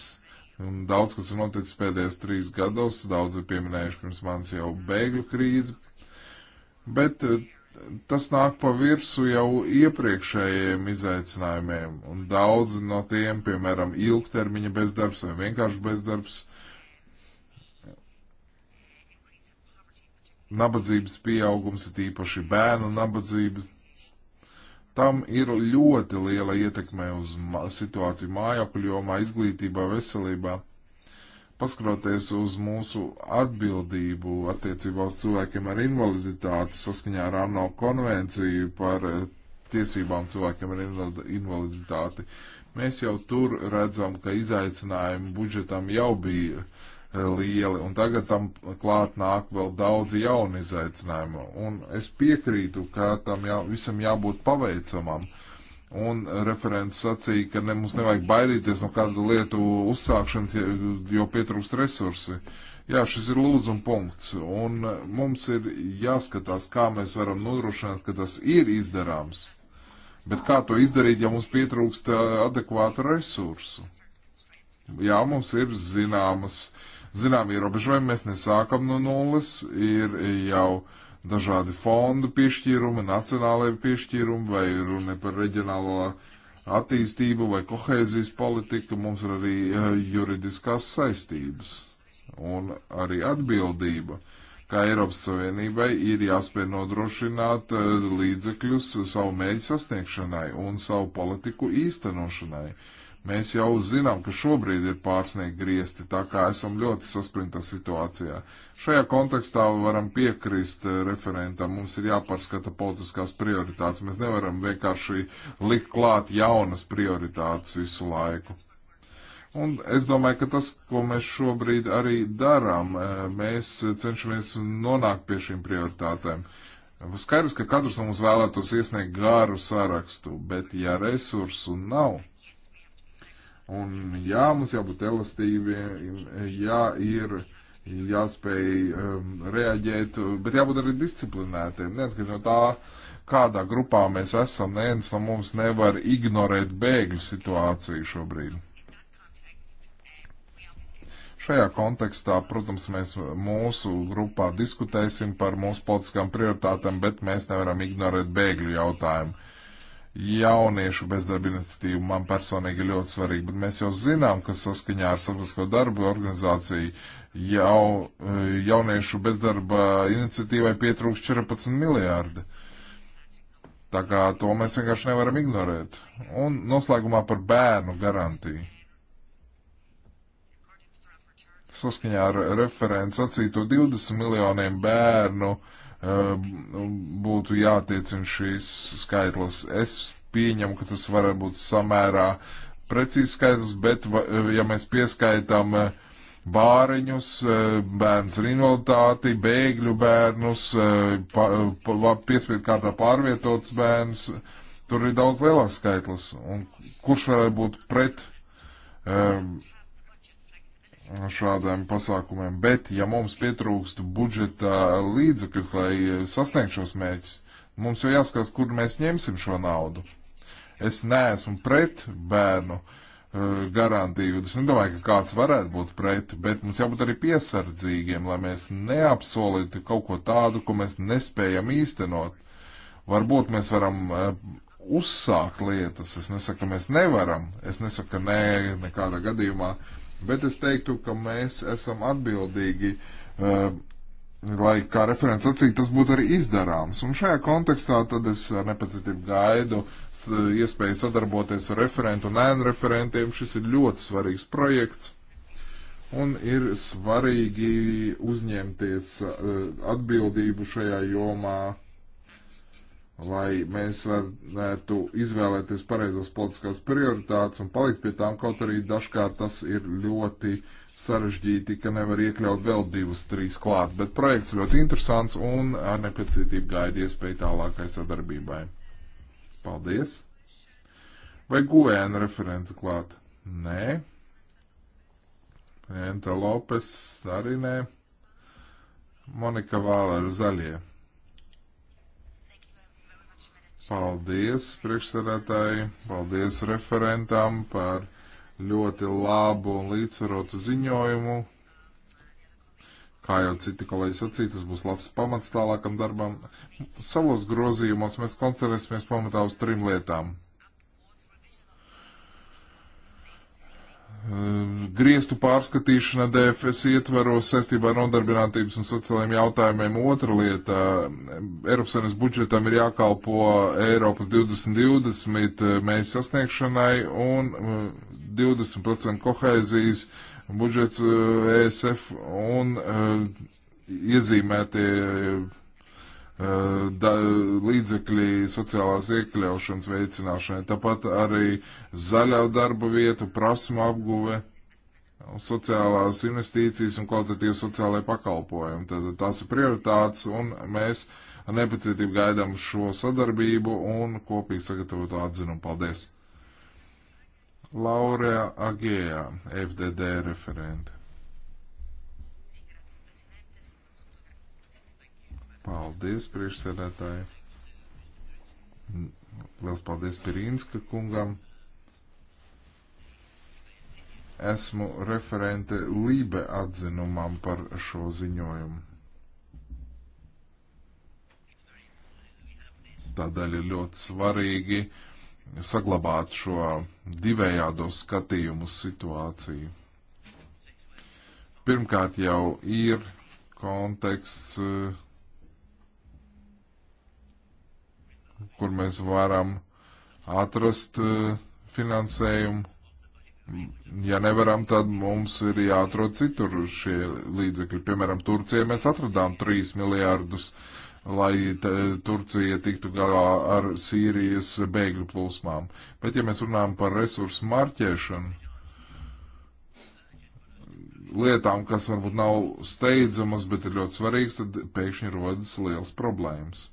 Un daudz, kas ir noticis pēdējos trīs gados, daudz ir pieminējuši pirms manis jau bēgļu krīzi, bet eh, tas nāk pa virsu jau iepriekšējiem izaicinājumiem, un daudzi no tiem, piemēram, ilgtermiņa bezdarbs vai vienkārši bezdarbs, nabadzības pieaugums, ir īpaši bērnu nabadzība. Tam ir ļoti liela ietekme uz situāciju mājokļu jomā, izglītībā, veselībā. Paskroties uz mūsu atbildību attiecībā uz cilvēkiem ar invaliditāti saskaņā ar ANO konvenciju par eh, tiesībām cilvēkiem ar invaliditāti, mēs jau tur redzam, ka izaicinājumi budžetam jau bija uh, E, lieli, un tagad tam klāt nāk vēl daudzi jauni izaicinājumi. Un es piekrītu, ka tam jā, visam jābūt paveicamam. Un referents sacīja, ka ne, mums nevajag baidīties no kādu lietu uzsākšanas, jo pietrūkst resursi. Jā, šis ir lūdzuma punkts, un mums ir jāskatās, kā mēs varam nodrošināt, ka tas ir izdarāms. Bet kā to izdarīt, ja mums pietrūkst e, adekvāta resursu? Jā, mums ir zināmas zinām ierobežojumi, mēs nesākam no nulles, ir jau dažādi fondu piešķīrumi, nacionālajie piešķīrumi vai runa par reģionālo attīstību vai kohēzijas politiku, mums ir arī eh, juridiskās saistības un arī atbildība. Kā Eiropas Savienībai ir jāspēj nodrošināt eh, līdzekļus savu mērķu sasniegšanai un savu politiku īstenošanai. Uh, Mēs jau zinām, ka šobrīd ir pārsniegti griezti, tā kā esam ļoti saspringtā situācijā. Šajā kontekstā varam piekrist eh, referentam, mums ir jāpārskata politiskās prioritātes. Mēs nevaram vienkārši likt klāt jaunas prioritātes visu laiku. Un es domāju, ka tas, ko mēs šobrīd arī darām, eh, mēs cenšamies nonākt pie šīm prioritātēm. Skaidrs, ka katrs no mums vēlētos iesniegt garu sarakstu, bet ja resursu nav, Un jā, mums jābūt elastīviem, jā, ir jāspēj um, reaģēt, bet jābūt arī disciplinētiem. Neatkarīgi no tā, kādā grupā mēs esam, neviens no mums nevar ignorēt bēgļu situāciju šobrīd. Šajā kontekstā, protams, mēs mūsu grupā diskutēsim par mūsu politiskām prioritātēm, bet mēs nevaram ignorēt bēgļu jautājumu jauniešu bezdarba iniciatīva man personīgi ir ļoti svarīga, bet mēs jau zinām, ka saskaņā ar sabiedrisko darbu organizāciju jau, jauniešu bezdarba iniciatīvai pietrūks 14 miljārdi. Tā kā to mēs vienkārši nevaram ignorēt. Un noslēgumā par bērnu garantiju. Saskaņā ar referents acīto 20 miljoniem bērnu uh, Ehm, būtu jātiecina šīs skaitlis. Es pieņemu, ka tas varētu būt samērā precīzi skaitlis, bet ja mēs pieskaitām eh, bāriņus, eh, bērns ar invaliditāti, bēgļu bērnus, eh, piespiedu kārtā pārvietots bērns, tur ir daudz lielāks skaitlis. Un kurš varētu būt pret? Um, šādiem pasākumiem. Bet, ja mums pietrūkst budžeta līdzekļus, lai sasniegtu šos mērķus, mums jau jāskatās, kur mēs ņemsim šo naudu. Es neesmu pret bērnu uh, garantiju. Es nedomāju, ka kāds varētu būt pret, bet mums jābūt arī piesardzīgiem, lai mēs neapsolītu kaut ko tādu, ko mēs nespējam īstenot. Varbūt mēs varam uh, uzsākt lietas. Es nesaku, ka mēs nevaram. Es nesaku, ka nē, nekādā gadījumā. Uh, Bet es teiktu, ka mēs esam atbildīgi, uh, lai, kā referents sacīja, tas būtu arī izdarāms. Un šajā kontekstā tad es ar nepacietību gaidu iespēju sadarboties ar referentu un ēnu referentiem. Šis ir ļoti svarīgs projekts. Un ir svarīgi uzņemties uh, atbildību šajā jomā lai mēs varētu izvēlēties pareizos politiskās prioritātes un palikt pie tām, kaut arī dažkārt tas ir ļoti sarežģīti, ka nevar iekļaut vēl divas, trīs klāt, bet projekts ļoti interesants un ar nepacietību gaida iespēju tālākai sadarbībai. Paldies! Vai Guēna referenta klāt? Nē. Enta Lopes arī nē. Monika Vālera zaļie. Paldies priekšsēdētāji, paldies referentam par ļoti labu un līdzsvarotu ziņojumu. Kā jau citi kolēģi sacīja, tas būs labs pamats tālākam darbam. Savos grozījumos mēs koncentrēsimies pamatā uz trim lietām. Ehm, griestu pārskatīšana DFS ietvaros saistībā ar nodarbinātības un sociālajiem jautājumiem. Otra lieta ehm, - Eiropas Savienības budžetam ir jākalpo Eiropas 2020 ehm, mērķu sasniegšanai un 20% kohēzijas budžets ESF e un iezīmētie Eh, da, līdzekļi sociālās iekļaušanas veicināšanai, tāpat arī zaļā darba vietu, prasmu apguve, sociālās investīcijas un kvalitatīvi sociālai pakalpojumi. Tad tās ir prioritātes un mēs ar nepacietību gaidām šo sadarbību un kopīgi sagatavotu atzinumu. Paldies! Laura Agēja, FDD referente. Paldies, priekšsēdētāji. Liels paldies Pirīnska kungam. Esmu referente Lībe atzinumam par šo ziņojumu. Tādēļ ir ļoti svarīgi saglabāt šo divējādo skatījumu situāciju. Pirmkārt jau ir konteksts, kur mēs varam atrast eh, finansējumu. Ja nevaram, tad mums ir jāatrod citur šie līdzekļi. Piemēram, Turcija mēs atradām 3 miljārdus, lai Turcija tiktu galā ar Sīrijas bēgļu plūsmām. Bet ja mēs runājam par resursu marķēšanu, lietām, kas varbūt nav steidzamas, bet ir ļoti svarīgas, tad pēkšņi rodas liels problēmas.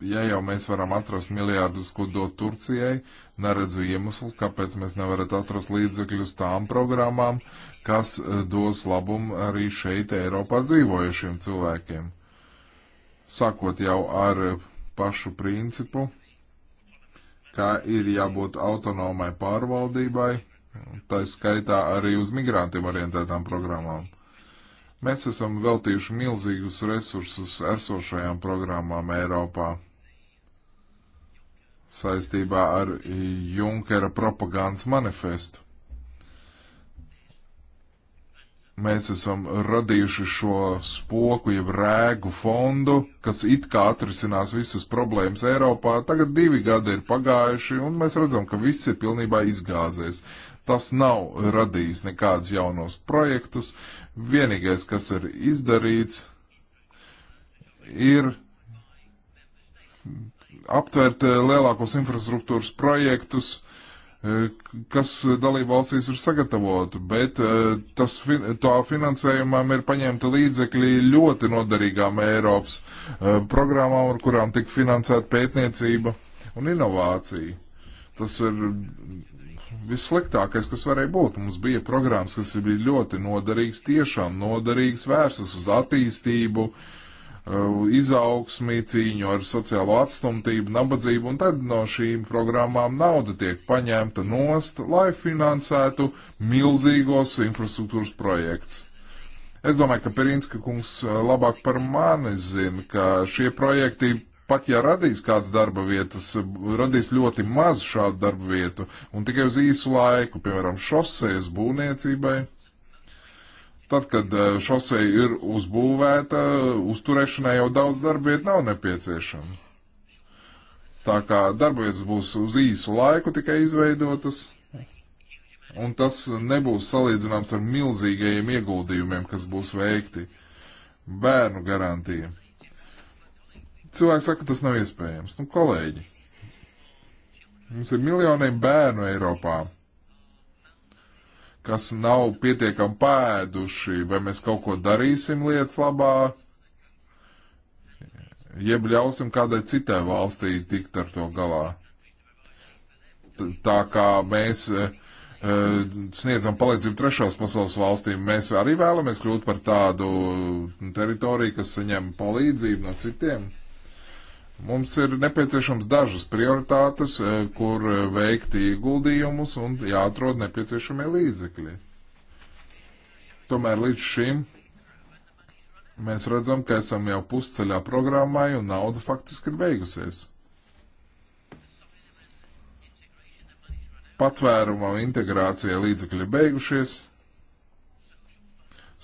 ja jau mēs varam atrast miljārdus, ko dot Turcijai, neredzu iemeslu, kāpēc mēs nevarat atrast līdzekļus tām programmām, kas eh, dos labumu arī šeit Eiropā dzīvojušiem cilvēkiem. Sākot jau ar pašu principu, kā ir jābūt autonomai pārvaldībai, tā skaitā arī uz migrantiem orientētām programmām. Mēs esam veltījuši milzīgus resursus esošajām programmām Eiropā saistībā ar Junkera propagandas manifestu. Mēs esam radījuši šo spoku, jeb rēgu fondu, kas it kā atrisinās visas problēmas Eiropā. Tagad divi gadi ir pagājuši, un mēs redzam, ka viss ir pilnībā izgāzies. Tas nav radījis nekādus jaunos projektus. Vienīgais, kas ir izdarīts, ir aptvert eh, lielākos infrastruktūras projektus, eh, kas dalību valstīs ir sagatavoti, bet eh, tas, tā finansējumam ir paņemta līdzekļi ļoti noderīgām Eiropas programmām, ar kurām tika finansēta pētniecība un inovācija. Tas ir vissliktākais, kas varēja būt. Mums bija programmas, kas bija ļoti noderīgas, tiešām noderīgas, vērsas uz attīstību, uh, Uh, izaugsmī, cīņu ar sociālo atstumtību, nabadzību, un tad no šīm programmām nauda tiek paņemta nost, lai finansētu milzīgos infrastruktūras projekts. Es domāju, ka Perinska kungs uh, labāk par mani zina, ka šie projekti, pat ja radīs kāds darba vietas, radīs ļoti maz šādu darba vietu, un tikai uz īsu laiku, piemēram, šosejas būvniecībai. Tad, kad e, šosei ir uzbūvēta, uzturēšanai jau daudz darbvietu nav nepieciešama. Tā kā darbvietas būs uz īsu laiku tikai izveidotas, un tas nebūs salīdzināms ar milzīgajiem ieguldījumiem, kas būs veikti. Bērnu garantija. Cilvēki saka, tas nav iespējams. Nu, kolēģi, mums ir miljoniem bērnu Eiropā kas nav pietiekami pēduši, vai mēs kaut ko darīsim lietas labā, jeb ļausim kādai citai valstī tikt ar to galā. T tā kā mēs e, sniedzam palīdzību trešās pasaules valstīm, mēs arī vēlamies kļūt par tādu teritoriju, kas saņem palīdzību no citiem. Mums ir nepieciešams dažas prioritātes, e, kur e, veikt ieguldījumus un jāatrod nepieciešamie līdzekļi. Tomēr līdz šim mēs redzam, ka esam jau pusceļā programmai un nauda faktiski ir beigusies. Patvērumā integrācija līdzekļi ir beigušies,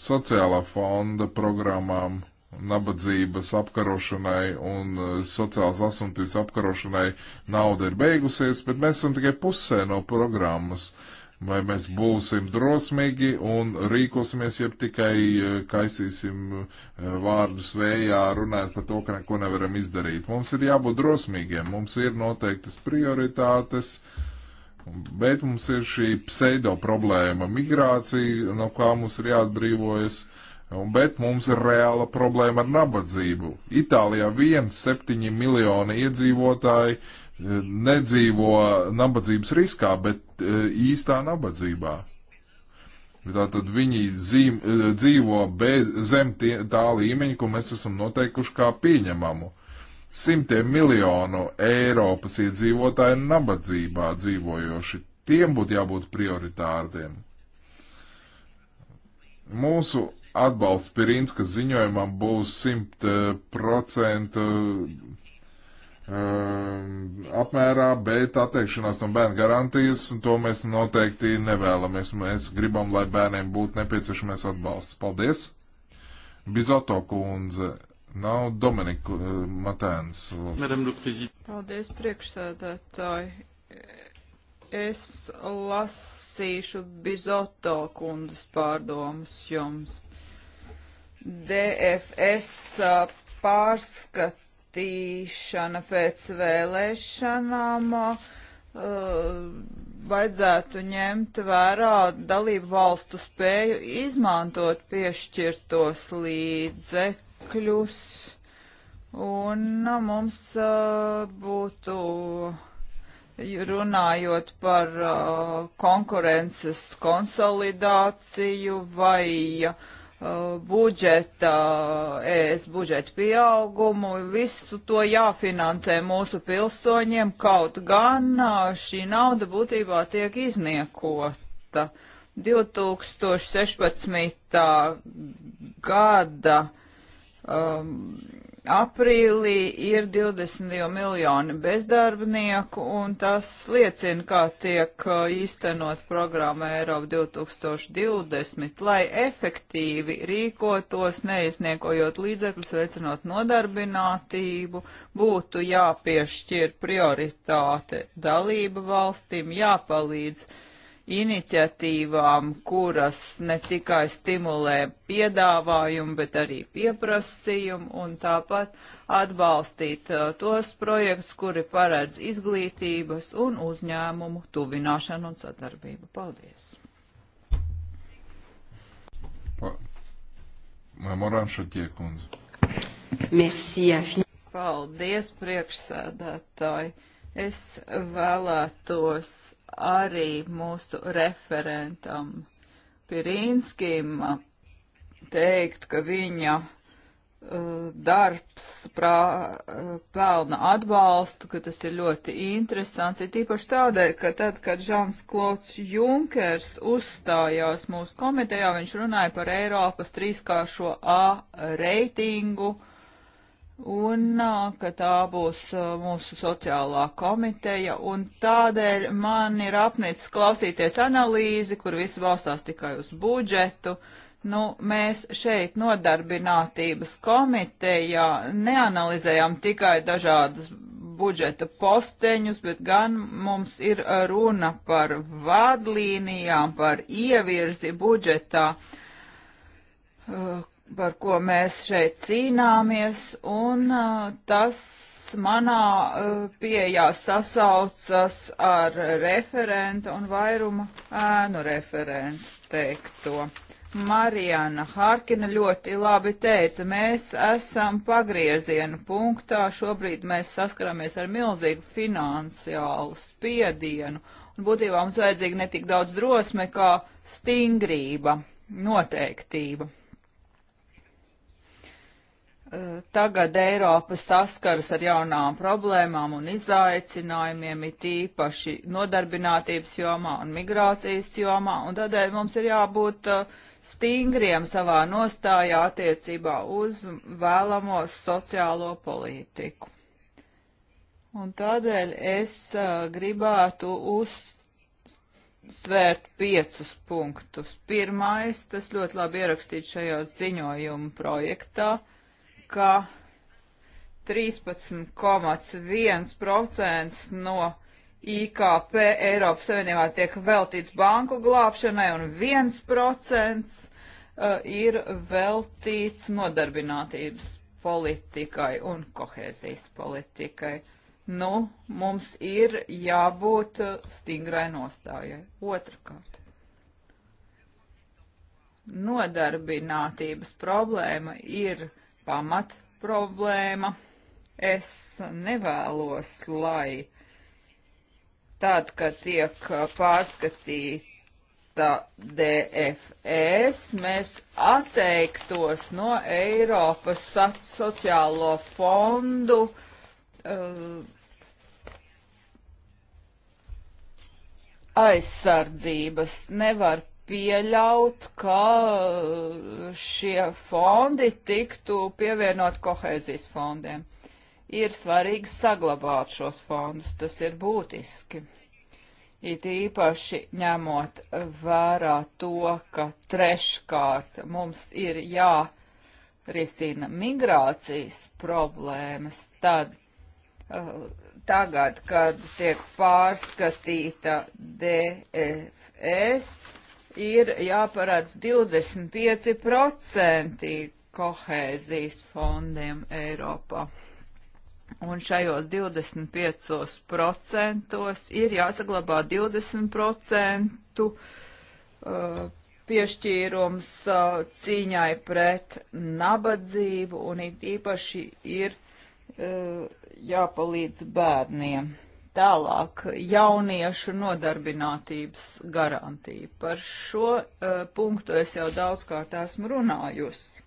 sociālā fonda programmām nabadzības apkarošanai un e, sociālas asumtības apkarošanai nauda ir beigusies, bet mēs esam tikai pusē no programmas. Vai mēs būsim drosmīgi un rīkosimies, ja tikai e, kaisīsim e, vārdus vējā, runājot par to, ka neko nevaram izdarīt. Mums ir jābūt drosmīgiem, mums ir noteiktas prioritātes, bet mums ir šī pseido problēma - migrācija, no kā mums ir jāatbrīvojas bet mums ir reāla problēma ar nabadzību. Itālijā 1,7 miljoni iedzīvotāji e, nedzīvo nabadzības riskā, bet e, īstā nabadzībā. Tātad viņi zīm, e, dzīvo bez, zem tie, tā līmeņa, ko mēs esam noteikuši kā pieņemamu. Simtiem miljonu Eiropas iedzīvotāju nabadzībā dzīvojoši. Tiem būtu jābūt prioritāriem. Mūsu atbalsts Pirīnskas ziņojumam būs 100% eh, eh, apmērā, bet atteikšanās no bērnu garantijas, to mēs noteikti nevēlamies. Mēs gribam, lai bērniem būtu nepieciešamais atbalsts. Paldies! Bizoto kundze, nav Dominika eh, Matēns. Paldies, priekšsēdētāji. Es lasīšu Bizoto kundzes pārdomas jums. DFS pārskatīšana pēc vēlēšanām vajadzētu ņemt vērā dalību valstu spēju izmantot piešķirtos līdzekļus, un mums būtu runājot par konkurences konsolidāciju vai uh, Eh, budžeta, ES budžeta pieaugumu, visu to jāfinansē mūsu pilsoņiem, kaut gan eh, šī nauda būtībā tiek izniekota. 2016. gada um, aprīlī ir 22 miljoni bezdarbnieku, un tas liecina, kā tiek uh, īstenot programma Eiropa 2020, lai efektīvi rīkotos, neizniekojot līdzekļus, veicinot nodarbinātību, būtu jāpiešķir prioritāte dalība valstīm, jāpalīdz iniciatīvām, kuras ne tikai stimulē piedāvājumu, bet arī pieprasījumu, un tāpat atbalstīt uh, tos projektus, kuri paredz izglītības un uzņēmumu tuvināšanu un sadarbību. Paldies! Pa... Moranša Tiekundze. Merci, Afin. Paldies, priekšsēdētāji. Es vēlētos arī mūsu referentam Pirīnskim teikt, ka viņa uh, darbs prā, uh, pelna atbalstu, ka tas ir ļoti interesants, ir tīpaši tādēļ, ka tad, kad Žans Klots Junkers uzstājās mūsu komitejā, viņš runāja par Eiropas trīskāršo A reitingu, uh, un ka tā būs mūsu sociālā komiteja, un tādēļ man ir apnicis klausīties analīzi, kur viss balstās tikai uz budžetu. Nu, mēs šeit nodarbinātības komitejā neanalizējam tikai dažādas budžeta posteņus, bet gan mums ir runa par vadlīnijām, par ievirzi budžetā, par ko mēs šeit cīnāmies, un tas manā pieejā sasaucas ar referenta un vairuma ēnu referentu teikto. Marijana Hārkina ļoti labi teica, mēs esam pagrieziena punktā, šobrīd mēs saskaramies ar milzīgu finansiālu spiedienu, un būtībā mums vajadzīga ne tik daudz drosme, kā stingrība, noteiktība. Tagad Eiropa saskaras ar jaunām problēmām un izaicinājumiem, it īpaši nodarbinātības jomā un migrācijas jomā, un tādēļ mums ir jābūt uh, stingriem savā nostājā attiecībā uz vēlamo sociālo politiku. Un tādēļ es uh, gribētu uzsvērt piecus punktus. Pirmais, tas ļoti labi ierakstīts šajā ziņojuma projektā ka 13,1% no IKP Eiropas Savienībā tiek veltīts banku glābšanai un 1% uh, ir veltīts nodarbinātības politikai un kohēzijas politikai. Nu, mums ir jābūt uh, stingrai nostājai. Otrakārt. Nodarbinātības problēma ir pamat problēma. Es nevēlos, lai tad, kad tiek pārskatīta DFS, mēs atteiktos no Eiropas sociālo fondu uh, aizsardzības. Nevar pieļaut, ka uh, šie fondi tiktu pievienot kohēzijas fondiem. Ir svarīgi saglabāt šos fondus, tas ir būtiski. It īpaši ņemot vērā to, ka treškārt mums ir jārisina migrācijas problēmas, tad uh, tagad, kad tiek pārskatīta DFS, ir jāparāds 25% kohēzijas fondiem Eiropā. Un šajos 25% ir jāsaglabā 20% uh, piešķīrums uh, cīņai pret nabadzību un it īpaši ir uh, jāpalīdz bērniem. Tālāk jauniešu nodarbinātības garantija. Par šo uh, punktu es jau daudzkārt esmu runājusi.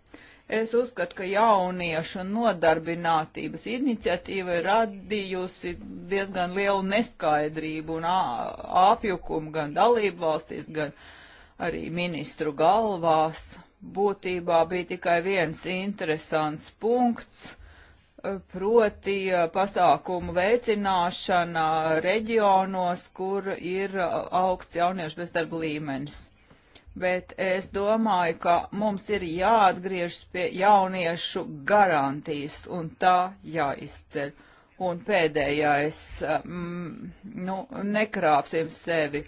Es uzskatu, ka jauniešu nodarbinātības iniciatīva ir radījusi diezgan lielu neskaidrību un apjukumu gan dalību valstīs, gan arī ministru galvās. Būtībā bija tikai viens interesants punkts proti eh, pasākumu veicināšana reģionos, kur ir eh, augsts jauniešu bezdarba līmenis. Bet es domāju, ka mums ir jāatgriežas pie jauniešu garantijas un tā jāizceļ. Un pēdējais, mm, nu, nekrāpsim sevi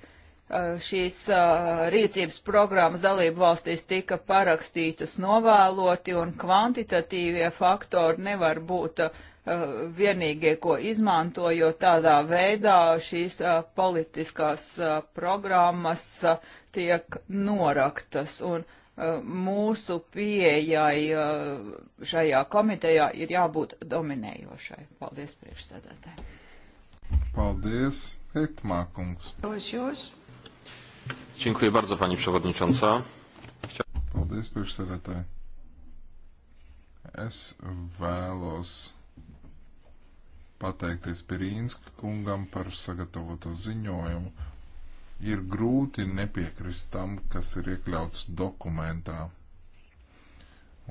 Uh, šīs uh, rīcības programmas dalību valstīs tika parakstītas novēloti un kvantitatīvie faktori nevar būt uh, vienīgie, ko izmanto, jo tādā veidā šīs politiskās programmas tiek noraktas. Un mūsu pieejai šajā komitejā ir jābūt dominējošai. Paldies priekšsēdētāji. Paldies, Hetmākungs. Tos jūs. Dziękuję bardzo, pani przewodnicząca. Chcia... Paldies, priekšsēdētāji. Es vēlos pateikties Pirīnska kungam par sagatavoto ziņojumu. Ir grūti nepiekrist tam, kas ir iekļauts dokumentā,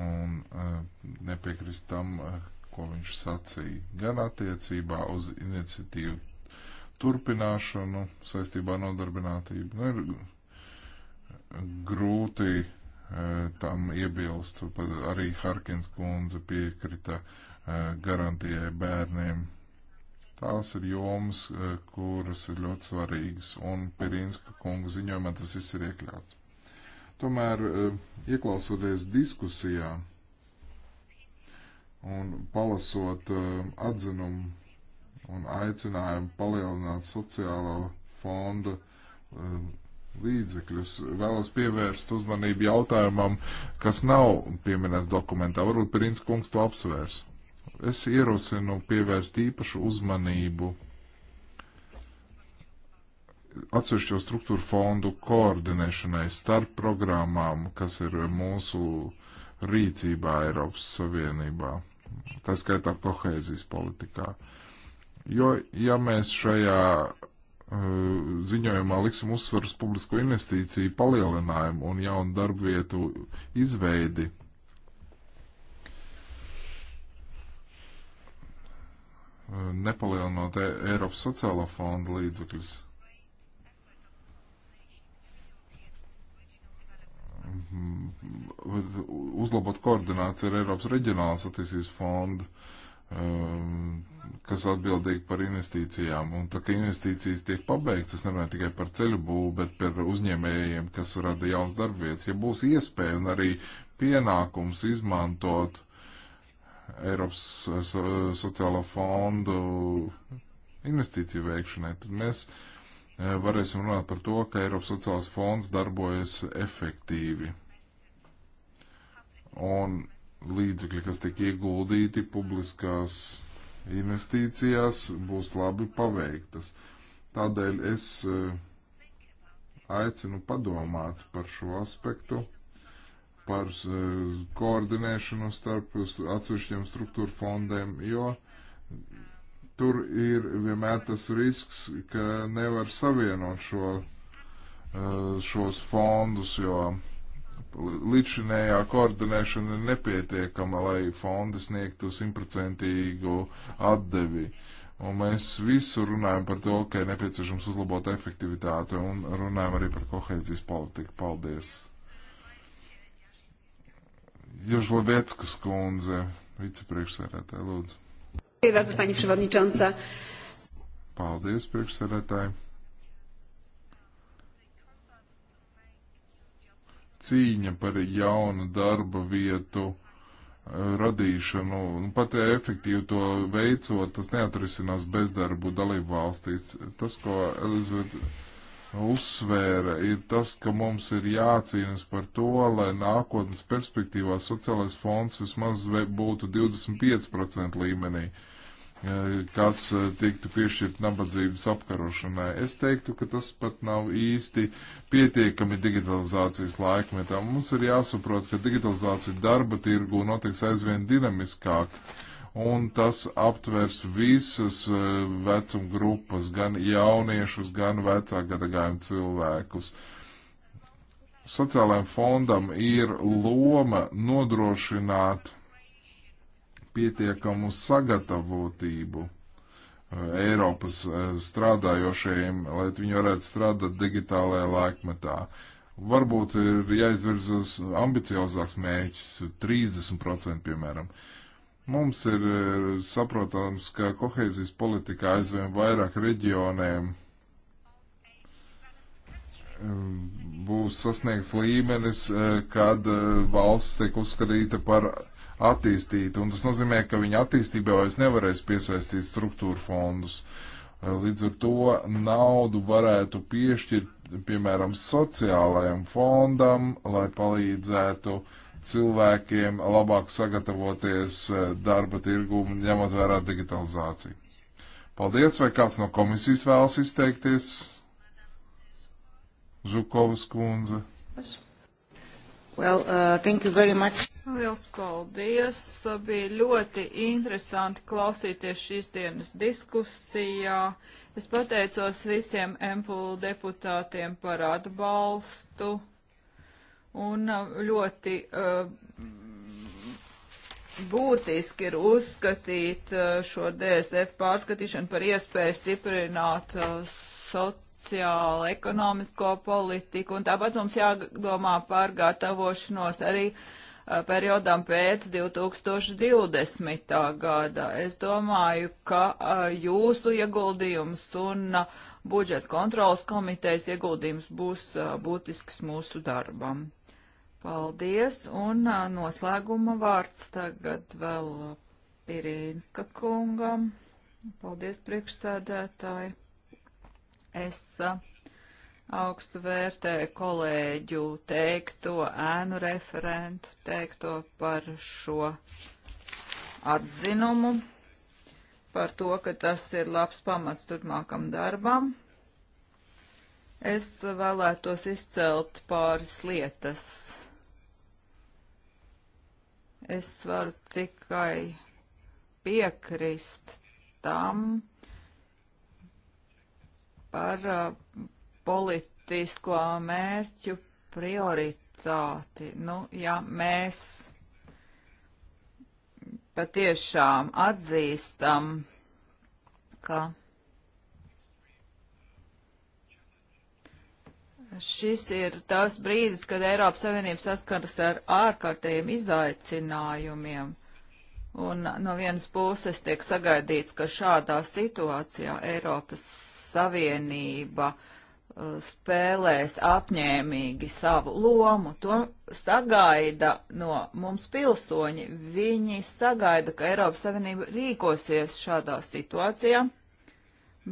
un uh, nepiekrist tam, uh, ko viņš sacīja, gan attiecībā uz iniciatīvu turpināšanu saistībā ar nodarbinātību. Nu, ir grūti eh, tam iebilst. Arī Harkins kundze piekrita eh, garantijai bērniem. Tās ir jomas, eh, kuras ir ļoti svarīgas, un Pirinska kunga ziņojumā tas viss ir iekļauts. Tomēr, ieklausoties diskusijā un palasot atzinumu un aicinājumu palielināt sociālo fondu um, līdzekļus. Vēlos pievērst uzmanību jautājumam, kas nav pieminēts dokumentā. Varbūt Prins kungs to apsvērs. Es ierosinu pievērst īpašu uzmanību atsevišķo struktūru fondu koordinēšanai starp programmām, kas ir mūsu rīcībā Eiropas Savienībā. Tā skaitā kohēzijas politikā. Uh, Jo, ja mēs šajā uh, ziņojumā liksim uzsvaru uz publisko investīciju palielinājumu un jaunu darbu vietu izveidi. Uh, nepalielinot e, Eiropas sociālā fonda līdzekļus. Mm, uzlabot koordināciju ar Eiropas reģionālas attīstības fondu. Uh, um, kas atbildīgi par investīcijām. Un tā kā investīcijas tiek pabeigts, es nerunāju tikai par ceļu būvu, bet par uzņēmējiem, kas rada jauns darbvietas. Ja būs iespēja un arī pienākums izmantot Eiropas so, sociālo fondu investīciju veikšanai, tad mēs uh, varēsim runāt par to, ka Eiropas sociālās fonds darbojas efektīvi. Un līdzekļi, kas tiek ieguldīti publiskās investīcijās, būs labi paveiktas. Tādēļ es eh, aicinu padomāt par šo aspektu, par eh, koordinēšanu starp atsevišķiem struktūra fondiem, jo tur ir vienmēr tas risks, ka nevar savienot šo, eh, šos fondus, jo līdzinējā koordinēšana ir nepietiekama, lai fondi sniegtu simtprocentīgu atdevi. Un mēs visu runājam par to, ka ir nepieciešams uzlabot efektivitāti un runājam arī par kohēzijas politiku. Paldies! Jožlovieckas kundze, vicepriekšsēdētāja, lūdzu. Paldies, priekšsēdētāji! cīņa par jaunu darba vietu eh, radīšanu, nu, pat ja efektīvi to veicot, tas neatrisinās bezdarbu dalību valstīs. Tas, ko Elizabete uzsvēra, ir tas, ka mums ir jācīnas par to, lai nākotnes perspektīvā sociālais fonds vismaz būtu 25% līmenī. Uh, kas eh, tiktu piešķirt nabadzības apkarošanai. Es teiktu, ka tas pat nav īsti pietiekami digitalizācijas laikmetā. Mums ir jāsaprot, ka digitalizācija darba tirgu notiks aizvien dinamiskāk, un tas aptvers visas eh, vecuma grupas, gan jauniešus, gan vecāku gadagājumu cilvēkus. Sociālajiem fondam ir loma nodrošināt pietiekamu sagatavotību uh, Eiropas uh, strādājošajiem, lai viņi varētu strādāt digitālajā laikmetā. Varbūt ir jāizvirzas ambiciozāks mērķis, 30% piemēram. Mums ir uh, saprotams, ka kohēzijas politikā aizvien vairāk reģioniem um, būs sasniegts līmenis, kad valsts tiek uzskatīta par attīstīti, un tas nozīmē, ka viņa attīstībā vairs nevarēs piesaistīt struktūra fondus. Līdz ar to naudu varētu piešķirt, piemēram, sociālajam fondam, lai palīdzētu cilvēkiem labāk sagatavoties eh, darba tirgumu, ņemot vērā digitalizāciju. Paldies, vai kāds no komisijas vēlas izteikties? Žukovas kundze. Well, uh, thank you very much. Liels paldies! Bija ļoti interesanti klausīties šīs dienas diskusijā. Es pateicos visiem MPL deputātiem par atbalstu un uh, ļoti uh, būtiski ir uzskatīt uh, šo DSF pārskatīšanu par iespēju stiprināt uh, sociālo, ekonomisko politiku, un tāpat mums jādomā par gatavošanos arī uh, Uh, periodam pēc 2020. gada. Es domāju, ka uh, jūsu ieguldījums un uh, budžeta kontrolas komitejas ieguldījums būs būtisks mūsu darbam. Paldies, un noslēguma vārds tagad vēl Pirīnska kungam. Paldies, priekšsēdētāji. Es uh, augstu vērtē kolēģu teikto, ēnu referentu teikto par šo atzinumu, par to, ka tas ir labs pamats turpmākam darbam. Es vēlētos izcelt pāris lietas. Es varu tikai piekrist tam par uh, politisko mērķu prioritāti. Nu, ja mēs patiešām atzīstam, ka šis ir tas brīdis, kad Eiropas Savienība saskaras ar ārkārtējiem izaicinājumiem. Un no vienas puses tiek sagaidīts, ka šādā situācijā Eiropas Savienība uh, spēlēs apņēmīgi savu lomu, to sagaida no mums pilsoņi. Viņi sagaida, ka Eiropas Savienība rīkosies šādā situācijā,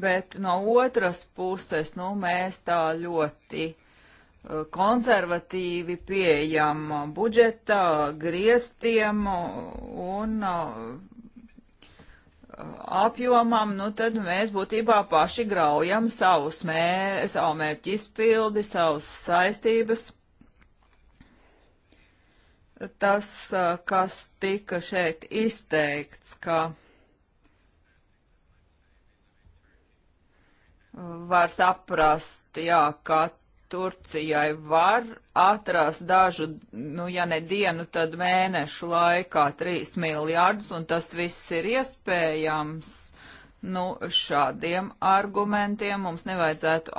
bet no otras puses, nu, mēs tā ļoti uh, konservatīvi pieejam budžeta griestiem un uh, apjomam, nu tad mēs būtībā paši graujam savus mēr, savu mērķu izpildi, savus saistības. Tas, kas tika šeit izteikts, ka var saprast, jā, ka Turcijai var atrast dažu, nu, ja ne dienu, tad mēnešu laikā 3 miljārdus, un tas viss ir iespējams. Nu, šādiem argumentiem mums nevajadzētu,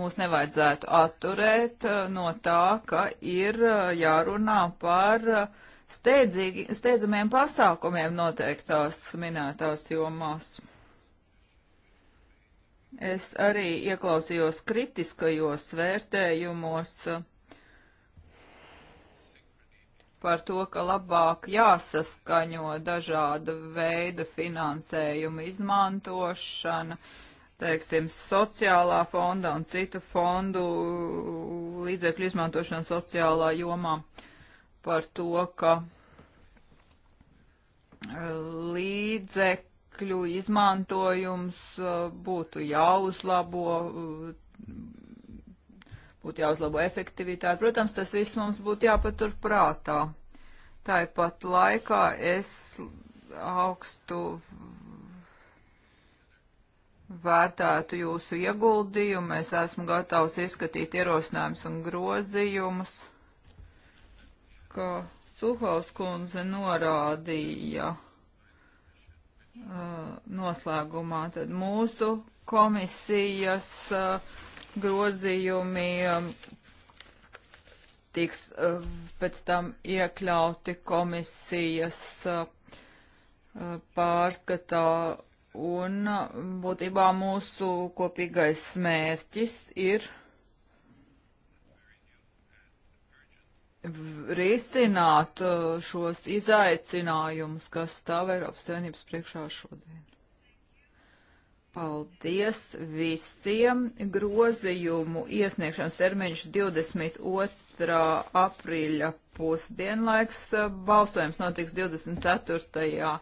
mums nevajadzētu atturēt no tā, ka ir jārunā par steidzīgi, steidzamiem pasākumiem noteiktās minētās jomās. Es arī ieklausījos kritiskajos vērtējumos par to, ka labāk jāsaskaņo dažāda veida finansējuma izmantošana, teiksim, sociālā fonda un citu fondu līdzekļu izmantošana sociālā jomā, par to, ka eh, līdzekļi līdzekļu izmantojums uh, būtu jāuzlabo, uh, būtu jāuzlabo efektivitāte. Protams, tas viss mums būtu jāpatur prātā. Tāpat laikā es augstu vērtētu jūsu ieguldījumu. Es esmu gatavs izskatīt ierosinājumus un grozījumus, kā Suhaus kundze norādīja. Uh, noslēgumā tad mūsu komisijas uh, grozījumi um, tiks uh, pēc tam iekļauti komisijas pārskatā un būtībā mūsu kopīgais mērķis ir risināt uh, šos izaicinājumus, kas stāv Eiropas Savienības priekšā šodien. Paldies visiem! Grozījumu iesniegšanas termiņš 22. aprīļa pusdienlaiks. Uh, balsojums notiks 24.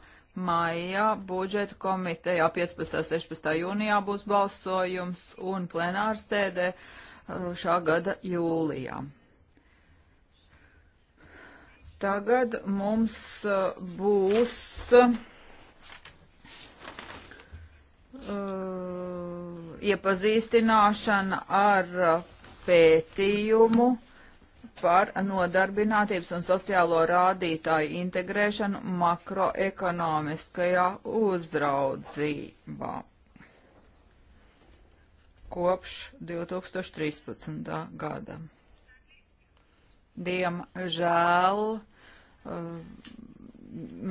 maijā. Budžeta komitejā 15. 16. jūnijā būs balsojums un plenārsēdē uh, šā gada jūlijā. Tagad mums uh, būs uh, iepazīstināšana ar pētījumu par nodarbinātības un sociālo rādītāju integrēšanu makroekonomiskajā uzraudzībā kopš 2013. gada. Diemžēl eh,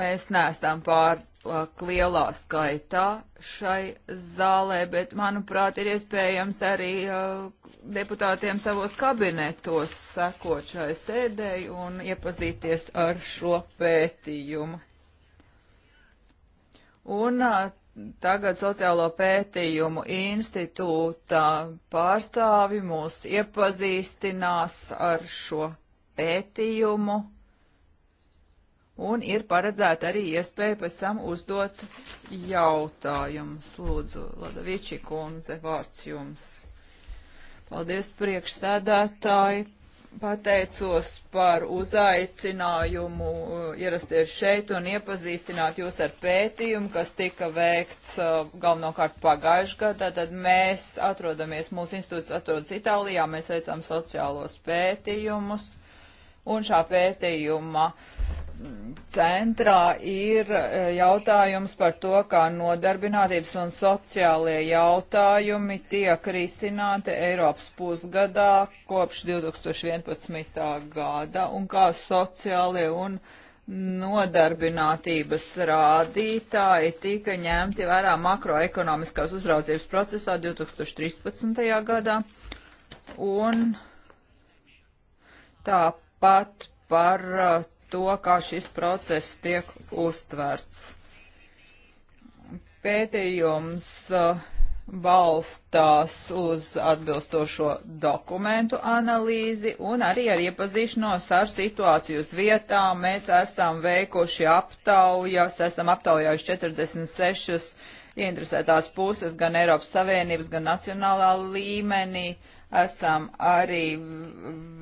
mēs neesam pārāk lielā skaitā šai zālē, bet, manuprāt, ir iespējams arī eh, deputātiem savos kabinetos sekot šai sēdēji un iepazīties ar šo pētījumu. Un eh, tagad Sociālo pētījumu institūta pārstāvi mūs iepazīstinās ar šo pētījumu. Un ir paredzēta arī iespēja pēc tam uzdot jautājumus. Lūdzu, Ladaviči kundze, vārds jums. Paldies priekšsēdētāji. Pateicos par uzaicinājumu uh, ierasties šeit un iepazīstināt jūs ar pētījumu, kas tika veikts uh, galvenokārt pagājušajā gadā. Tad mēs atrodamies, mūsu institūts atrodas Itālijā, mēs veicam sociālos pētījumus. Uh, Un šā pētījuma centrā ir e, jautājums par to, kā nodarbinātības un sociālie jautājumi tiek risināti Eiropas pusgadā kopš 2011. gada un kā sociālie un nodarbinātības rādītāji tika ņemti vērā makroekonomiskās uzraudzības procesā 2013. gadā. Un tāpat pat par uh, to, kā šis process tiek uztverts. Pētījums uh, balstās uz atbilstošo dokumentu analīzi un arī ar iepazīšanos ar situāciju uz vietām. Mēs esam veikuši aptaujas, esam aptaujājuši 46 ieinteresētās puses gan Eiropas Savienības, gan nacionālā līmenī. Uh, Esam arī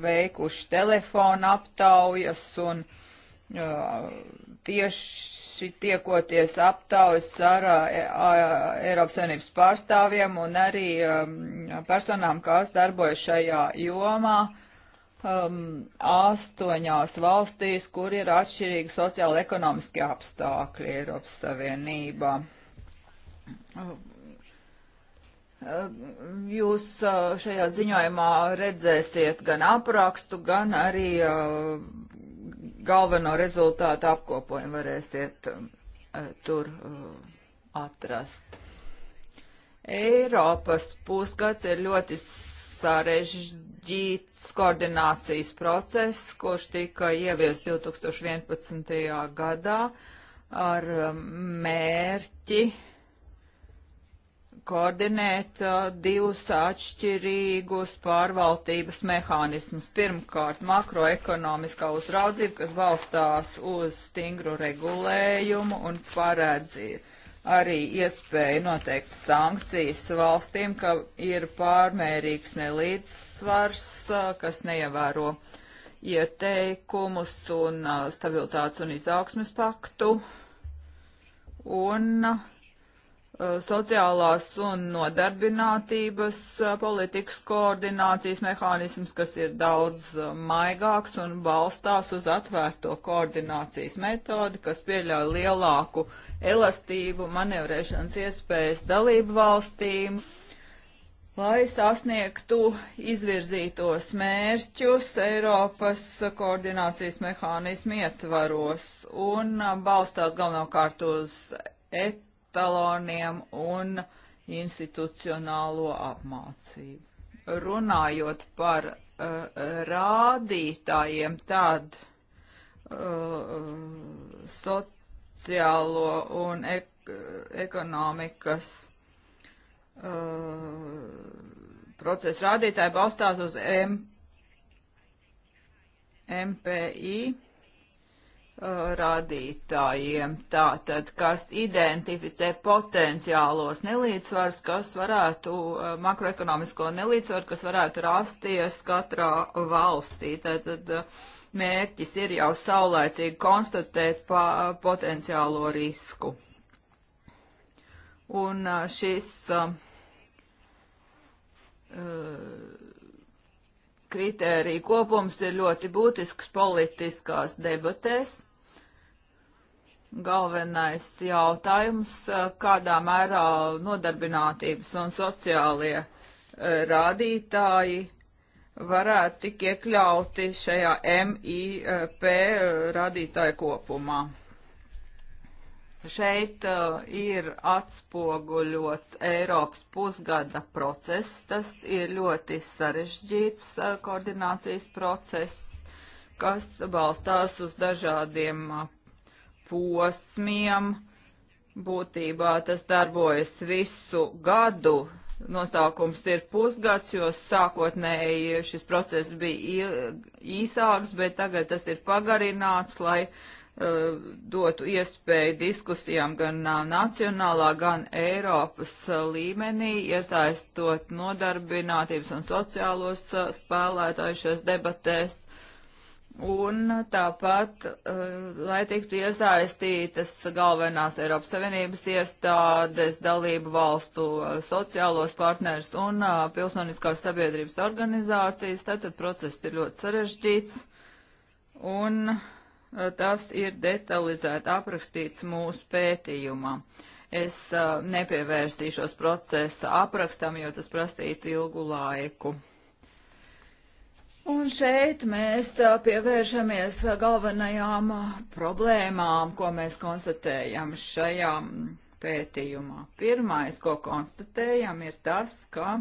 veikuši telefona aptaujas un uh, tieši tiekoties aptaujas ar uh, e, Eiropas Savienības pārstāvjiem un arī um, personām, kas darbojas šajā jomā um, astoņās valstīs, kur ir atšķirīgi sociāli-ekonomiski apstākļi Eiropas Savienībā. Jūs šajā ziņojumā redzēsiet gan aprakstu, gan arī galveno rezultātu apkopojumu varēsiet tur atrast. Eiropas pusgads ir ļoti sarežģīts koordinācijas process, kurš tika ieviest 2011. gadā ar mērķi uh, koordinēt uh, divus atšķirīgus pārvaldības mehānismus. Pirmkārt, makroekonomiskā uzraudzība, kas balstās uz stingru regulējumu un paredz arī iespēju noteikt sankcijas valstīm, ka ir pārmērīgs nelīdzsvars, uh, kas neievēro ieteikumus un uh, stabilitātes un izaugsmes paktu. Un uh, Uh, sociālās un nodarbinātības uh, politikas koordinācijas mehānisms, kas ir daudz uh, maigāks un balstās uz atvērto koordinācijas metodi, kas pieļauj lielāku elastību manevrēšanas iespējas dalību valstīm, lai sasniegtu izvirzītos mērķus Eiropas koordinācijas mehānismu ietvaros un balstās galvenokārt uz et taloniem un institucionālo apmācību. Runājot par uh, rādītājiem, tad uh, sociālo un ek ekonomikas uh, procesu rādītāji balstās uz M MPI rādītājiem, tātad, kas identificē potenciālos nelīdzsvars, kas varētu, eh, makroekonomisko nelīdzsvaru, kas varētu rasties katrā valstī. Tātad eh, mērķis ir jau saulēcīgi konstatēt pa, eh, potenciālo risku. Un šis uh, kritēriju kopums ir ļoti būtisks politiskās debatēs galvenais jautājums, eh, kādā mērā nodarbinātības un sociālie eh, rādītāji varētu tik iekļauti šajā MIP eh, rādītāju kopumā. Šeit uh, ir atspoguļots Eiropas pusgada process. Tas ir ļoti sarežģīts uh, koordinācijas process, kas balstās uz dažādiem uh, posmiem. Būtībā tas darbojas visu gadu. Nosaukums ir pusgads, jo sākotnēji šis process bija īsāks, bet tagad tas ir pagarināts, lai uh, dotu iespēju diskusijām gan uh, nacionālā, gan Eiropas uh, līmenī, iesaistot nodarbinātības un sociālos uh, spēlētājušos debatēs Un tāpat, uh, lai tiktu iesaistītas galvenās Eiropas Savienības iestādes, dalību valstu eh, sociālos partners un uh, pilsoniskās sabiedrības organizācijas, tātad process ir ļoti sarežģīts un uh, tas ir detalizēti aprakstīts mūsu pētījumā. Es nepievērsīšos procesa aprakstam, jo tas prasītu ilgu laiku. Un šeit mēs pievēršamies galvenajām problēmām, ko mēs konstatējam šajā pētījumā. Pirmais, ko konstatējam, ir tas, ka,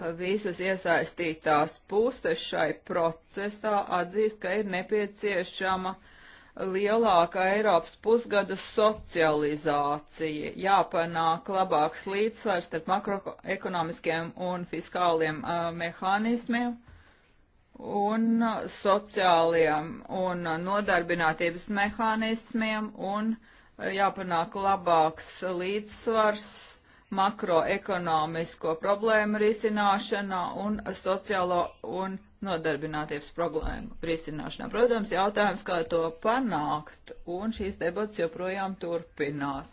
ka visas iesaistītās puses šai procesā atzīst, ka ir nepieciešama uh, lielāka Eiropas pusgada socializācija, jāpanāk labāks līdzsvars starp makroekonomiskiem un fiskāliem uh, mehānismiem un sociāliem un nodarbinātības mehānismiem un jāpanāk labāks līdzsvars makroekonomisko problēmu risināšanā un sociālo un nodarbinātības problēmu risināšanā. Protams, jautājums, kā to panākt, un šīs debats joprojām turpinās.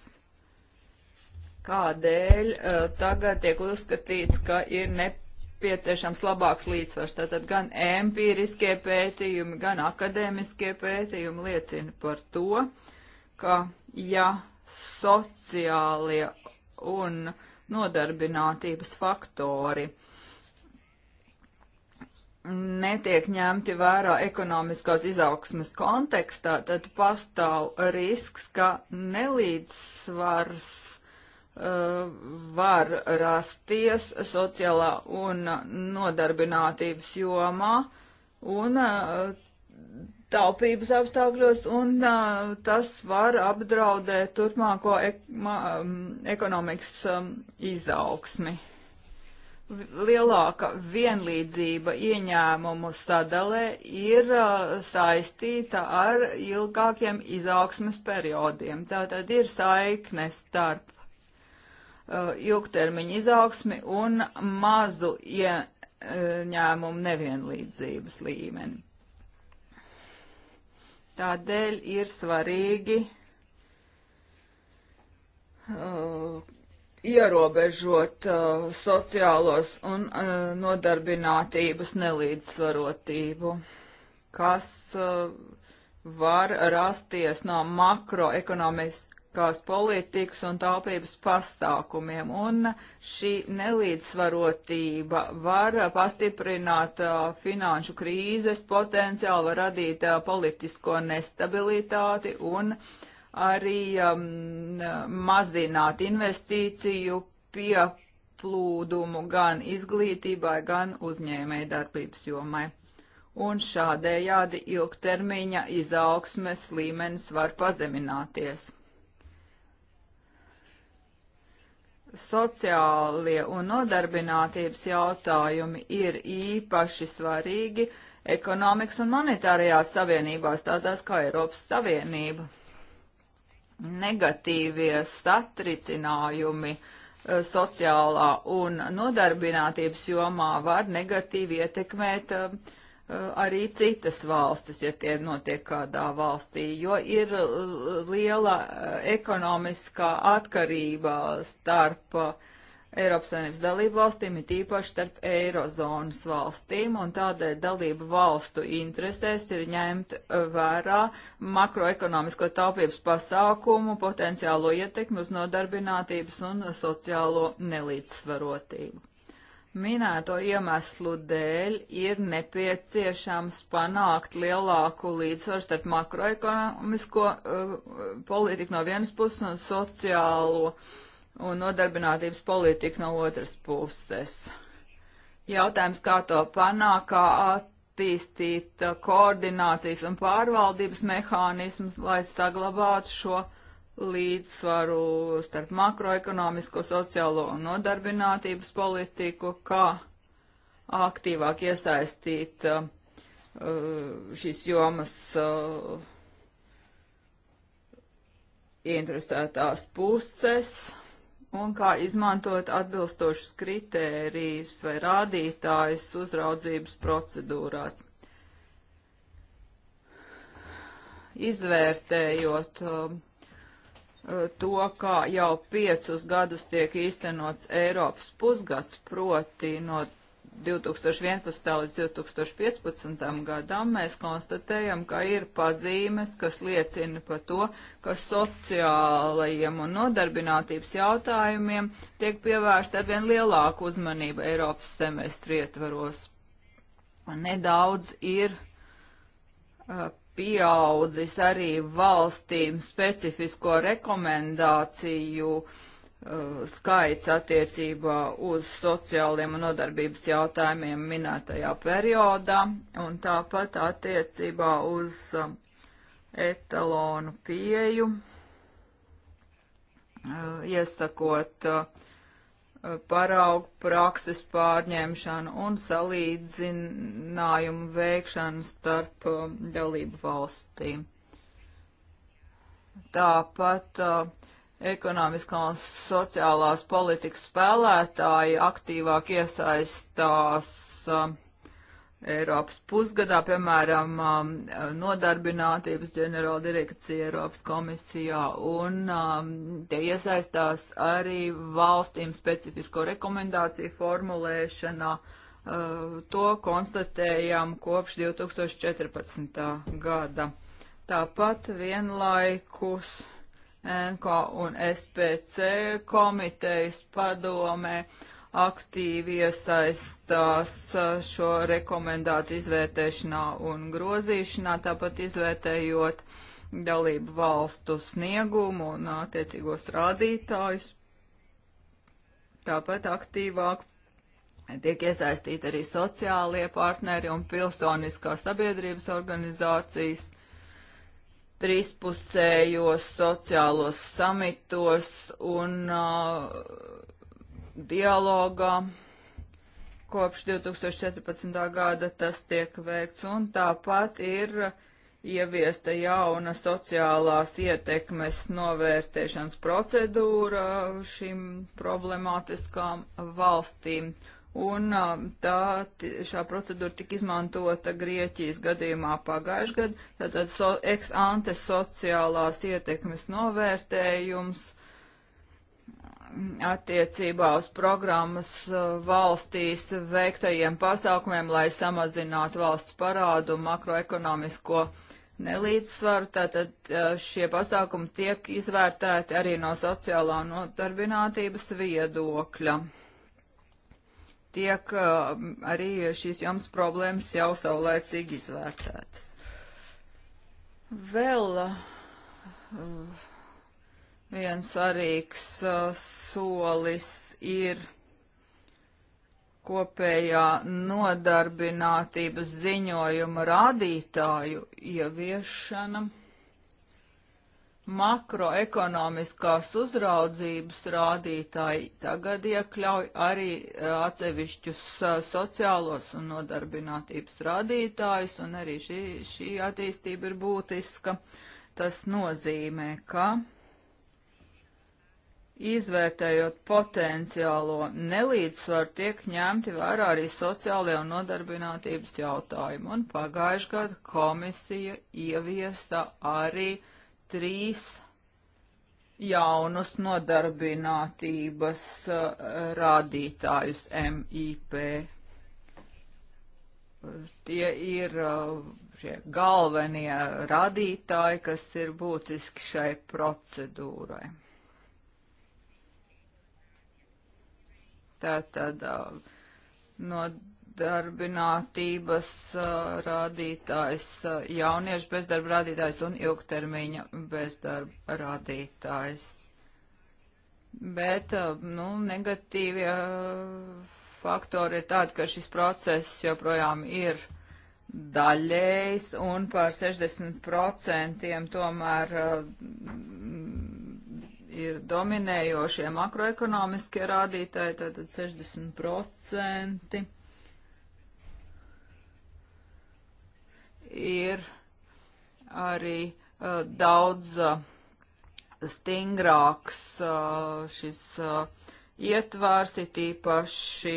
Kādēļ uh, tagad tiek uzskatīts, ka ir nepieciešams labāks līdzsvars? Tātad gan empiriskie pētījumi, gan akadēmiskie pētījumi liecina par to, ka ja sociālie un nodarbinātības faktori uh, netiek ņemti vērā ekonomiskās izaugsmas kontekstā, tad pastāv risks, ka nelīdzsvars uh, var rasties sociālā un nodarbinātības jomā un uh, taupības apstākļos, un uh, tas var apdraudēt turpmāko ek ma um, ekonomikas um, izaugsmi lielāka vienlīdzība ieņēmumu sadalē ir uh, saistīta ar ilgākiem izaugsmes periodiem. Tātad ir saikne starp uh, ilgtermiņa izaugsmi un mazu ieņēmumu nevienlīdzības līmeni. Tādēļ ir svarīgi uh, ierobežot uh, sociālos un uh, nodarbinātības nelīdzsvarotību, kas uh, var rasties no makroekonomiskās politikas un taupības pasākumiem. Un šī nelīdzsvarotība var pastiprināt uh, finanšu krīzes potenciālu, var radīt uh, politisko nestabilitāti un uh, arī um, mazināt investīciju pieplūdumu gan izglītībai, gan uzņēmēji darbības jomai. Un šādējādi ilgtermiņa izaugsmes līmenis var pazemināties. sociālie un nodarbinātības jautājumi ir īpaši svarīgi ekonomikas un monetārajās savienībās, tādās kā Eiropas Savienība negatīvie satricinājumi eh, sociālā un nodarbinātības jomā var negatīvi ietekmēt eh, eh, arī citas valstis, ja tie notiek kādā valstī, jo ir liela ekonomiskā atkarība starp uh, Eiropas Savienības dalību valstīm, ir tīpaši starp eirozonas valstīm, un tādēļ dalību valstu interesēs ir ņemt uh, vērā makroekonomisko taupības pasākumu potenciālo ietekmi uz nodarbinātības un sociālo nelīdzsvarotību. Minēto iemeslu dēļ ir nepieciešams panākt lielāku līdzsvaru starp makroekonomisko uh, politiku no vienas puses un sociālo uh, un nodarbinātības politika no otras puses. Jautājums, kā to panākt, kā attīstīt uh, koordinācijas un pārvaldības mehānismus, lai saglabātu šo līdzsvaru starp makroekonomisko, sociālo un nodarbinātības politiku, kā aktīvāk iesaistīt uh, uh šīs jomas uh, interesētās puses un kā izmantot atbilstošus kritērijus vai rādītājus uzraudzības procedūrās. Izvērtējot um, uh, to, kā jau piecus gadus tiek īstenots Eiropas pusgads, proti no 2011. līdz 2015. gadam mēs konstatējam, ka ir pazīmes, kas liecina par to, ka sociālajiem un nodarbinātības jautājumiem tiek pievērsta arvien lielāka uzmanība Eiropas semestri ietvaros. Nedaudz ir uh, pieaudzis arī valstīm specifisko rekomendāciju uh, Uh, skaits attiecībā uz sociāliem un nodarbības jautājumiem minētajā periodā, un tāpat attiecībā uz um, etalonu pieju, uh, iesakot uh, paraugu prakses pārņemšanu un salīdzinājumu veikšanu starp um, dalību valstīm. Tāpat uh, ekonomiskā un sociālās politikas spēlētāji aktīvāk iesaistās um, Eiropas pusgadā, piemēram, um, nodarbinātības ģenerāla direkcija Eiropas komisijā, un um, tie iesaistās arī valstīm specifisko rekomendāciju formulēšanā. Uh, to konstatējām kopš 2014. gada. Tāpat vienlaikus ENKO un SPC komitejas padomē aktīvi iesaistās šo rekomendāciju izvērtēšanā un grozīšanā, tāpat izvērtējot dalību valstu sniegumu un attiecīgos rādītājus. Tāpat aktīvāk tiek iesaistīti arī sociālie partneri un pilsoniskās sabiedrības organizācijas trīspusējos sociālos samitos un uh, dialogā. Kopš 2014. gada tas tiek veikts un tāpat ir ieviesta jauna sociālās ietekmes novērtēšanas procedūra šīm problemātiskām valstīm. Uh, Un tā šā procedūra tika izmantota Grieķijas gadījumā pagājušajā gadā. Tātad so, ex ante sociālās ietekmes novērtējums attiecībā uz programmas valstīs veiktajiem pasākumiem, lai samazinātu valsts parādu un makroekonomisko nelīdzsvaru. Tātad šie pasākumi tiek izvērtēti arī no sociālā nodarbinātības viedokļa tiek arī šīs jomas problēmas jau saulēcīgi izvērtētas. Vēl viens svarīgs solis ir kopējā nodarbinātības ziņojuma rādītāju ieviešana. Ja makroekonomiskās uzraudzības rādītāji tagad iekļauj arī eh, atsevišķus eh, sociālos un nodarbinātības rādītājus, un arī šī, šī attīstība ir būtiska. Tas nozīmē, ka izvērtējot potenciālo nelīdzsvaru, tiek ņemti vērā arī sociālajie un nodarbinātības jautājumi, un pagājušajā gadā komisija ieviesa arī uh, trīs jaunus nodarbinātības eh, rādītājus MIP. Tie ir eh, šie galvenie rādītāji, kas ir būtiski šai procedūrai. Tātad eh, no nodarbinātības rādītājs, jauniešu bezdarba rādītājs un ilgtermiņa bezdarba rādītājs. Bet, nu, negatīvie faktori ir tādi, ka šis process joprojām ir daļējs un par 60% tomēr ir dominējošie makroekonomiskie rādītāji, tātad 60%. ir arī uh, daudz uh, stingrāks uh, šis ietvārs, it īpaši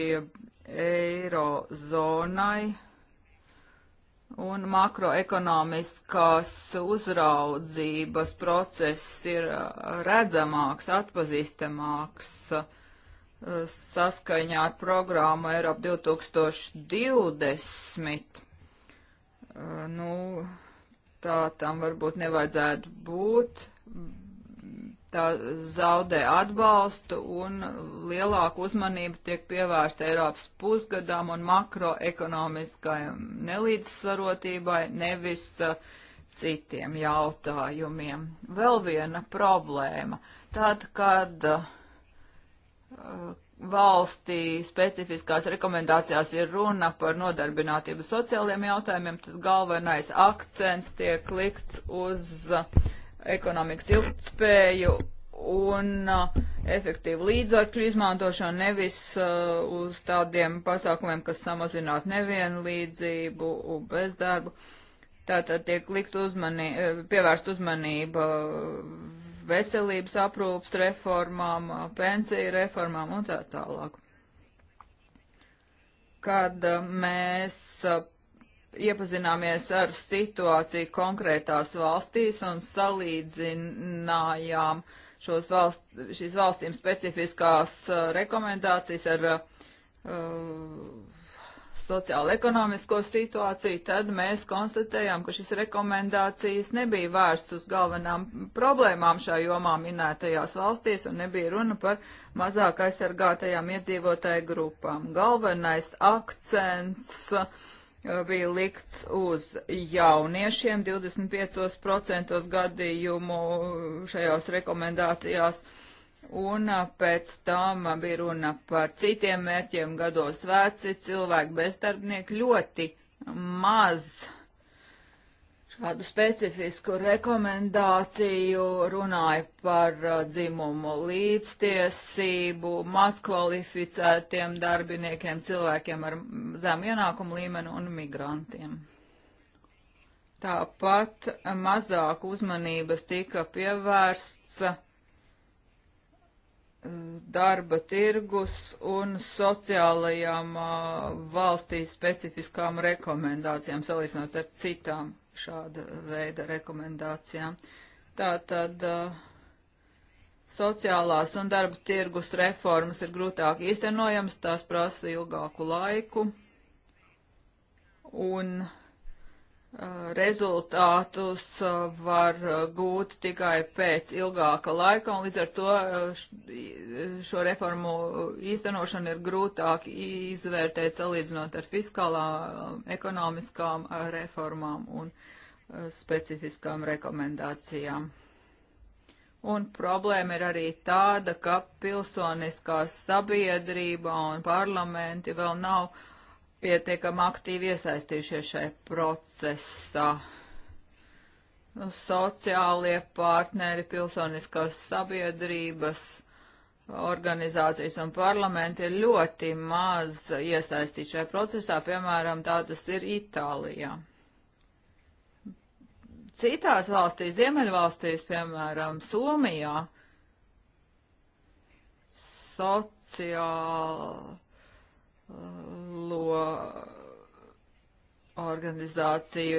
eirozonai un makroekonomiskās uzraudzības process ir redzamāks, atpazīstamāks saskaņā ar programmu Eiropa 2020 nu, tā tam varbūt nevajadzētu būt. Tā zaudē atbalstu un lielāku uzmanību tiek pievērsta Eiropas pusgadām un makroekonomiskai nelīdzsvarotībai, nevis uh, citiem jautājumiem. Vēl viena problēma. Tad, kad uh, valstī specifiskās rekomendācijās ir runa par nodarbinātību sociālajiem jautājumiem, tad galvenais akcents tiek likts uz uh, ekonomikas ilgtspēju un uh, efektīvu līdzakļu izmantošanu, nevis uh, uz tādiem pasākumiem, kas samazinātu nevienlīdzību un bezdarbu. Tātad tiek likt uzmanī, uh, pievērst uzmanība veselības aprūpas reformām, pensiju reformām un tā tālāk. Kad uh, mēs uh, iepazināmies ar situāciju konkrētās valstīs un salīdzinājām šos valsts, šīs valstīm specifiskās uh, rekomendācijas ar uh, sociālo-ekonomisko situāciju, tad mēs konstatējām, ka šis rekomendācijas nebija vērsts uz galvenām problēmām šā jomā minētajās valstīs un nebija runa par mazāk aizsargātajām iedzīvotāju grupām. Galvenais akcents uh, bija likts uz jauniešiem 25% gadījumu šajās rekomendācijās. Uh, un pēc tam bija runa par citiem mērķiem gados veci cilvēki bezdarbnieki ļoti maz kādu specifisku rekomendāciju, runāja par dzimumu līdztiesību, mazkvalificētiem darbiniekiem, cilvēkiem ar zemu ienākumu līmeni un migrantiem. Tāpat mazāk uzmanības tika pievērsts darba tirgus un sociālajām valstī specifiskām rekomendācijām, salīdzinot ar citām šāda veida rekomendācijām. Tātad sociālās un darba tirgus reformas ir grūtāk īstenojams, tās prasa ilgāku laiku. Un rezultātus uh, var uh, gūt tikai pēc ilgāka laika, un līdz ar to uh, šo reformu īstenošanu ir grūtāk izvērtēt salīdzinot ar fiskālām, ekonomiskām reformām un specifiskām rekomendācijām. Un problēma ir arī tāda, ka pilsoniskā sabiedrība un parlamenti vēl nav uh, pietiekami aktīvi iesaistījušies šajā procesā. Sociālie partneri, pilsoniskās sabiedrības, organizācijas un parlamenti ir ļoti maz iesaistīti šajā procesā, piemēram, tā tas ir Itālijā. Citās valstīs, Ziemeļvalstīs, piemēram, Somijā, sociāli lo organizāciju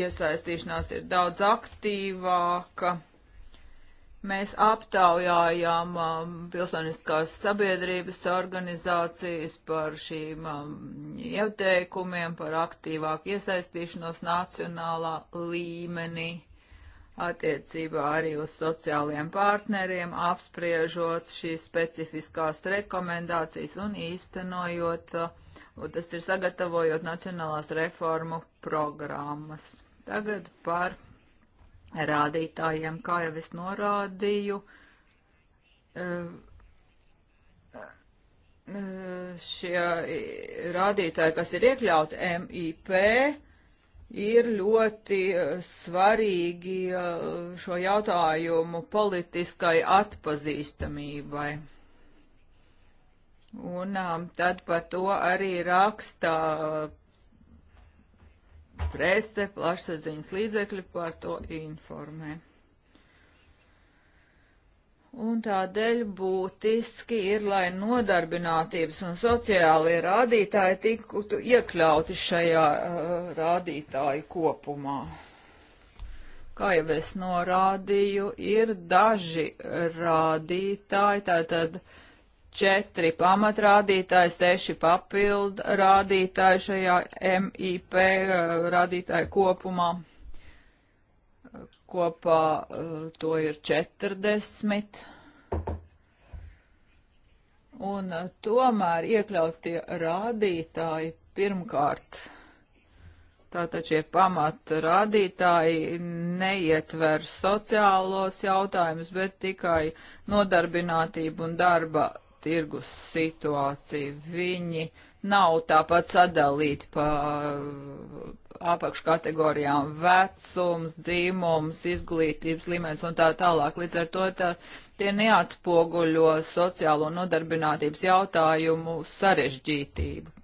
iesaistīšanās ir daudz aktīvāka. Mēs aptaujājām um, pilsoniskās sabiedrības organizācijas par šīm um, ieteikumiem, par aktīvāku iesaistīšanos nacionālā līmenī attiecībā arī uz sociāliem partneriem, apspriežot šīs specifiskās rekomendācijas un īstenojot, un uh, tas ir sagatavojot nacionālās reformu programmas. Tagad par rādītājiem, kā jau es norādīju, uh, uh, šie rādītāji, kas ir iekļauti MIP, ir ļoti eh, svarīgi eh, šo jautājumu politiskai atpazīstamībai. Un eh, tad par to arī rakstā prese, plašsaziņas līdzekļi par to informē un tādēļ būtiski ir, lai nodarbinātības un sociālie rādītāji tiktu iekļauti šajā uh, rādītāju kopumā. Kā jau es norādīju, ir daži rādītāji, tātad četri pamatrādītāji, seši papildu rādītāji šajā MIP uh, rādītāju kopumā kopā eh, to ir 40. Un eh, tomēr iekļautie rādītāji pirmkārt, tātad šie pamata rādītāji neietver sociālos jautājumus, bet tikai nodarbinātību un darba tirgus situāciju. Viņi uh, nav tāpat sadalīti pa apakškategorijām vecums, dzīmums, izglītības līmenis un tā tālāk. Līdz ar to tā, tie neatspoguļo sociālo nodarbinātības jautājumu sarežģītību.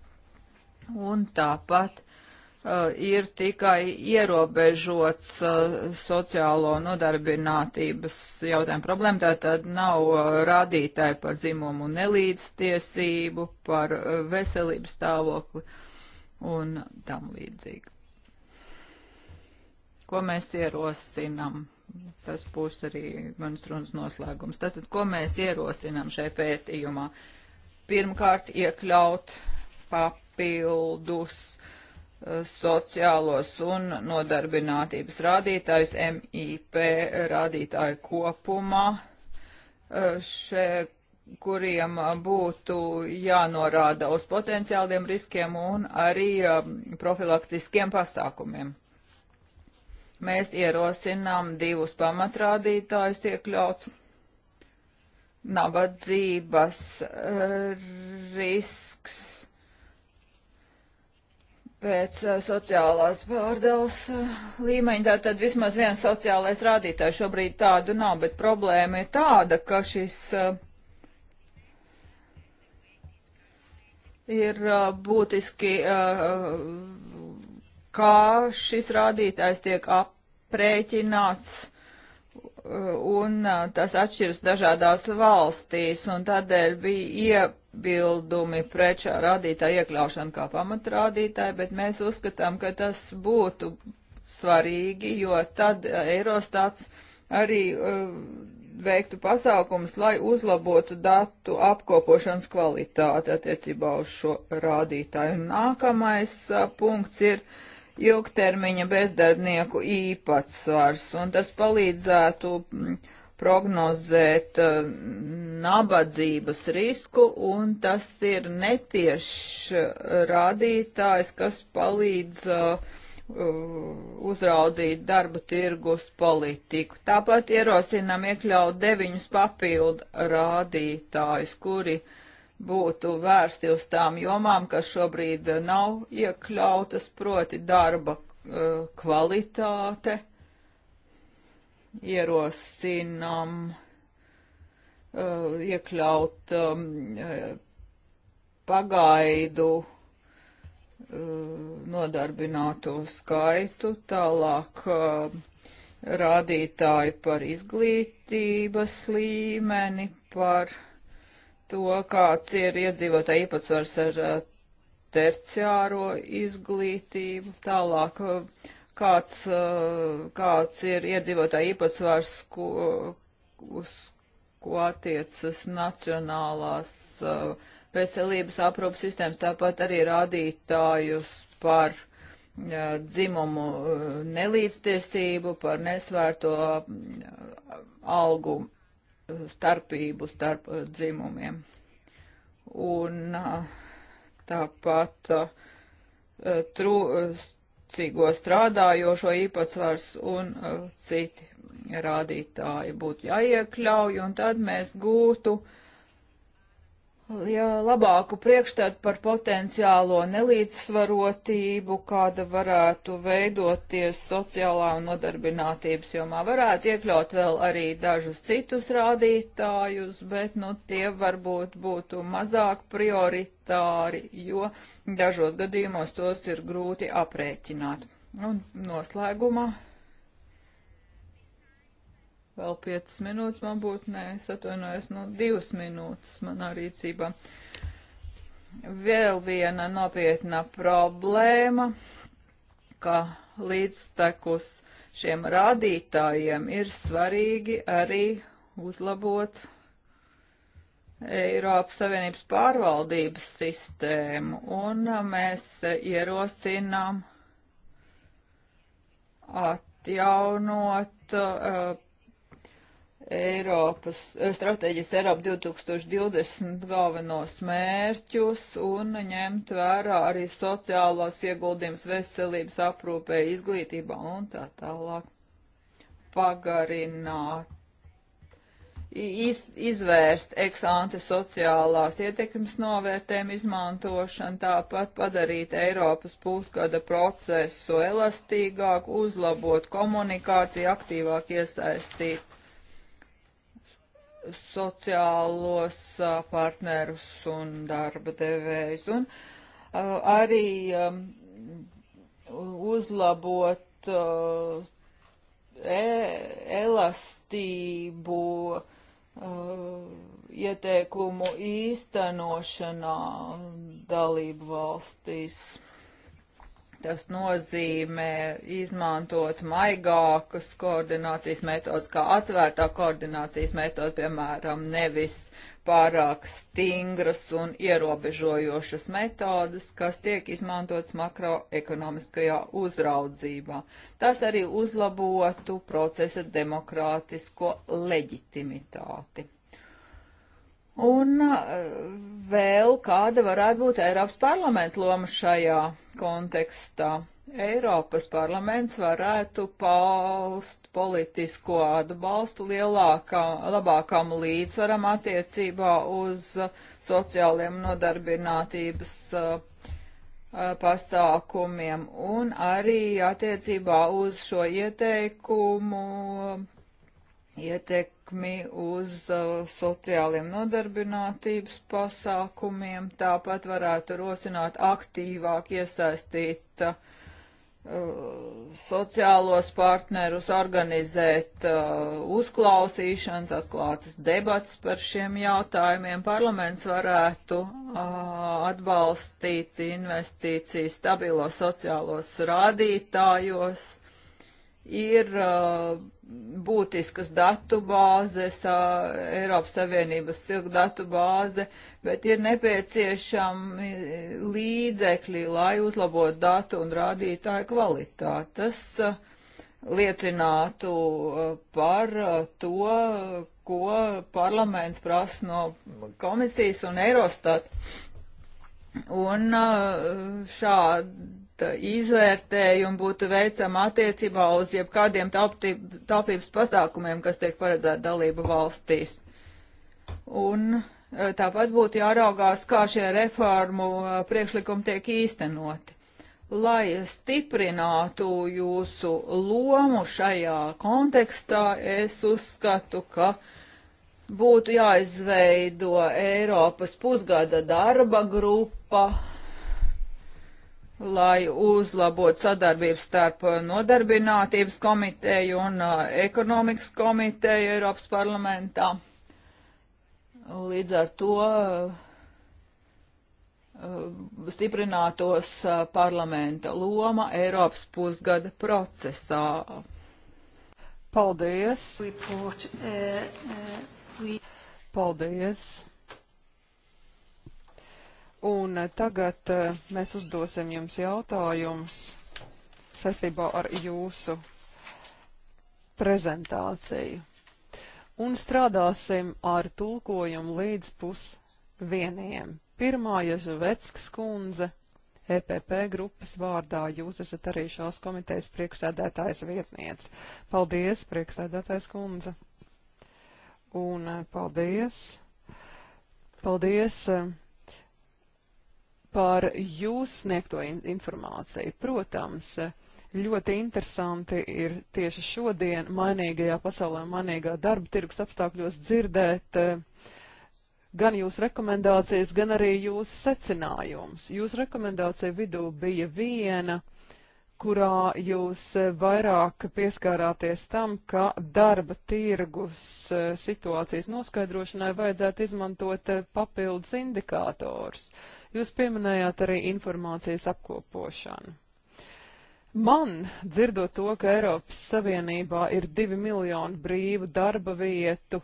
Un tāpat Uh, ir tikai ierobežots uh, sociālo nodarbinātības jautājumu problēma. Tā tad nav uh, rādītāji par dzimumu nelīdztiesību, par veselības stāvokli un tam līdzīgi. Ko mēs ierosinam? Tas būs arī manas runas noslēgums. Tātad, ko mēs ierosinam šai pētījumā? Pirmkārt, iekļaut papildus sociālos un nodarbinātības rādītājus MIP rādītāju kopumā, e, še, kuriem būtu jānorāda uz potenciāliem riskiem un arī e, profilaktiskiem pasākumiem. Mēs ierosinām divus pamatrādītājus iekļaut nabadzības e, risks pēc eh, sociālās pārdevas eh, līmeņa, tātad vismaz viens sociālais rādītājs šobrīd tādu nav, bet problēma ir tāda, ka šis eh, ir būtiski, kā šis rādītājs tiek aprēķināts un tas atšķiras dažādās valstīs, un tādēļ bija iebildumi pret šā rādītāja iekļaušanu kā pamatrādītāju, bet mēs uzskatām, ka tas būtu svarīgi, jo tad Eirostats eh, arī uh, veiktu pasākumus, lai uzlabotu datu apkopošanas kvalitāti attiecībā uz šo rādītāju. Nākamais uh, punkts ir ilgtermiņa bezdarbnieku īpatsvars, un tas palīdzētu mm, prognozēt uh, nabadzības risku, un tas ir netieši rādītājs, kas palīdz uh, uzraudzīt darba tirgus politiku. Tāpat ierosinām iekļaut deviņus papildu rādītājus, kuri būtu vērsti uz tām jomām, kas šobrīd nav iekļautas, proti darba eh, kvalitāte, ierosinām uh, eh, iekļaut um, pagaidu uh, nodarbināto skaitu, tālāk uh, rādītāji par izglītības līmeni, par to, kāds ir iedzīvotāji īpatsvars ar terciāro izglītību, tālāk uh, kāds, kāds ir iedzīvotāji īpatsvars, ko, uz ko attiecas nacionālās veselības aprūpas sistēmas, tāpat arī rādītājus par dzimumu nelīdztiesību, par nesvērto algu starpību starp dzimumiem. Un tāpat trūkst nabadzīgo strādājošo īpatsvars un uh, citi rādītāji būtu jāiekļauj, un tad mēs gūtu uh, ja labāku priekšstatu par potenciālo nelīdzsvarotību, kāda varētu veidoties sociālā un nodarbinātības jomā. Varētu iekļaut vēl arī dažus citus rādītājus, bet nu, tie varbūt būtu mazāk prioritāri, jo dažos gadījumos tos ir grūti aprēķināt. Un noslēgumā vēl 5 minūtes man būtu, nē, es atvainojos, nu, 2 minūtes manā rīcībā. Vēl viena nopietna problēma, ka līdztekus šiem rādītājiem ir svarīgi arī uzlabot Eiropas Savienības pārvaldības sistēmu, un mēs ierosinām atjaunot uh, Eiropas, eh, stratēģijas Eiropa 2020 galvenos mērķus un ņemt vērā arī sociālās ieguldījums veselības aprūpē, izglītībā un tā tālāk. Pagarināt, iz, izvērst eksante sociālās ietekmes novērtēm izmantošanu, tāpat padarīt Eiropas pusgada procesu elastīgāku, uzlabot komunikāciju, aktīvāk iesaistīt sociālos partnerus un darba devējus, un arī uzlabot e elastību ieteikumu īstenošanā dalību valstīs. Tas nozīmē izmantot maigākas koordinācijas metodas, kā atvērtā koordinācijas metoda, piemēram, nevis pārāk stingras un ierobežojošas metodas, kas tiek izmantotas makroekonomiskajā uzraudzībā. Tas arī uzlabotu procesa demokrātisko leģitimitāti. Un uh, vēl kāda varētu būt Eiropas parlamenta loma šajā kontekstā? Eiropas parlaments varētu paust politisko atbalstu lielākā, labākam līdzvaram attiecībā uz sociāliem nodarbinātības uh, uh, pasākumiem un arī attiecībā uz šo ieteikumu ietek, ietekmi uz uh, sociāliem nodarbinātības pasākumiem, tāpat varētu rosināt aktīvāk iesaistīt uh, sociālos partnerus, organizēt uh, uzklausīšanas, atklātas debats par šiem jautājumiem. Parlaments varētu uh, atbalstīt investīciju stabilos sociālos rādītājos. Ir uh, būtiskas datu bāzes, Eiropas Savienības silka datu bāze, bet ir nepieciešami līdzekļi, lai uzlabotu datu un rādītāju kvalitāti. Tas liecinātu par to, ko parlaments prasa no komisijas un Eurostat. Un šādi Eh, izvērtējumi būtu veicama attiecībā uz jebkādiem taupības pasākumiem, kas tiek paredzēti dalību valstīs. Un eh, tāpat būtu jāraugās, kā šie reformu eh, priekšlikumi tiek īstenoti. Lai stiprinātu jūsu lomu šajā kontekstā, es uzskatu, ka būtu jāizveido Eiropas pusgada darba grupa, lai uzlabotu sadarbību starp uh, nodarbinātības komiteju un uh, ekonomikas komiteju Eiropas parlamentā. Līdz ar to uh, uh, stiprinātos uh, parlamenta loma Eiropas pusgada procesā. Paldies! Report, uh, uh, we... Paldies! Un eh, tagad eh, mēs uzdosim jums jautājumus saistībā ar jūsu prezentāciju. Un strādāsim ar tulkojumu līdz pusvieniem. Pirmā Ježuvetskas kundze, EPP grupas vārdā, jūs esat arī šās komitejas priekšsēdētājs vietniec. Paldies, priekšsēdētājs kundze. Un eh, paldies. Paldies par jūs sniegto informāciju. Protams, ļoti interesanti ir tieši šodien mainīgajā pasaulē, mainīgā darba tirgus apstākļos dzirdēt eh, gan jūsu rekomendācijas, gan arī jūsu secinājumus. Jūsu rekomendācija vidū bija viena, kurā jūs eh, vairāk pieskārāties tam, ka darba tirgus eh, situācijas noskaidrošanai vajadzētu izmantot papildus indikātors. Uh, Jūs pieminējāt arī informācijas apkopošanu. Man, dzirdot to, ka Eiropas Savienībā ir divi miljoni brīvu darba vietu,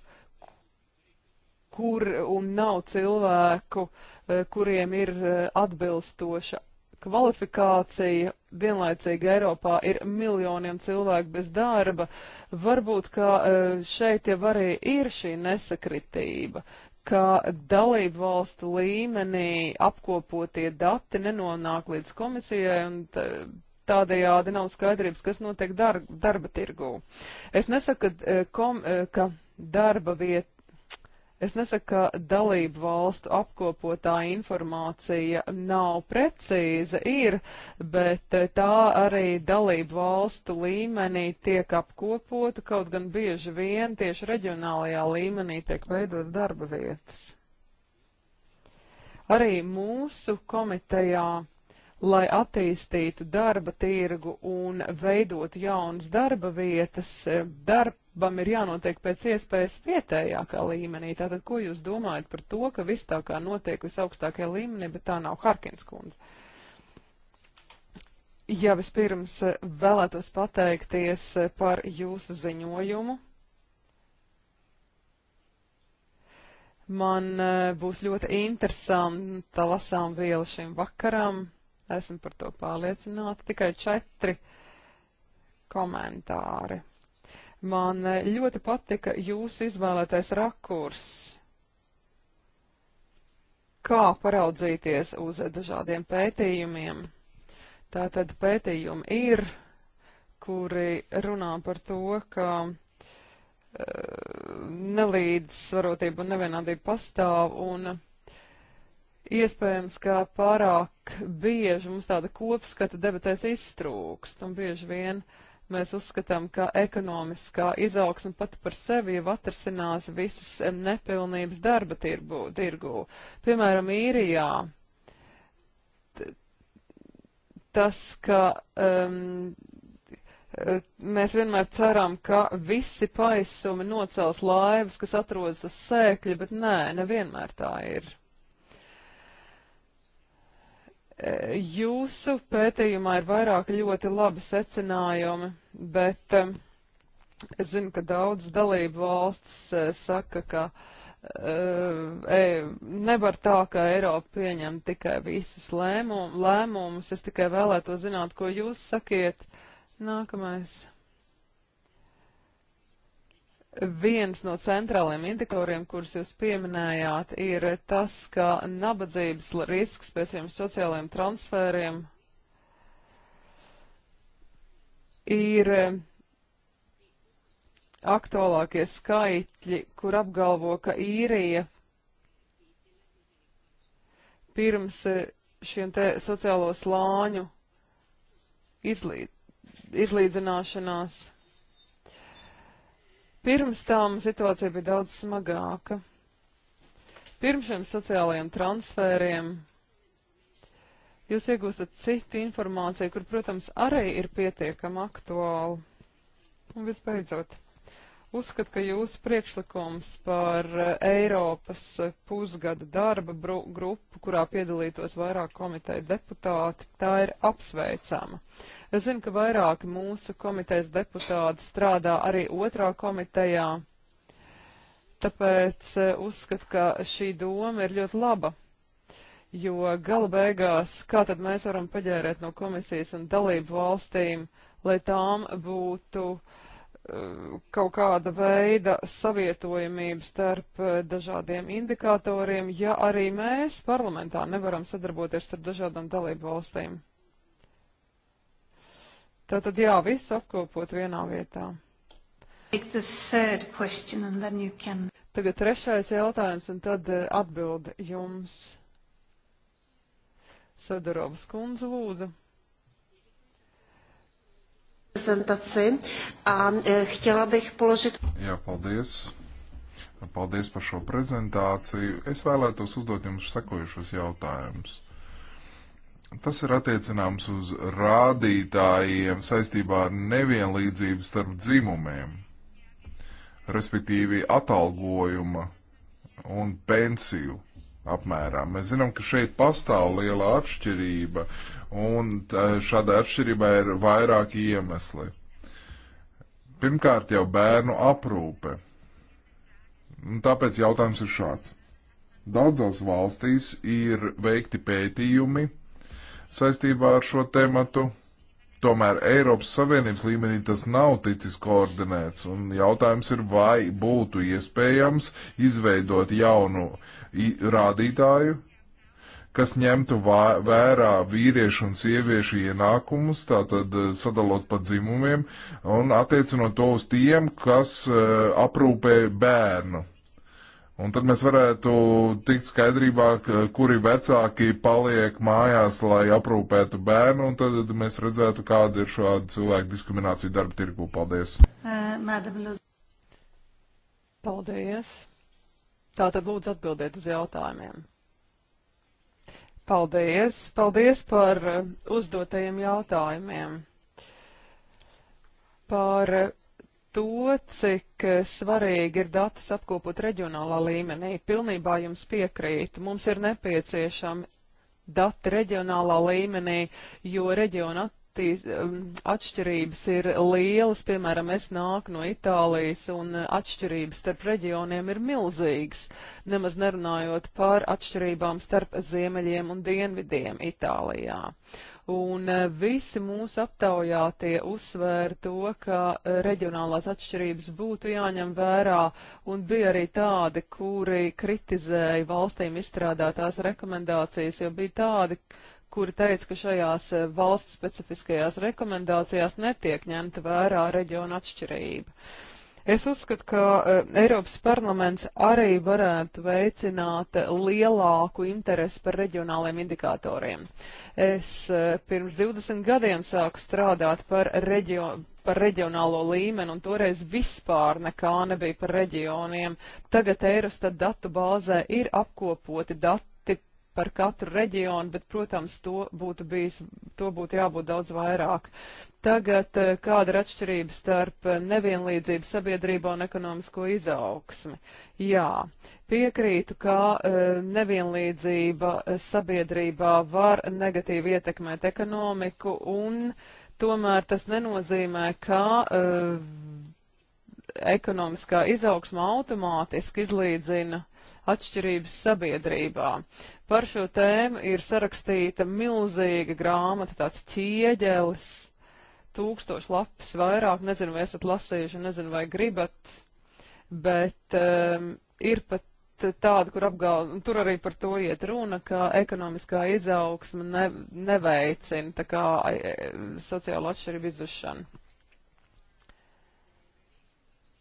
kur un nav cilvēku, eh, kuriem ir eh, atbilstoša kvalifikācija vienlaicīgi Eiropā ir miljoniem cilvēku bez darba, varbūt, ka eh, šeit jau arī ir šī nesakritība ka dalību valstu līmenī apkopotie dati nenonāk līdz komisijai un tādējādi nav skaidrības, kas notiek dar darba tirgū. Es nesaku, ka, eh, kom, eh, ka darba vieta Es nesaku, ka dalību valstu apkopotā informācija nav precīza, ir, bet eh, tā arī dalību valstu līmenī tiek apkopota, kaut gan bieži vien tieši reģionālajā līmenī tiek veidot darba vietas. Arī mūsu komitejā lai attīstītu darba tirgu un veidotu jaunas darba vietas, eh, darbam ir jānotiek pēc iespējas vietējākā līmenī. Tātad, ko jūs domājat par to, ka viss tā kā notiek visaugstākajā līmenī, bet tā nav Harkins kundze? Jā, vispirms eh, vēlētos pateikties eh, par jūsu ziņojumu. Man būs ļoti interesanta lasām viela šim vakaram. Esmu par to pārliecināta. Tikai četri komentāri. Man eh, ļoti patika jūsu izvēlētais rakurs. Kā paraudzīties uz dažādiem pētījumiem? Tātad pētījumi ir, kuri runā par to, ka uh, nelīdzsvarotība un nevienādība pastāv un uh, iespējams, ka pārāk bieži mums tāda kopskata debatēs iztrūkst, un bieži vien mēs uzskatām, ka ekonomiskā izaugsme pati par sevi jau atrasinās visas nepilnības darba tirbu, tirgu. Piemēram, īrijā tas, ka um, mēs vienmēr ceram, ka visi paisumi nocels laivas, kas atrodas uz sēkļa, bet nē, nevienmēr tā ir. Jūsu pētījumā ir vairāk ļoti labi secinājumi, bet eh, es zinu, ka daudz dalību valsts eh, saka, ka eh, e, nevar tā, ka Eiropa pieņem tikai visus lēmum, lēmumus. Es tikai vēlētos zināt, ko jūs sakiet. Nākamais. Viens no centrāliem indikatoriem, kurus jūs pieminējāt, ir tas, ka nabadzības risks pēc šiem sociālajiem transferiem ir eh, aktuālākie skaitļi, kur apgalvo, ka īrija pirms eh, šiem te sociālo slāņu izlīdzināšanās Pirms tam situācija bija daudz smagāka. Pirms šiem sociālajiem transfēriem jūs iegūstat citu informāciju, kur, protams, arī ir pietiekama aktuāla. Un visbeidzot, uzskata, ka jūsu priekšlikums par eh, Eiropas pusgada darba grupu, kurā piedalītos vairāk komiteja deputāti, tā ir apsveicama. Es zinu, ka vairāki mūsu komitejas deputāti strādā arī otrā komitejā, tāpēc eh, uzskatu, ka šī doma ir ļoti laba. Jo gala beigās, kā tad mēs varam paģērēt no komisijas un dalību valstīm, lai tām būtu uh, kaut kāda veida savietojamība starp eh, dažādiem indikatoriem, ja arī mēs parlamentā nevaram sadarboties starp dažādām dalību valstīm. Tātad jā, visu apkopot vienā vietā. Can... Tagad trešais jautājums un tad eh, atbildi jums. Sadarovas kundze lūdzu prezentaci a e, chtěla bych položit. Jā, paldies. Paldies par šo prezentāciju. Es vēlētos uzdot jums sekojušos jautājumus. Tas ir attiecināms uz rādītājiem saistībā ar nevienlīdzību starp dzimumiem, respektīvi atalgojuma un pensiju apmērā. Mēs zinām, ka šeit pastāv liela atšķirība uh, un šādai atšķirībai ir vairāki iemesli. Pirmkārt jau bērnu aprūpe. Un tāpēc jautājums ir šāds. Daudzās valstīs ir veikti pētījumi saistībā ar šo tematu, tomēr Eiropas Savienības līmenī tas nav ticis koordinēts, un jautājums ir, vai būtu iespējams izveidot jaunu rādītāju, kas ņemtu vērā vīriešu un sieviešu ienākumus, tātad eh, sadalot pa dzimumiem, un attiecinot to uz tiem, kas eh, aprūpē bērnu. Un tad mēs varētu tikt skaidrībā, kuri vecāki paliek mājās, lai aprūpētu bērnu, un tad mēs redzētu, kāda ir šāda cilvēka diskriminācija darba tirgu. Paldies! Uh, Paldies! Tātad lūdzu atbildēt uz jautājumiem. Paldies! Paldies par uh, uzdotajiem jautājumiem. Par uh, to, cik uh, svarīgi ir datus apkopot reģionālā līmenī, pilnībā jums piekrīt. Mums ir nepieciešami dati reģionālā līmenī, jo reģiona attīs, um, atšķirības ir lielas, piemēram, es nāku no Itālijas un uh, atšķirības starp reģioniem ir milzīgas, nemaz nerunājot par atšķirībām starp ziemeļiem un dienvidiem Itālijā. Un uh, visi mūsu aptaujātie uzsvēra to, ka uh, reģionālās atšķirības būtu jāņem vērā, un bija arī tādi, kuri kritizēja valstīm izstrādātās rekomendācijas, jo bija tādi, kuri teica, ka šajās eh, valsts specifiskajās rekomendācijās netiek ņemta vērā reģiona atšķirība. Es uzskatu, ka eh, Eiropas parlaments arī varētu veicināt eh, lielāku interesi par reģionāliem indikatoriem. Es pirms 20 gadiem sāku strādāt par, reģio, par reģionālo līmeni, un toreiz vispār nekā nebija par reģioniem. Tagad Eirostat datu bāzē ir apkopoti dati par katru reģionu, bet, protams, to būtu bijis, to būtu jābūt daudz vairāk. Tagad eh, kāda ir atšķirība starp eh, nevienlīdzību sabiedrībā un ekonomisko izaugsmi? Jā, piekrītu, ka eh, nevienlīdzība sabiedrībā var negatīvi ietekmēt ekonomiku un tomēr tas nenozīmē, ka ekonomiskā izaugsma automātiski izlīdzina atšķirības sabiedrībā. Par šo tēmu ir sarakstīta milzīga grāmata, tāds ķieģelis, tūkstoš lapas vairāk, nezinu, vai esat lasījuši, nezinu, vai gribat, bet um, ir pat tāda, kur apgalvo, tur arī par to iet runa, ka ekonomiskā izaugsme ne, neveicina tā kā e, sociālo atšķirību izušanu.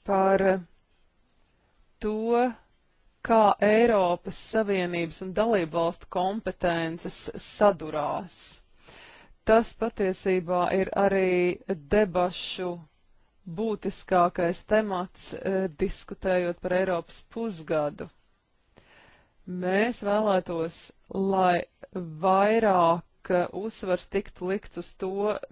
Par to, kā Eiropas Savienības un dalību valstu kompetences sadurās. Tas patiesībā ir arī debašu būtiskākais temats, eh, diskutējot par Eiropas pusgadu. Mēs vēlētos, lai vairāk ka uzsvars tiktu likts uz to,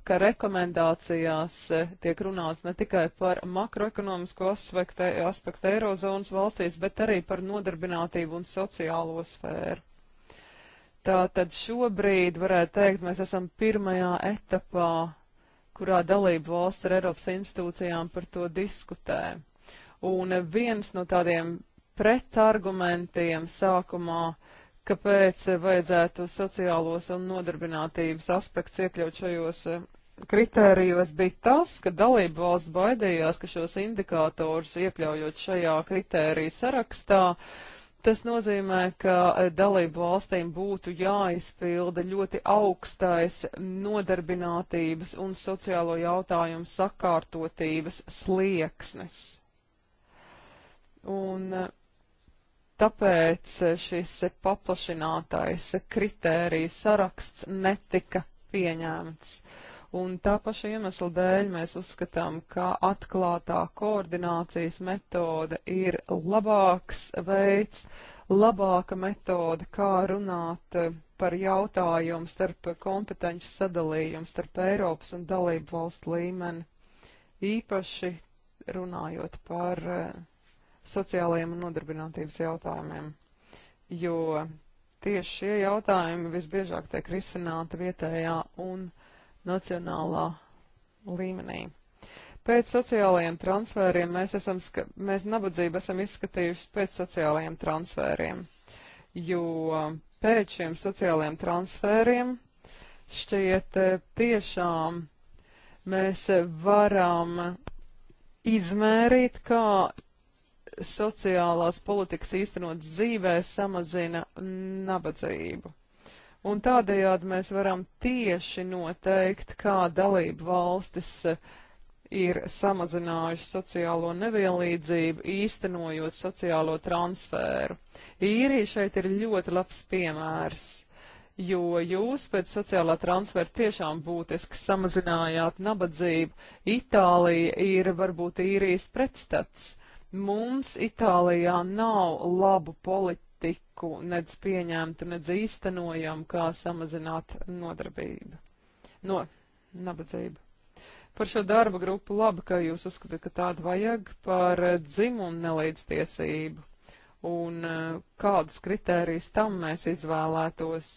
ka rekomendācijās e, tiek runāts ne tikai par makroekonomisko aspektu, aspektu Eirozonas valstīs, bet arī par nodarbinātību un sociālo sfēru. Tātad šobrīd, varētu teikt, mēs esam pirmajā etapā, kurā dalību valsts ar Eiropas institūcijām par to diskutē. Un viens no tādiem pretargumentiem sākumā uh, kāpēc vajadzētu sociālos un nodarbinātības aspekts iekļaut šajos eh, kritērijos bija tas, ka dalība valsts baidījās, ka šos indikātorus iekļaujot šajā kritērija sarakstā, tas nozīmē, ka eh, dalību valstīm būtu jāizpilda ļoti augstais nodarbinātības un sociālo jautājumu sakārtotības slieksnes. Un eh, Tāpēc šis paplašinātais kritērija saraksts netika pieņemts. Un tā paša iemesla dēļ mēs uzskatām, ka atklātā koordinācijas metode ir labāks veids, labāka metode, kā runāt par jautājumu starp kompetenci sadalījumu starp Eiropas un dalību valstu līmeni, īpaši runājot par uh, sociālajiem un nodarbinātības jautājumiem, jo tieši šie jautājumi visbiežāk tiek risināti vietējā un nacionālā līmenī. Pēc sociālajiem transfēriem mēs, esam, mēs nabadzību esam izskatījuši pēc sociālajiem transfēriem, jo pēc šiem sociālajiem transfēriem šķiet eh, tiešām mēs varam izmērīt, kā sociālās politikas īstenot dzīvē samazina nabadzību. Un tādējādi mēs varam tieši noteikt, kā dalību valstis eh, ir samazinājuši sociālo nevienlīdzību, īstenojot sociālo transferu. Īrija šeit ir ļoti labs piemērs jo jūs pēc sociālā transfera tiešām būtiski samazinājāt nabadzību. Itālija ir varbūt īrijas pretstats. Mums Itālijā nav labu politiku, nedz pieņemta, nedz īstenojam, kā samazināt nodarbību. No nabadzību par šo darba grupu labi, ka jūs uzskatāt, ka tādu vajag par dzimumu nelīdztiesību un eh, kādus kritērijus tam mēs izvēlētos.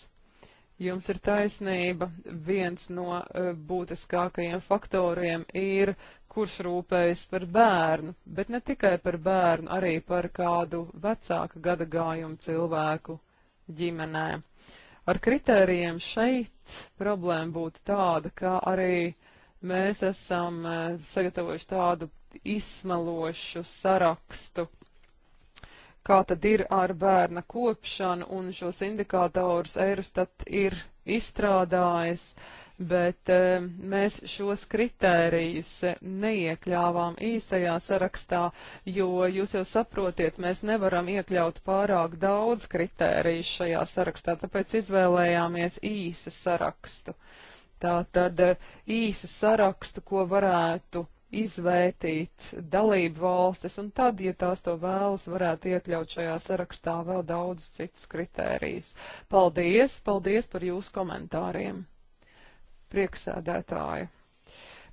Jums ir taisnība, viens no eh, būtiskākajiem faktoriem ir kurš rūpējas par bērnu, bet ne tikai par bērnu, arī par kādu vecāku gadagājumu cilvēku ģimenē. Ar kritērijiem šeit problēma būtu tāda, ka arī mēs esam eh, sagatavojuši tādu izsmalošu sarakstu, kā tad ir ar bērna kopšanu, un šos indikātorus Eurostat ir izstrādājis. Uh, bet e, mēs šos kritērijus neiekļāvām īsajā sarakstā, jo jūs jau saprotiet, mēs nevaram iekļaut pārāk daudz kritēriju šajā sarakstā, tāpēc izvēlējāmies īsu sarakstu. Tā tad eh, īsu sarakstu, ko varētu izvērtīt dalību valstis, un tad, ja tās to vēlas, varētu iekļaut šajā sarakstā vēl daudz citus kritērijus. Paldies, paldies par jūsu komentāriem! priekšsēdētāja.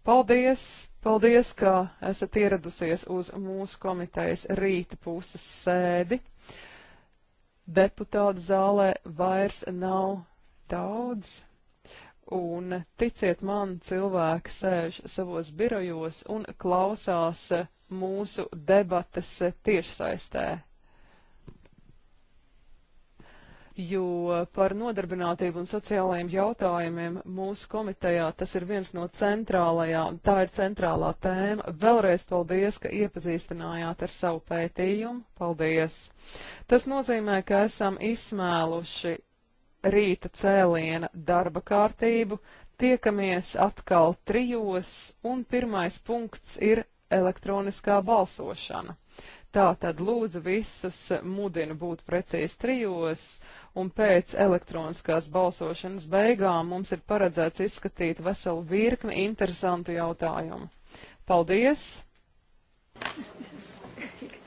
Paldies, paldies, ka esat ieradusies uz mūsu komitejas rīta puses sēdi. Deputātu zālē vairs nav daudz. Un ticiet man, cilvēki sēž savos birojos un klausās mūsu debatas tiešsaistē jo par nodarbinātību un sociālajiem jautājumiem mūsu komitejā tas ir viens no centrālajām, tā ir centrālā tēma. Vēlreiz paldies, ka iepazīstinājāt ar savu pētījumu. Paldies! Tas nozīmē, ka esam izsmēluši rīta cēliena darba kārtību. Tiekamies atkal trijos, un pirmais punkts ir elektroniskā balsošana. Tā tad lūdzu visus mudinu būt precīzi trijos un pēc elektroniskās balsošanas beigām mums ir paredzēts izskatīt veselu virkni interesantu jautājumu. Paldies! Yes.